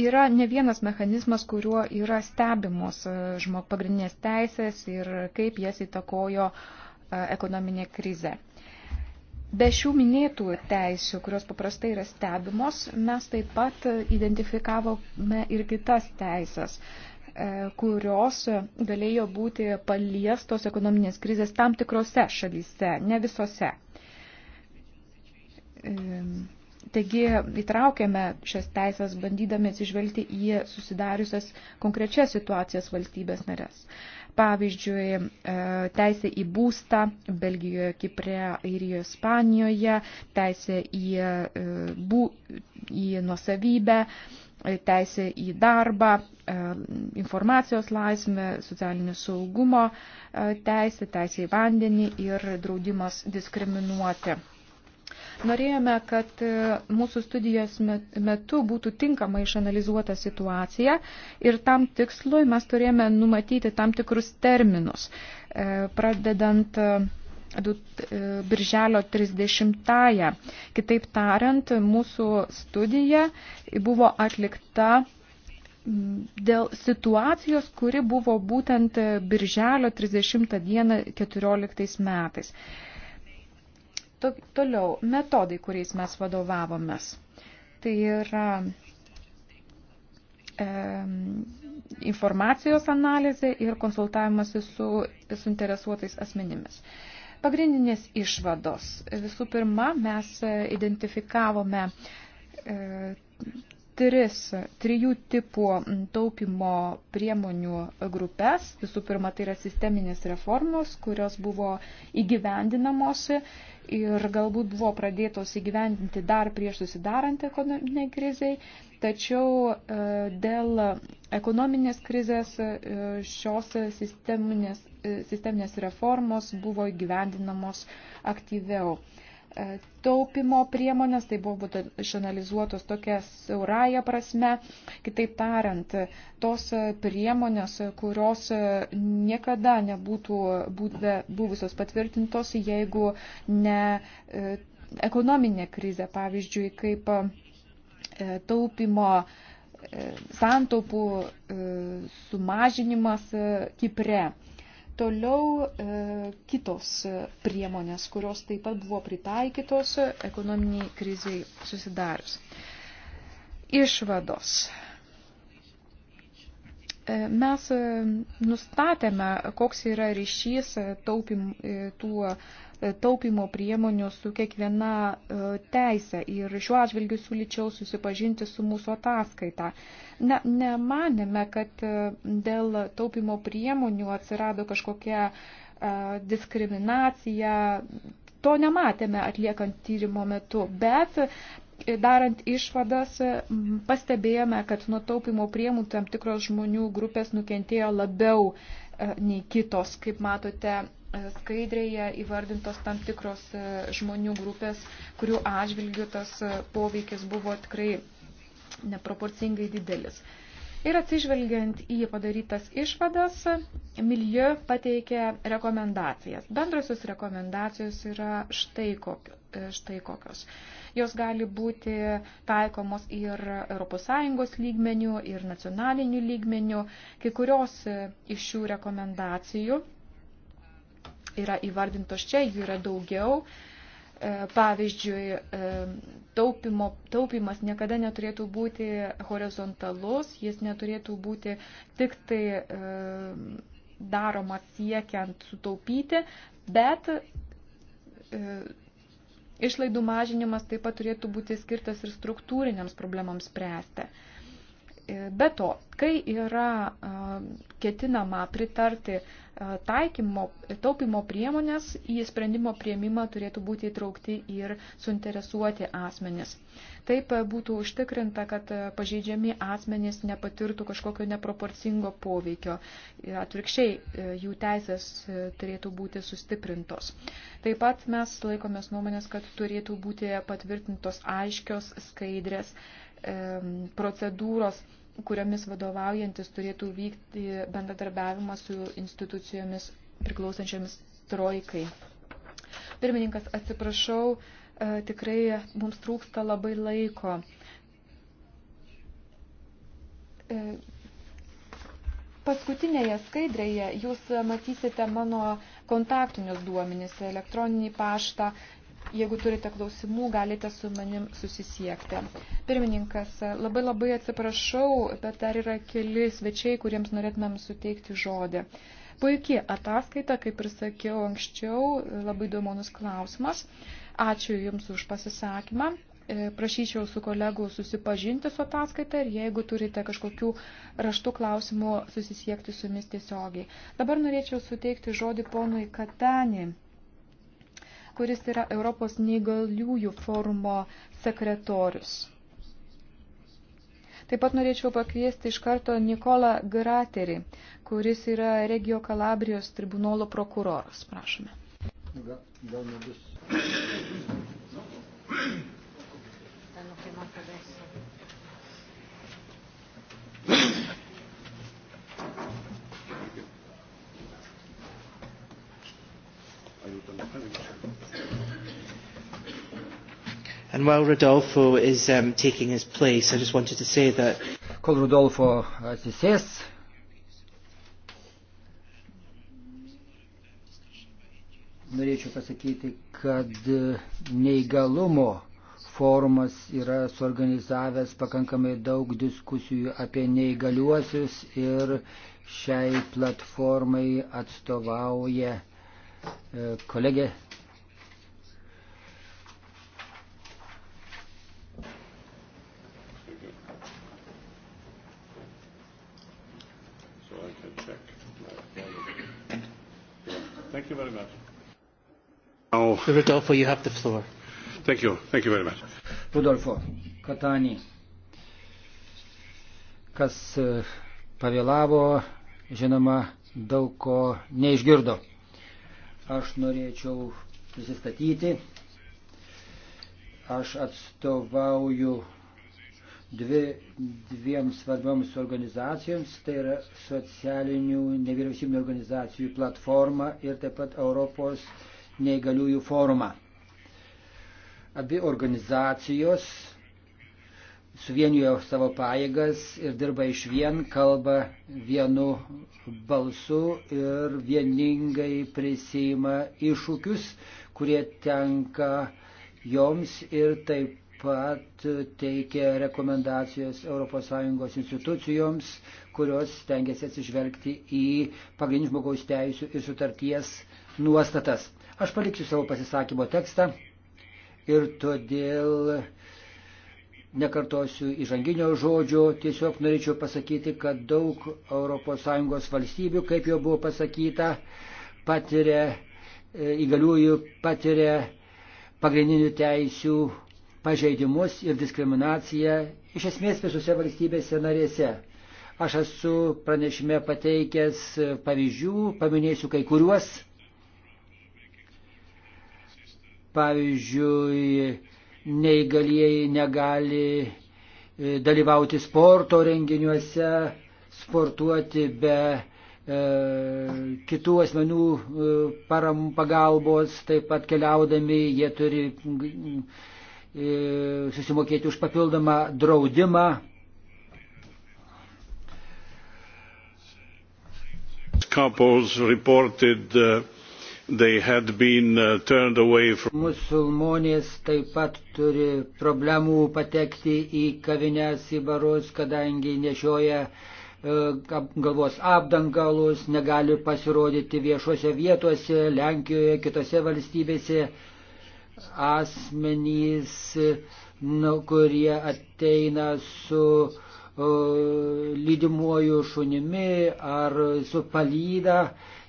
Yra ne vienas mechanizmas, kuriuo yra stebimos e, žmog pagrindinės teisės ir kaip jas įtakojo e, ekonominė krize. Be šių minėtų teisių, kurios paprastai yra stebimos, mes taip pat identifikavome ir kitas teisės, e, kurios galėjo būti paliestos ekonominės krizės tam tikrose šalyse, ne visose. Taigi įtraukėme šias teisės, bandydami atsižvelgti į susidariusias konkrečias situacijas valstybės narės. Pavyzdžiui, e, teisė į būstą Belgijoje, Kiprė, Airijoje, Ispanijoje, teisė į, e, bū, į nuosavybę, e, teisė į darbą, informacijos laisvę, socialinio saugumo teisė, teisė į vandenį ir draudimas diskriminuoti Norėjome, kad e, mūsų studijos metu būtų tinkamai išanalizuota situacija ir tam tikslui mes turėjome numatyti tam tikrus terminus, e, pradedant e, birželio 30-ąją. Kitaip tariant, mūsų studija buvo atlikta dėl situacijos, kuri buvo būtent birželio 30 dieną 14 metais. To, toliau, metodai, kuriais mes vadovavomės. Tai yra e, informacijos analizė ir konsultavimas su suinteresuotais asmenimis. Pagrindinės išvados. Visų pirma, mes identifikavome e, tris, trijų tipų taupimo priemonių grupės. Visų pirma, tai yra sisteminės reformos, kurios buvo įgyvendinamos ir galbūt buvo pradėtos įgyvendinti dar prieš susidarant ekonominiai kriziai. Tačiau e, dėl ekonominės krizės e, šios sisteminės, e, sisteminės reformos buvo įgyvendinamos aktyviau. E, taupimo priemonės, tai buvo būtent išanalizuotos tokia siauraja prasme. Kitaip tariant, tos priemonės, kurios niekada nebūtų būdė, buvusios patvirtintos, jeigu ne e, ekonominė krizė, pavyzdžiui, kaip e, taupimo santaupų sumažinimas Kipre. Toliau e, kitos priemonės, kurios taip pat buvo pritaikytos ekonominiai kriziai susidarius. Išvados. E, mes e, nustatėme, koks yra ryšys e, taupim, tuo taupimo priemonių su kiekviena e, teisė ir šiuo atžvilgiu siūlyčiau susipažinti su mūsų ataskaita. Na, nemanėme, kad e, dėl taupimo priemonių atsirado kažkokia e, diskriminacija. To nematėme atliekant tyrimo metu, bet darant išvadas, pastebėjome, kad nuo taupimo priemų tam tikros žmonių grupės nukentėjo labiau nei kitos. Kaip matote, skaidrėje įvardintos tam tikros e, žmonių grupės, kurių atžvilgių tas e, poveikis buvo tikrai neproporcingai didelis. Ir atsižvelgiant į padarytas išvadas, Milieu pateikė rekomendacijas. Bendrosios rekomendacijos yra štai, kokio, e, štai kokios. Jos gali būti taikomos ir ES lygmenių, ir nacionalinių lygmenių. Kai kurios iš šių rekomendacijų yra įvardintos čia, jų yra daugiau. E, pavyzdžiui, e, taupimo, taupimas niekada neturėtų būti horizontalus, jis neturėtų būti tik tai e, daromas siekiant sutaupyti, bet išlaidų mažinimas taip pat turėtų būti skirtas ir struktūriniams problemams spręsti. E, be to, kai yra e, ketinama pritarti e, taikymo, taupimo priemonės, į sprendimo prieimimą turėtų būti įtraukti ir suinteresuoti asmenys. Taip būtų užtikrinta, kad pažeidžiami asmenys nepatirtų kažkokio neproporcingo poveikio. Atvirkščiai, jų teisės turėtų būti sustiprintos. Taip pat mes laikomės nuomonės, kad turėtų būti patvirtintos aiškios skaidrės procedūros kuriomis vadovaujantis turėtų vykti bendradarbiavimas su institucijomis priklausančiomis trojkai. Pirmininkas, atsiprašau, e, tikrai mums trūksta labai laiko. E, paskutinėje skaidrėje jūs matysite mano kontaktinius duomenis, elektroninį paštą Jeigu turite klausimų, galite su manim susisiekti. Pirmininkas, labai labai atsiprašau, bet dar yra keli svečiai, kuriems norėtumėm suteikti žodį. Puikiai ataskaita, kaip ir sakiau anksčiau, labai įdomus klausimas. Ačiū Jums už pasisakymą. E, prašyčiau su kolegų susipažinti su ataskaita ir jeigu turite kažkokių raštų klausimų, susisiekti su jumis tiesiogiai. Dabar norėčiau suteikti žodį ponui Katani kuris yra Europos neįgaliųjų forumo sekretorius. Taip pat norėčiau pakviesti iš karto Nikola Graterį, kuris yra Regio Kalabrijos tribunolo prokuroras. Prašome. Nu, gal, gal hanno chiamato adesso. Aiutami. And while Rodolfo is um, taking his place, I just wanted to say that. Kol Rodolfo uh, atsisės, norėčiau pasakyti, kad uh, neįgalumo forumas yra suorganizavęs pakankamai daug diskusijų apie neįgaliuosius ir šiai platformai atstovauja uh, kolegė Thank you very much. Now, Rodolfo, you have the floor. Thank you. Thank you very much. Rodolfo Katani, kas e, pavėlavo, žinoma, daug ko neišgirdo. Aš norėčiau prisistatyti. Aš atstovauju dvi, dviem svarbioms organizacijoms, tai yra socialinių nevyriausybinio organizacijų platforma ir taip pat Europos neįgaliųjų forumą. Abi organizacijos suvienijo savo pajėgas ir dirba iš vien, kalba vienu balsu ir vieningai prisima iššūkius, kurie tenka joms ir taip pat teikia rekomendacijas ES institucijoms, kurios stengiasi atsižvelgti į pagrindinių žmogaus teisų ir sutarties nuostatas. Aš paliksiu savo pasisakymo tekstą ir todėl nekartosiu įžanginio žodžio, tiesiog norėčiau pasakyti, kad daug ES valstybių, kaip jau buvo pasakyta, patiria e, įgaliųjų, patiria pagrindinių teisių pažeidimus ir diskriminaciją iš esmės visose valstybėse narėse. Aš esu pranešime pateikęs pavyzdžių, paminėsiu kai kuriuos. Pavyzdžiui, neįgalieji negali e, dalyvauti sporto renginiuose, sportuoti be e, kitų asmenų e, param, pagalbos, taip pat keliaudami jie turi E, susimokėti už papildomą draudimą. Couples reported uh, they had been uh, turned away from. Musulmonės taip pat turi problemų patekti į kavines, į barus, kadangi nešioja uh, galvos apdangalus, negali pasirodyti viešuose vietuose, Lenkijoje, kitose valstybėse. Uh, asmenys, nu, kurie ateina su o, lydimuoju šunimi ar su palyda,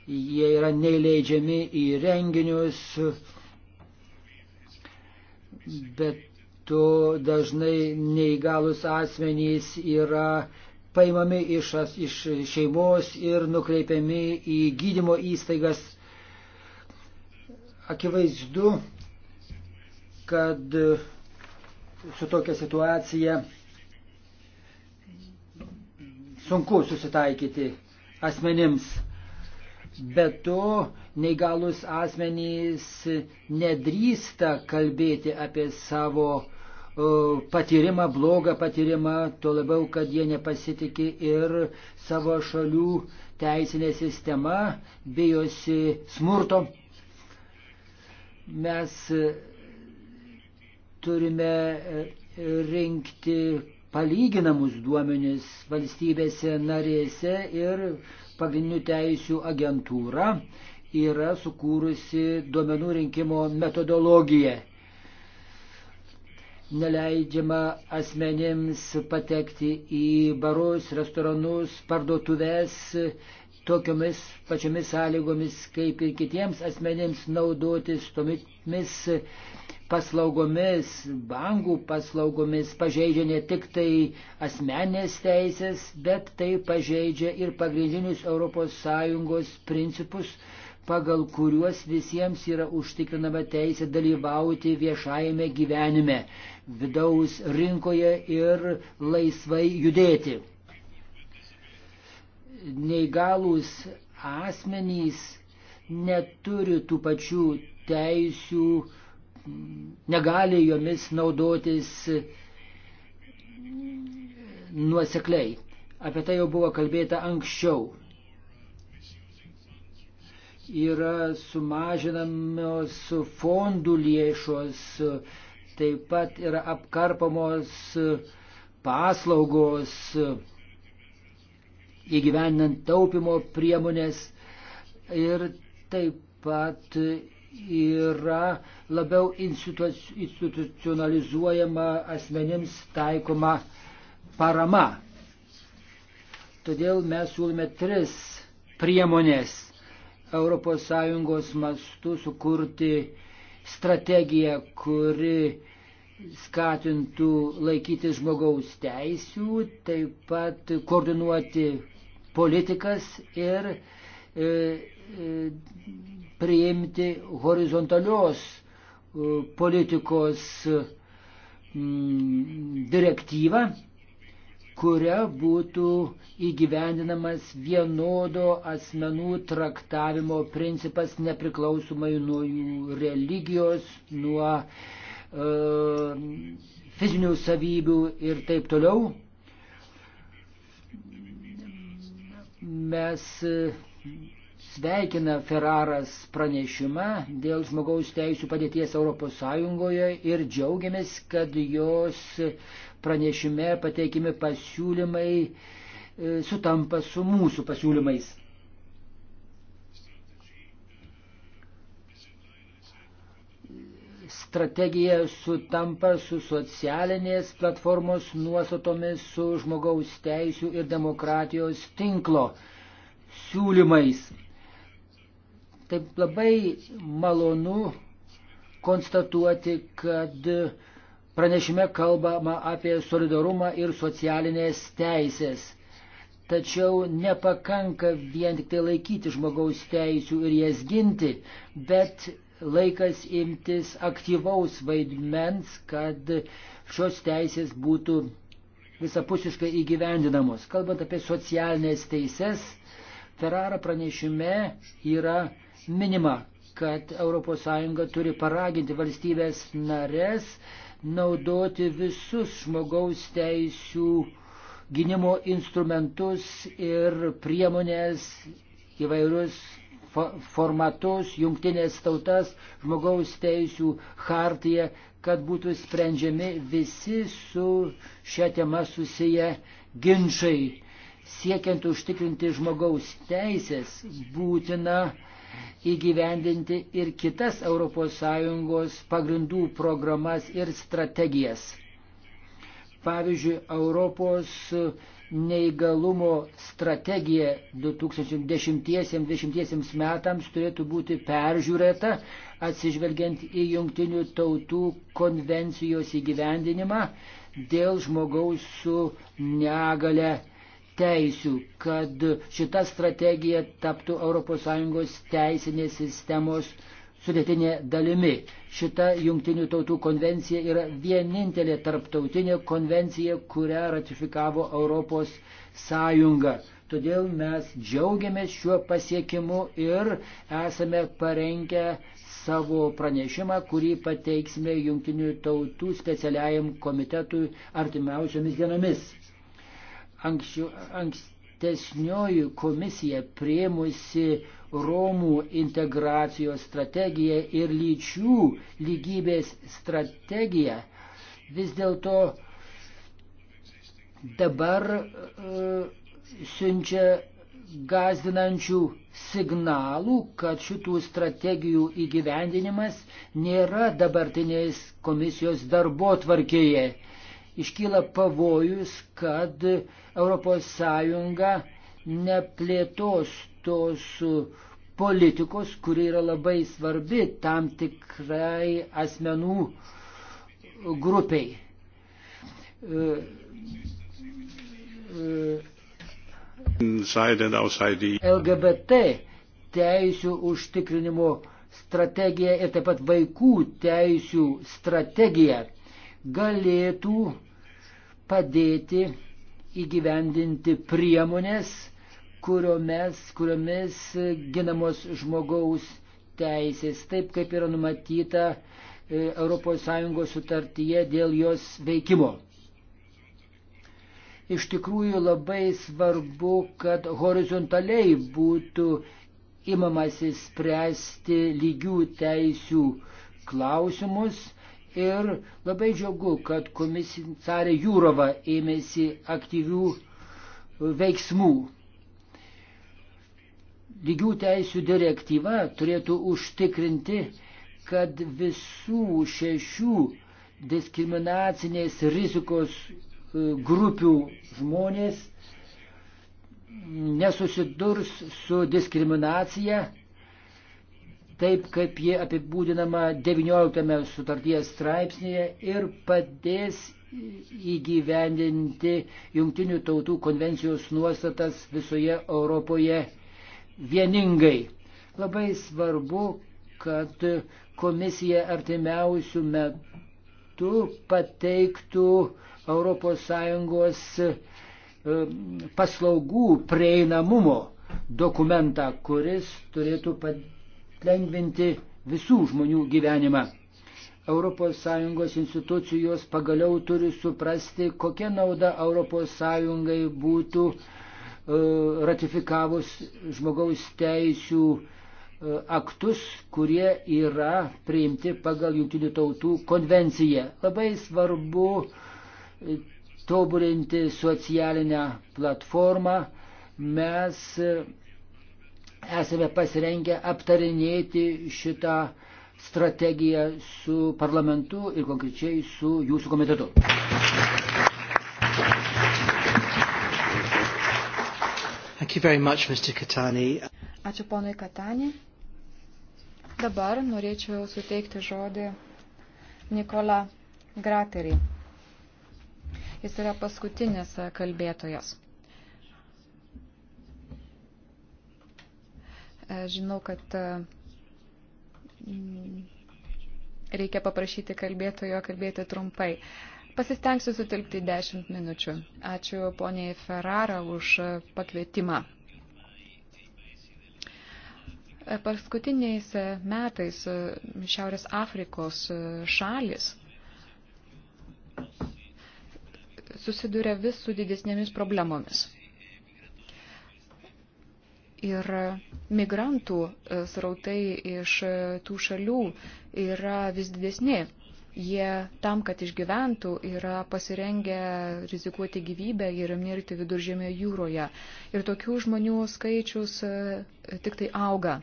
jie yra neįleidžiami į renginius, bet to dažnai neįgalus asmenys yra paimami iš, iš šeimos ir nukreipiami į gydymo įstaigas. Akivaizdu, kad su tokia situacija sunku susitaikyti asmenims. Be to, neįgalus asmenys nedrįsta kalbėti apie savo patyrimą, blogą patyrimą, tuo labiau, kad jie nepasitikė ir savo šalių teisinė sistema, bijosi smurto. Mes turime e, rinkti palyginamus duomenis valstybėse narėse ir pagrindinių teisių agentūra yra sukūrusi duomenų rinkimo metodologiją. Neleidžiama asmenėms patekti į barus, restoranus, parduotuvės tokiomis pačiomis sąlygomis kaip ir kitiems asmenėms naudotis tomis paslaugomis, bankų paslaugomis pažeidžia ne tik tai asmenės teisės, bet tai pažeidžia ir pagrindinius ES principus, pagal kuriuos visiems yra užtikrinama teisė dalyvauti viešajame gyvenime, vidaus rinkoje ir laisvai judėti. Neįgalus asmenys neturi tų pačių teisių, negali jomis naudotis e, nuosekliai. Apie tai jau buvo kalbėta anksčiau. Yra sumažinamos fondų lėšos, taip pat yra apkarpamos paslaugos įgyvendinant taupimo priemonės ir taip pat yra labiau institucionalizuojama asmenims taikoma parama. Todėl mes siūlome tris priemonės ES mastu sukurti strategiją, kuri skatintų laikyti žmogaus teisių, taip pat koordinuoti politikas ir e, e, priimti horizontalios e, politikos e, direktyvą, kuria būtų įgyvendinamas vienodo asmenų traktavimo principas nepriklausomai nuo jų religijos, nuo e, fizinių savybių ir taip toliau. Mes e, sveikina Ferraras pranešimą dėl žmogaus teisų padėties ES ir džiaugiamės, kad jos pranešime pateikimi pasiūlymai e, sutampa su mūsų pasiūlymais. strategija sutampa su socialinės platformos nuostatomis, su žmogaus teisų ir demokratijos tinklo siūlymais. Taip labai malonu konstatuoti, kad pranešime kalbama apie solidarumą ir socialinės teisės. Tačiau nepakanka vien tik tai laikyti žmogaus teisų ir jas ginti, bet laikas imtis aktyvaus vaidmens, kad šios teisės būtų visapusiškai įgyvendinamos. Kalbant apie socialinės teises, Ferrara pranešime yra minima, kad ES turi paraginti valstybės narės naudoti visus žmogaus teisų gynimo instrumentus ir priemonės įvairius formatus, jungtinės tautas, žmogaus teisų hartiją, kad būtų sprendžiami visi su šia tema susiję ginčiai. Siekiant užtikrinti žmogaus teisės, būtina uh, įgyvendinti ir kitas ES pagrindų programas ir strategijas. Pavyzdžiui, Europos neįgalumo strategija 2010-2020 metams turėtų būti peržiūrėta, atsižvelgiant į jungtinių tautų konvencijos įgyvendinimą dėl žmogaus su negale teisių, kad šita strategija taptų ES teisinės sistemos sudėtinė dalimi. Šita jungtinių tautų konvencija yra vienintelė tarptautinė konvencija, kurią ratifikavo Europos Sąjunga. Todėl mes džiaugiamės šiuo pasiekimu ir esame parengę savo pranešimą, kurį pateiksime jungtinių tautų specialiajam komitetui artimiausiomis dienomis. Anksčiau, ankstesnioji komisija prieimusi Romų integracijos strategiją ir lyčių lygybės strategiją vis dėlto dabar uh, siunčia gazdinančių signalų, kad šitų strategijų įgyvendinimas nėra dabartinės komisijos darbo tvarkėje iškyla pavojus, kad ES neplėtos tos politikos, kuri yra labai svarbi tam tikrai asmenų grupiai. E LGBT teisų užtikrinimo strategija ir taip pat vaikų teisų strategija galėtų padėti įgyvendinti priemonės, kuriomis, kuriomis ginamos žmogaus teisės, taip kaip yra numatyta ES sutartyje dėl jos veikimo. Iš tikrųjų labai svarbu, kad horizontaliai būtų imamasi spręsti lygių teisių klausimus, ir labai džiaugu, kad komisarė Jūrova ėmėsi aktyvių e, veiksmų. Lygių teisų direktyva turėtų užtikrinti, kad visų šešių diskriminacinės rizikos e, grupių žmonės nesusidurs su diskriminacija taip kaip jie apibūdinama 19 sutarties straipsnėje ir padės įgyvendinti jungtinių tautų konvencijos nuostatas visoje Europoje vieningai. Labai svarbu, kad komisija artimiausių metų pateiktų ES paslaugų prieinamumo dokumentą, kuris turėtų padėti lengvinti visų žmonių gyvenimą. ES institucijos pagaliau turi suprasti, kokia nauda ES būtų e, ratifikavus žmogaus teisių e, aktus, kurie yra priimti pagal Junktinių tautų konvenciją. Labai svarbu e, tobulinti socialinę platformą. Mes esame pasirengę aptarinėti šitą strategiją su parlamentu ir konkrečiai su jūsų komitetu. Much, Ačiū ponui Katani. Dabar norėčiau suteikti žodį Nikola Graterį. Jis yra paskutinis kalbėtojas. E, žinau, kad e, mm, reikia paprašyti kalbėtojo kalbėti trumpai. Pasistengsiu sutilpti 10 minučių. Ačiū poniai Ferrara už pakvietimą. E, paskutiniais metais Šiaurės Afrikos šalis susiduria vis su didesnėmis problemomis. Ir migrantų e, srautai iš e, tų šalių yra vis didesni. Jie tam, kad išgyventų, yra pasirengę rizikuoti gyvybę ir mirti viduržėmė jūroje. Ir tokių žmonių skaičius e, tik tai auga.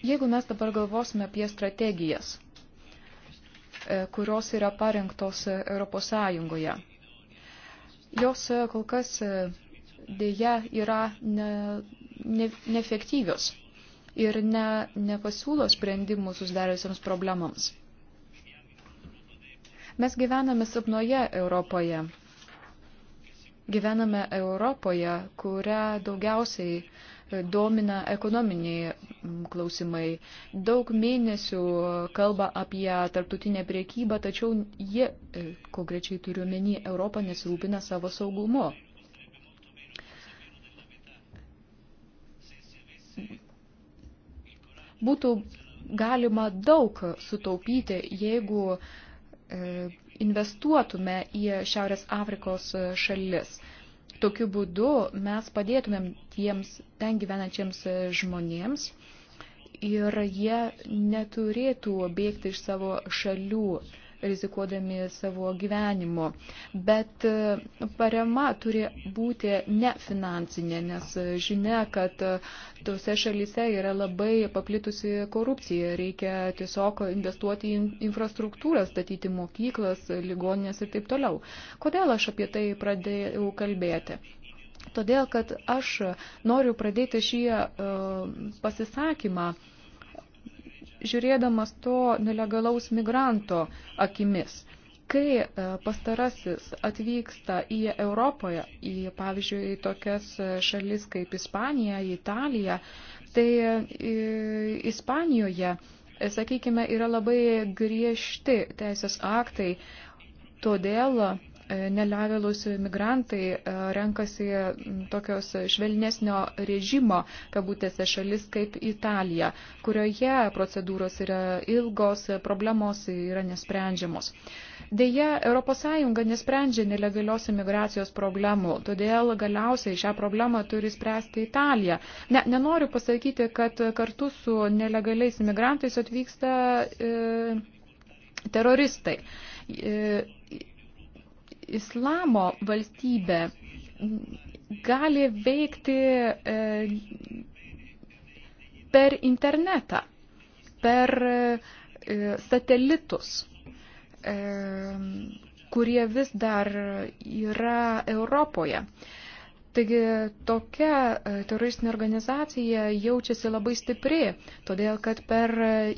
Jeigu mes dabar galvosime apie strategijas, kurios yra parengtos Europos Sąjungoje, jos e, kol kas e, dėja yra ne, ne, neefektyvios ir ne, nepasiūlo sprendimų susidariusiams problemams. Mes gyvename sapnoje Europoje. Gyvename Europoje, kurią daugiausiai domina ekonominiai klausimai. Daug mėnesių kalba apie tarptautinę priekybą, tačiau jie, e, konkrečiai turiu meni, Europą nesirūpina savo saugumu. Būtų galima daug sutaupyti, jeigu e, investuotume į Šiaurės Afrikos šalis Tokiu būdu mes padėtumėm tiems ten gyvenančiems e, žmonėms ir jie neturėtų bėgti iš savo šalių rizikuodami savo gyvenimu. Bet e, parama turi būti ne finansinė, nes žinia, kad e, tose šalyse yra labai paplitusi korupcija. Reikia tiesiog investuoti į infrastruktūrą, statyti mokyklas, ligoninės ir taip toliau. Kodėl aš apie tai pradėjau kalbėti? Todėl, kad aš noriu pradėti šį uh, pasisakymą uh, žiūrėdamas to nelegalaus migranto akimis. Kai e, pastarasis atvyksta į Europą, į pavyzdžiui, į tokias e, šalis kaip Ispanija, Italija, tai e, Ispanijoje, sakykime, yra labai griežti teisės aktai, todėl nelegalus migrantai e, renkasi tokios švelnesnio režimo, kabutėse, šalis kaip Italija, kurioje procedūros yra ilgos, problemos yra nesprendžiamos. Deja, ES nesprendžia nelegalios imigracijos problemų, todėl galiausiai šią problemą turi spręsti Italija. Ne, nenoriu pasakyti, kad kartu su nelegaliais imigrantais atvyksta e, teroristai. E, islamo valstybė gali veikti e, per internetą, per e, satelitus, e, kurie vis dar yra Europoje. Taigi tokia teroristinė organizacija jaučiasi labai stipri, todėl kad per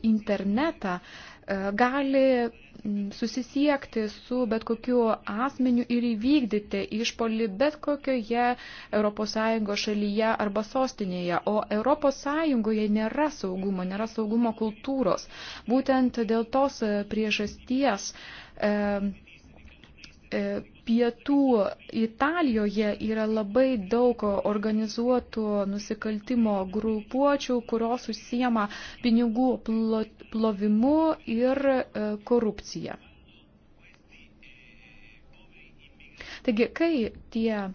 internetą uh, E, gali susisiekti su bet kokiu asmeniu ir įvykdyti išpolį bet kokioje ES šalyje arba sostinėje. O ES nėra saugumo, nėra saugumo kultūros. Būtent dėl tos priežasties e, E, pietų Italijoje yra labai daug organizuotų nusikaltimo grupuočių, kurios užsiema pinigų plovimu ir e, korupcija. Taigi, kai tie e,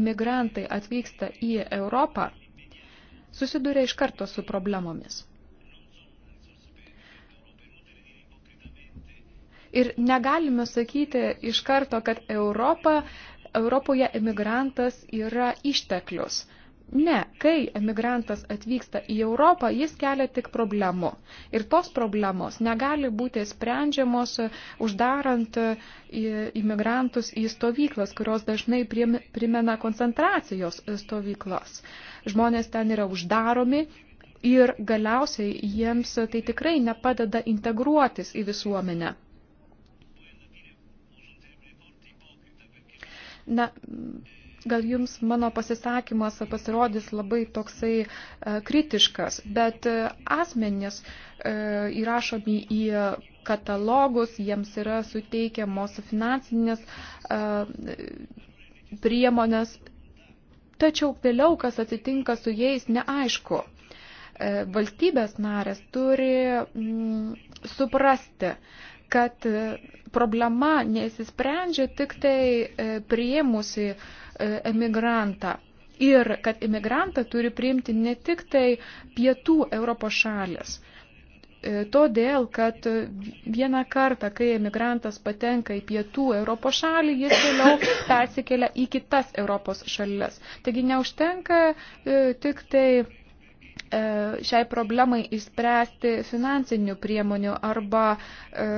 imigrantai atvyksta į Europą, susiduria iš karto su problemomis. Ir negalime sakyti iš karto, kad Europa, Europoje emigrantas yra išteklius. Ne, kai emigrantas atvyksta į Europą, jis kelia tik problemų. Ir tos problemos negali būti sprendžiamos e, uždarant e, imigrantus į stovyklas, kurios dažnai primena koncentracijos e, stovyklas. Žmonės ten yra uždaromi, ir galiausiai jiems tai tikrai nepadeda integruotis į visuomenę. Na, gal jums mano pasisakymas pasirodys labai toksai e, kritiškas, bet e, asmenys e, įrašomi į katalogus, jiems yra suteikiamos finansinės priemonės, tačiau vėliau, kas atsitinka su jais, neaišku. Valstybės narės turi mm, suprasti, kad e, problema nesisprendžia tik tai e, priėmusi e, emigrantą. Ir kad imigrantą turi priimti ne tik tai pietų Europos šalis. Todėl, kad vieną kartą, kai emigrantas patenka į pietų Europos šalį, jis vėliau persikelia į kitas Europos šalis. Taigi neužtenka tik tai E, šiai problemai įspręsti finansinių priemonių arba e,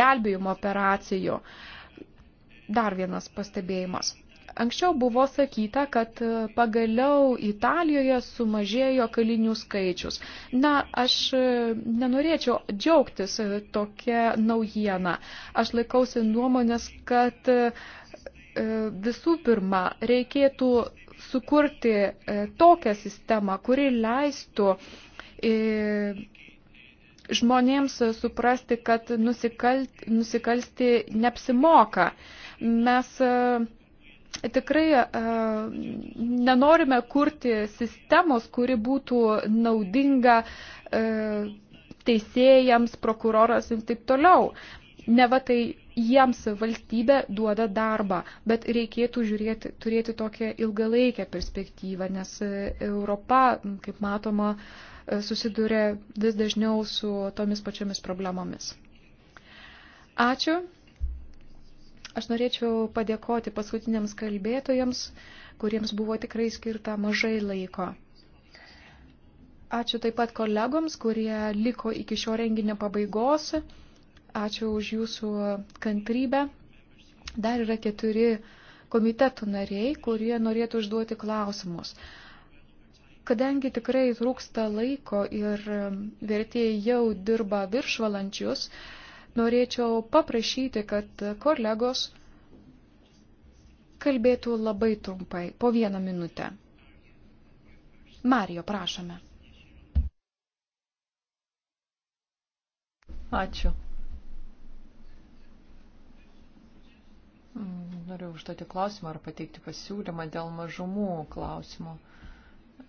gelbėjimo operacijų. Dar vienas pastebėjimas. Anksčiau buvo sakyta, kad e, pagaliau Italijoje sumažėjo kalinių skaičius. Na, aš nenorėčiau džiaugtis tokia naujiena. Aš laikausi nuomonės, kad visų pirma reikėtų sukurti e, tokią sistemą, kuri leistų e, žmonėms suprasti, kad nusikalt, nusikalsti neapsimoka. Mes e, tikrai nenorime kurti sistemos, kuri būtų naudinga teisėjams, prokurorams ir taip toliau neva tai jiems valstybė duoda darbą, bet reikėtų žiūrėti, turėti tokią ilgalaikę perspektyvą, nes e, Europa, kaip matoma, e, susiduria vis dažniau su tomis pačiomis problemomis. Ačiū. Aš norėčiau padėkoti paskutiniams kalbėtojams, kuriems buvo tikrai skirta mažai laiko. Ačiū taip pat kolegoms, kurie liko iki šio renginio pabaigos. Ačiū už jūsų kantrybę. Dar yra keturi komiteto nariai, kurie norėtų užduoti klausimus. Kadangi tikrai trūksta laiko ir vertėjai jau dirba viršvalandžius, norėčiau paprašyti, kad kolegos kalbėtų labai trumpai, po vieną minutę. Marijo, prašome. Ačiū. Mm, Noriu užduoti klausimą ar pateikti pasiūlymą dėl mažumų klausimų.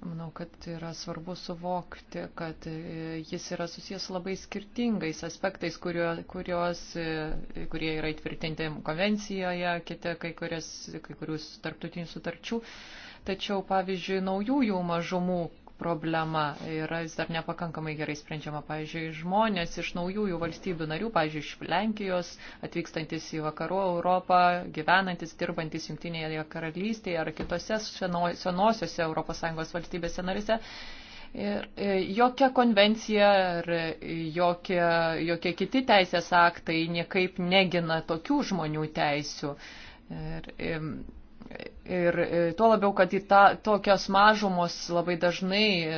Manau, kad yra svarbu suvokti, kad e, jis yra susijęs labai skirtingais aspektais, kurio, kurios, e, kurie yra įtvirtinti konvencijoje, kiti kai, kurias, kai kurių tarptautinių sutarčių. Tačiau, pavyzdžiui, naujųjų mažumų problema yra vis dar nepakankamai gerai sprendžiama. Pavyzdžiui, žmonės iš naujųjų valstybių narių, pavyzdžiui, iš Lenkijos, atvykstantis į vakarų Europą, gyvenantis, dirbantis Junktinėje karalystėje ar kitose senosiose ES valstybėse narise. Ir e, jokia konvencija ar jokie, jokie kiti teisės aktai niekaip negina tokių žmonių teisių. Ir, ir, Ir e, tuo labiau, kad į ta, tokios mažumos labai dažnai e,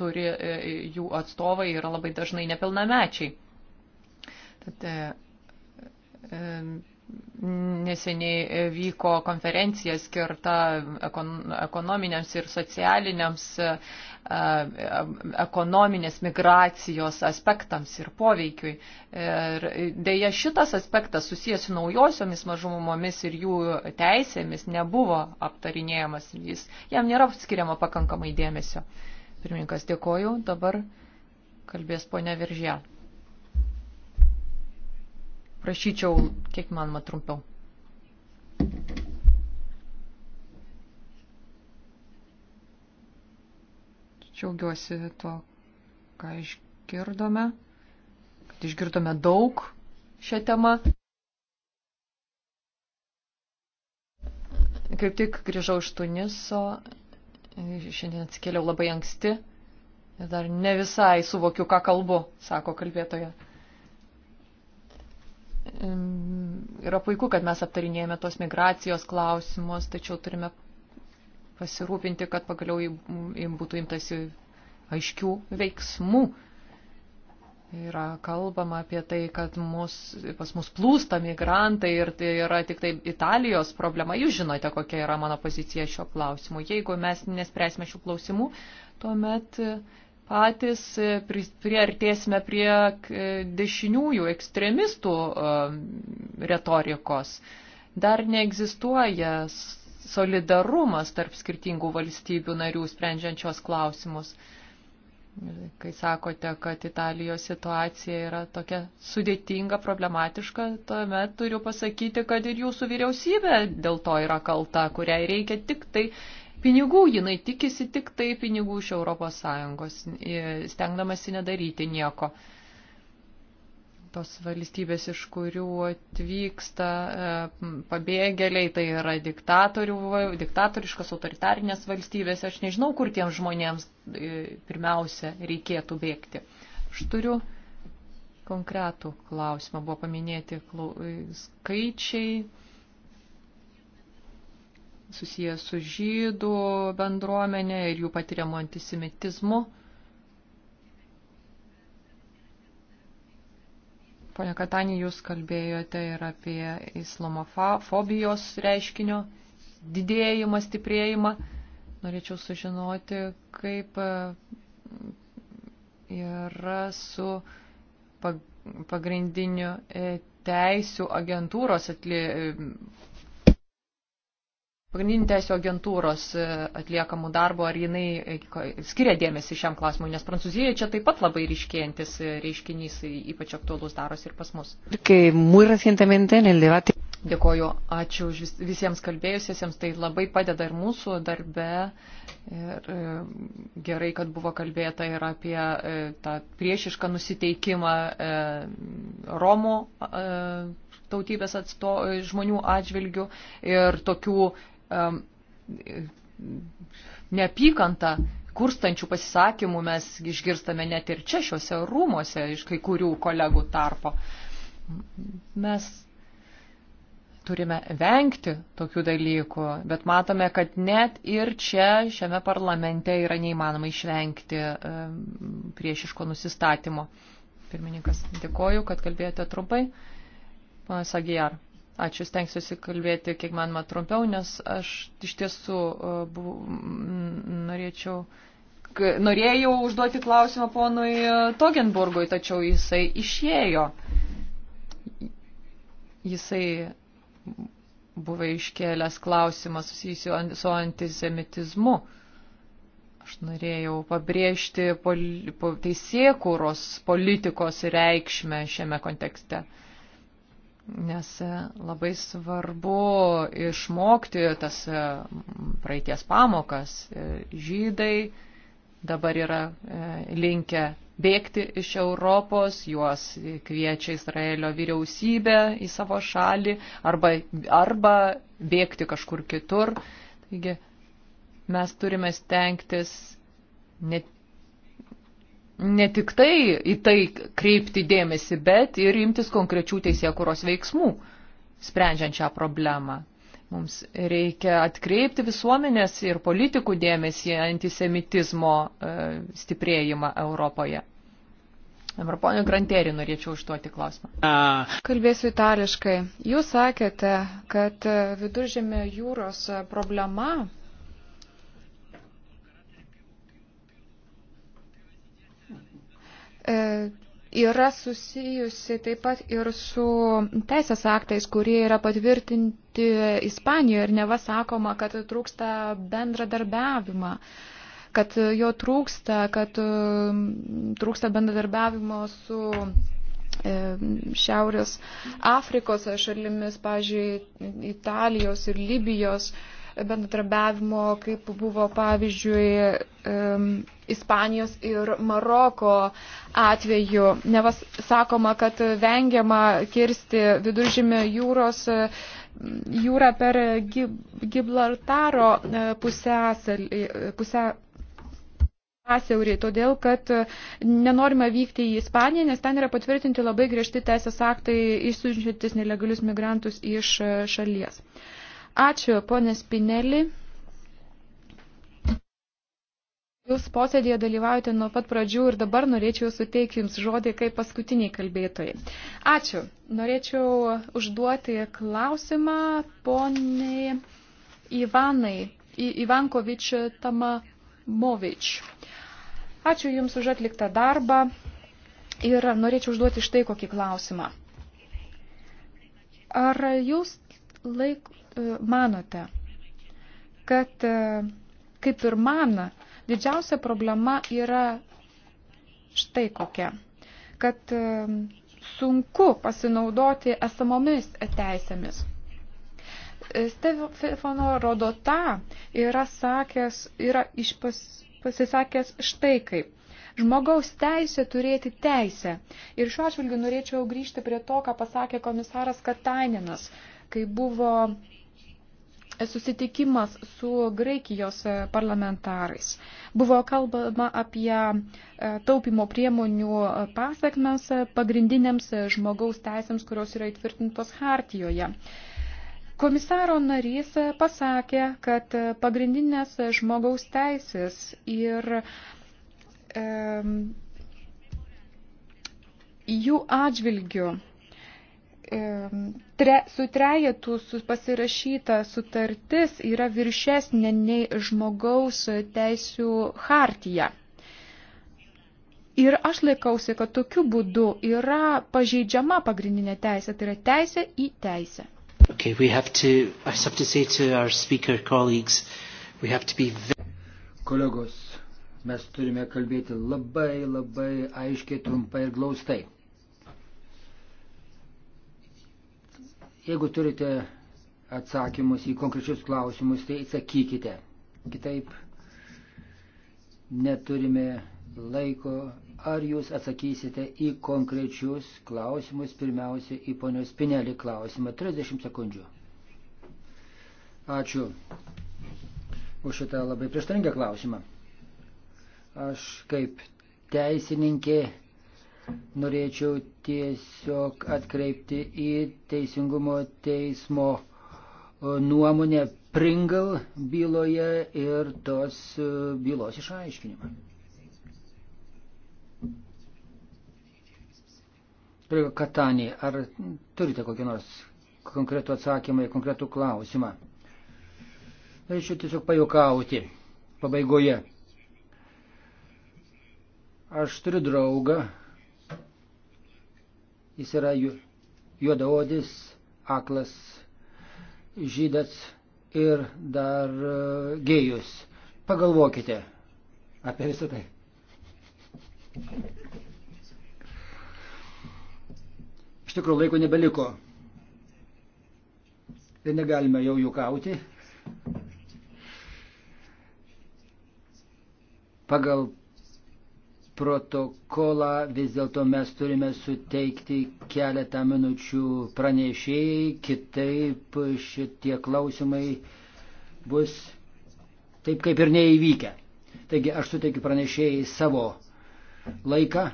turi e, jų atstovai yra labai dažnai nepilnamečiai. Tad, e, e, neseniai vyko konferencija skirta ekonominiams ir socialiniams e, e, ekonominės migracijos aspektams ir poveikiui. Ir dėja šitas aspektas susijęs su naujosiomis mažumumomis ir jų teisėmis nebuvo aptarinėjamas, jis, jam nėra skiriama pakankamai dėmesio. Pirmininkas, dėkoju. Dabar kalbės ponia Viržė. Prašyčiau, kiek manoma, trumpiau. Džiaugiuosi to, ką išgirdome, kad išgirdome daug šią temą. Kaip tik grįžau iš Tuniso, šiandien atsikėliau labai anksti ir dar ne visai suvokiu, ką kalbu, sako kalbėtoja. Yra puiku, kad mes aptarinėjame tos migracijos klausimus, tačiau turime pasirūpinti, kad pagaliau būtų imtasi aiškių veiksmų. Yra kalbama apie tai, kad mus, pas mus plūsta migrantai ir tai yra tik tai Italijos problema. Jūs žinote, kokia yra mano pozicija šio klausimu. Jeigu mes nespręsime šių klausimų, tuomet patys e, priartėsime prie e, dešiniųjų ekstremistų e, retorikos. Dar neegzistuoja solidarumas tarp skirtingų valstybių narių sprendžiančios klausimus. Kai sakote, kad Italijos situacija yra tokia sudėtinga, problematiška, tuomet turiu pasakyti, kad ir jūsų vyriausybė dėl to yra kalta, kuriai reikia tik tai pinigų, jinai tikisi tik tai pinigų iš Europos Sąjungos, stengdamasi nedaryti nieko. Tos valstybės, iš kurių atvyksta e, pabėgėliai, tai yra diktatoriškas autoritarinės valstybės. Aš nežinau, kur tiems žmonėms e, pirmiausia reikėtų bėgti. Aš turiu konkretų klausimą. Buvo paminėti e, skaičiai susijęs su žydų bendruomenė ir jų patiriamu antisemitizmu. Pone Katanį, jūs kalbėjote ir apie islamofobijos reiškinio didėjimą, stiprėjimą. Norėčiau sužinoti, kaip e, yra su pagrindiniu e, teisų agentūros atlie, pagrindinių teisų agentūros e, atliekamų darbo, ar jinai e, skiria dėmesį šiam klausimui, nes Prancūzijoje čia taip pat labai ryškėjantis e, reiškinys, ypač aktualus darosi ir pas mus. Dėkoju, ačiū vis, visiems kalbėjusiesiems, tai labai padeda ir mūsų darbe. Ir gerai, kad buvo kalbėta ir apie tą priešišką nusiteikimą Romų tautybės atsto, žmonių atžvilgių ir tokių um, neapykantą kurstančių pasisakymų mes išgirstame net ir čia šiuose rūmose iš kai kurių kolegų tarpo. Mes turime vengti tokių dalykų, bet matome, kad net ir čia, šiame parlamente yra neįmanoma išvengti um, priešiško nusistatymo. Pirmininkas, dėkoju, kad kalbėjote trumpai. Panas Agijar. Ačiū, stengsiuosi kalbėti kiek manoma trumpiau, nes aš iš tiesų e, buv, norėčiau, norėjau užduoti klausimą ponui Togenburgui, tačiau jisai išėjo. Jisai buvo iškėlęs klausimą susijusiu su antisemitizmu. Aš norėjau pabrėžti poli, po, teisėkūros politikos reikšmę šiame kontekste. Uh, Nes e, labai svarbu išmokti tas e, praeities pamokas. E, žydai dabar yra linkę bėgti iš Europos, juos kviečia Izraelio vyriausybė į savo šalį arba, arba bėgti kažkur kitur. Taigi mes turime stengtis net ne tik tai į tai kreipti dėmesį, bet ir imtis konkrečių teisėkuros veiksmų, sprendžiant šią problemą. Mums reikia atkreipti visuomenės ir politikų dėmesį antisemitizmo e, stiprėjimą Europoje. Dabar ponio Granterį norėčiau užduoti klausimą. Kalbėsiu itališkai. Jūs sakėte, kad e, viduržėmė jūros e, problema E, yra susijusi taip pat ir su teisės aktais, kurie yra patvirtinti Ispanijoje ir neva sakoma, kad trūksta bendradarbiavimą, kad jo trūksta, kad trūksta bendradarbiavimo su e, Šiaurės Afrikos šalimis, pažiūrėjau, Italijos ir Libijos. Uh, bendradarbiavimo, kaip buvo pavyzdžiui Ispanijos ir Maroko atveju. Nevas sakoma, kad vengiama kirsti viduržymio jūros jūrą per Gibraltaro e, pusę e, pasiaurį, todėl kad nenorime vykti į Ispaniją, nes ten yra patvirtinti labai griežti teisės aktai išsiunčiantis nelegalius migrantus iš e, šalies. Uh, Ačiū, ponė Spinelį. Jūs posėdėje dalyvaujate nuo pat pradžių ir dabar norėčiau suteikti Jums žodį kaip paskutiniai kalbėtojai. Ačiū. Norėčiau užduoti klausimą poniai Ivanai, Ivankovič Tamamovič. Ačiū Jums už atliktą darbą ir norėčiau užduoti štai kokį klausimą. Ar Jūs laik, E, manote, kad e, kaip ir man, didžiausia problema yra štai kokia, kad e, sunku pasinaudoti esamomis teisėmis. Stefano Rodota yra, sakęs, yra išpas, pasisakęs štai kaip žmogaus teisė turėti teisę. Ir šiuo atžvilgiu norėčiau grįžti prie to, ką pasakė komisaras Katainenas, kai buvo susitikimas su Graikijos e, parlamentarais. Buvo kalbama apie e, taupimo priemonių pasiekmes pagrindinėms e, žmogaus teisėms, kurios yra įtvirtintos Hartijoje. Komisaro narys pasakė, kad pagrindinės žmogaus teisės ir e, jų atžvilgių tre, su trejetu su pasirašyta sutartis yra viršesnė nei žmogaus teisų hartija. Ir aš laikausi, kad tokiu būdu yra pažeidžiama pagrindinė teisė, tai yra teisė į teisę. Okay, we have to, I have to say to our speaker colleagues, we have to be... Kolegos, mes turime kalbėti labai, labai aiškiai, trumpai ir glaustai. Jeigu turite atsakymus į konkrečius klausimus, tai atsakykite. Kitaip neturime laiko. Ar jūs atsakysite į konkrečius klausimus, pirmiausia, į ponios Pinelį klausimą. 30 sekundžių. Ačiū už šitą labai prieštaringą klausimą. Aš kaip teisininkė norėčiau tiesiog atkreipti į Teisingumo teismo nuomonę Pringle byloje ir tos bylos išaiškinimą. Prego Katanį, ar turite kokį nors konkretų atsakymą į konkretų klausimą? Norėčiau tiesiog pajokauti pabaigoje. Aš turiu draugą, Jis yra juodaodis, aklas, žydas ir dar e, gėjus. Pagalvokite apie visą tai. Iš tikrųjų laiko nebeliko. Ir negalime jau jukauti. Pagal protokolą vis dėlto mes turime suteikti keletą minučių pranešėjai, kitaip šitie klausimai bus taip kaip ir neįvykę. Taigi aš suteikiu pranešėjai savo laiką,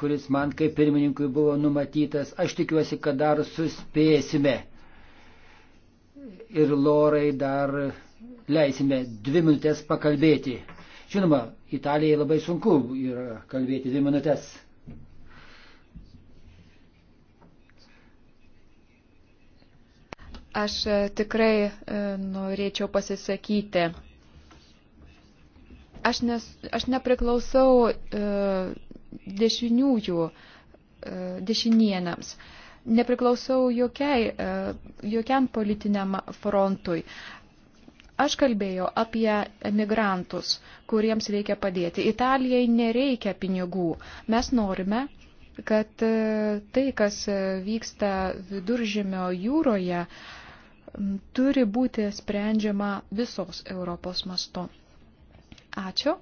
kuris man kaip pirmininkui buvo numatytas. Aš tikiuosi, kad dar suspėsime ir Lorai dar leisime dvi minutės pakalbėti. Žinoma, Italijai labai sunku yra kalbėti dvi minutės. Aš e, tikrai e, norėčiau pasisakyti. Aš, nes, aš nepriklausau e, dešiniųjų e, dešinienams. Nepriklausau jokiai, e, jokiam politiniam frontui. E, Aš kalbėjau apie migrantus, kuriems reikia padėti. Italijai nereikia pinigų. Mes norime, kad e, tai, kas e, vyksta viduržėmio jūroje, turi būti sprendžiama visos Europos mastu. Ačiū.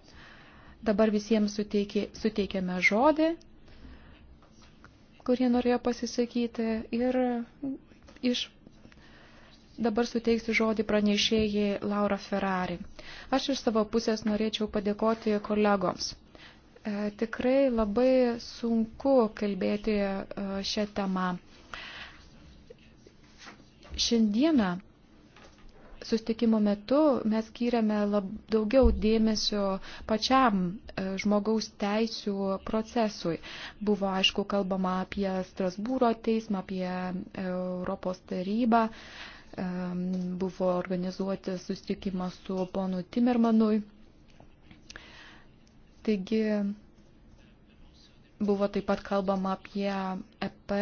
Dabar visiems suteikė, suteikėme žodį, kurie norėjo pasisakyti ir iš Dabar suteiksiu žodį pranešėjai Laura Ferrari. Aš iš savo pusės norėčiau padėkoti kolegoms. E, tikrai labai sunku kalbėti e, šią temą. Šiandieną sustikimo metu mes skiriame lab, daugiau dėmesio pačiam e, žmogaus teisų procesui. Buvo, aišku, kalbama apie Strasbūro teismą, apie e, Europos tarybą. E, buvo organizuoti susitikimas su ponu Timermanui. Taigi buvo taip pat kalbama apie EP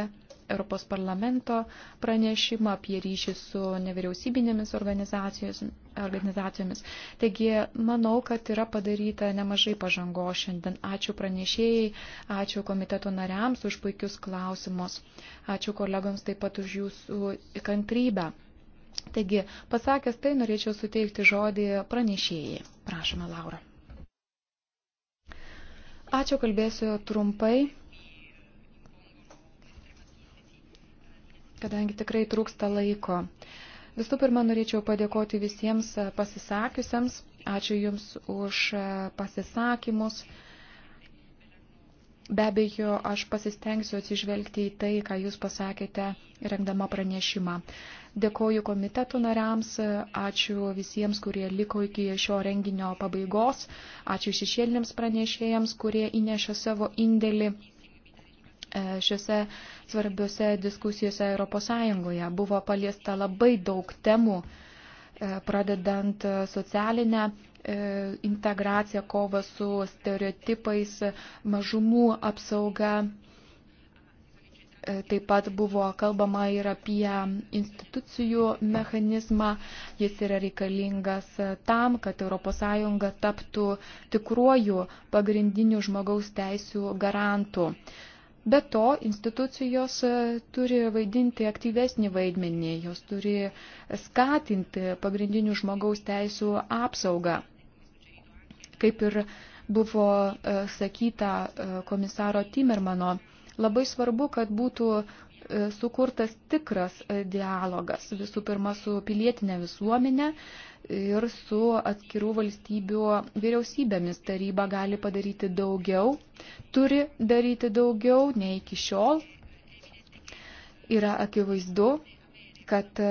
Europos parlamento pranešimą, apie ryšį su nevyriausybinėmis organizacijomis. Taigi, manau, kad yra padaryta nemažai pažango šiandien. Ačiū pranešėjai, ačiū komiteto nariams už puikius klausimus, ačiū kolegoms taip pat už jūsų kantrybę. Taigi, pasakęs tai, norėčiau suteikti žodį pranešėjai. Prašome, Laura. Ačiū, kalbėsiu trumpai, kadangi tikrai trūksta laiko. Visų pirma, norėčiau padėkoti visiems pasisakiusiems. Ačiū Jums už pasisakymus. Be abejo, aš pasistengsiu atsižvelgti į tai, ką Jūs pasakėte, rengdama pranešimą. Dėkoju komiteto nariams, ačiū visiems, kurie liko iki šio renginio pabaigos, ačiū šešėlinėms pranešėjams, kurie įnešė savo indėlį e, šiuose svarbiuose diskusijose ES. Buvo paliesta labai daug temų, e, pradedant socialinę E, integracija, kova su stereotipais, mažumų apsauga. E, taip pat buvo kalbama ir apie institucijų mechanizmą. Jis yra reikalingas tam, kad ES taptų tikruoju pagrindiniu žmogaus teisų garantu. Be to, institucijos e, turi vaidinti aktyvesnį vaidmenį, jos turi skatinti pagrindinių žmogaus teisų apsaugą. Kaip ir buvo e, sakyta e, komisaro Timermano, labai svarbu, kad būtų e, sukurtas tikras dialogas visų pirma su pilietinė visuomenė ir su atskirų valstybių vyriausybėmis. Taryba gali padaryti daugiau, turi daryti daugiau nei iki šiol. Yra akivaizdu, kad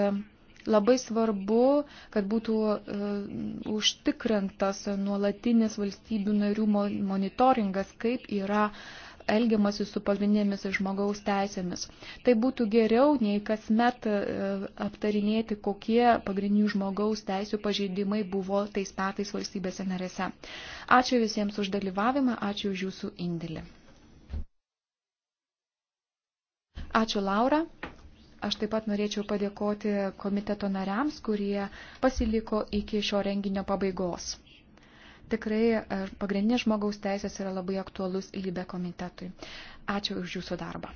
Labai svarbu, kad būtų e, užtikrintas nuolatinis valstybių narių monitoringas, kaip yra elgiamasi su pagrindinėmis žmogaus teisėmis. Tai būtų geriau nei kasmet e, aptarinėti, kokie pagrindinių žmogaus teisų pažeidimai buvo tais metais valstybėse narėse. Ačiū visiems už dalyvavimą, ačiū už jūsų indėlį. Ačiū Laura. Aš taip pat norėčiau padėkoti komiteto nariams, kurie pasiliko iki šio renginio pabaigos. Tikrai e, pagrindinės žmogaus teisės yra labai aktualus lybe komitetui. Ačiū už jūsų darbą.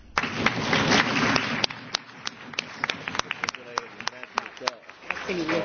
Thank you.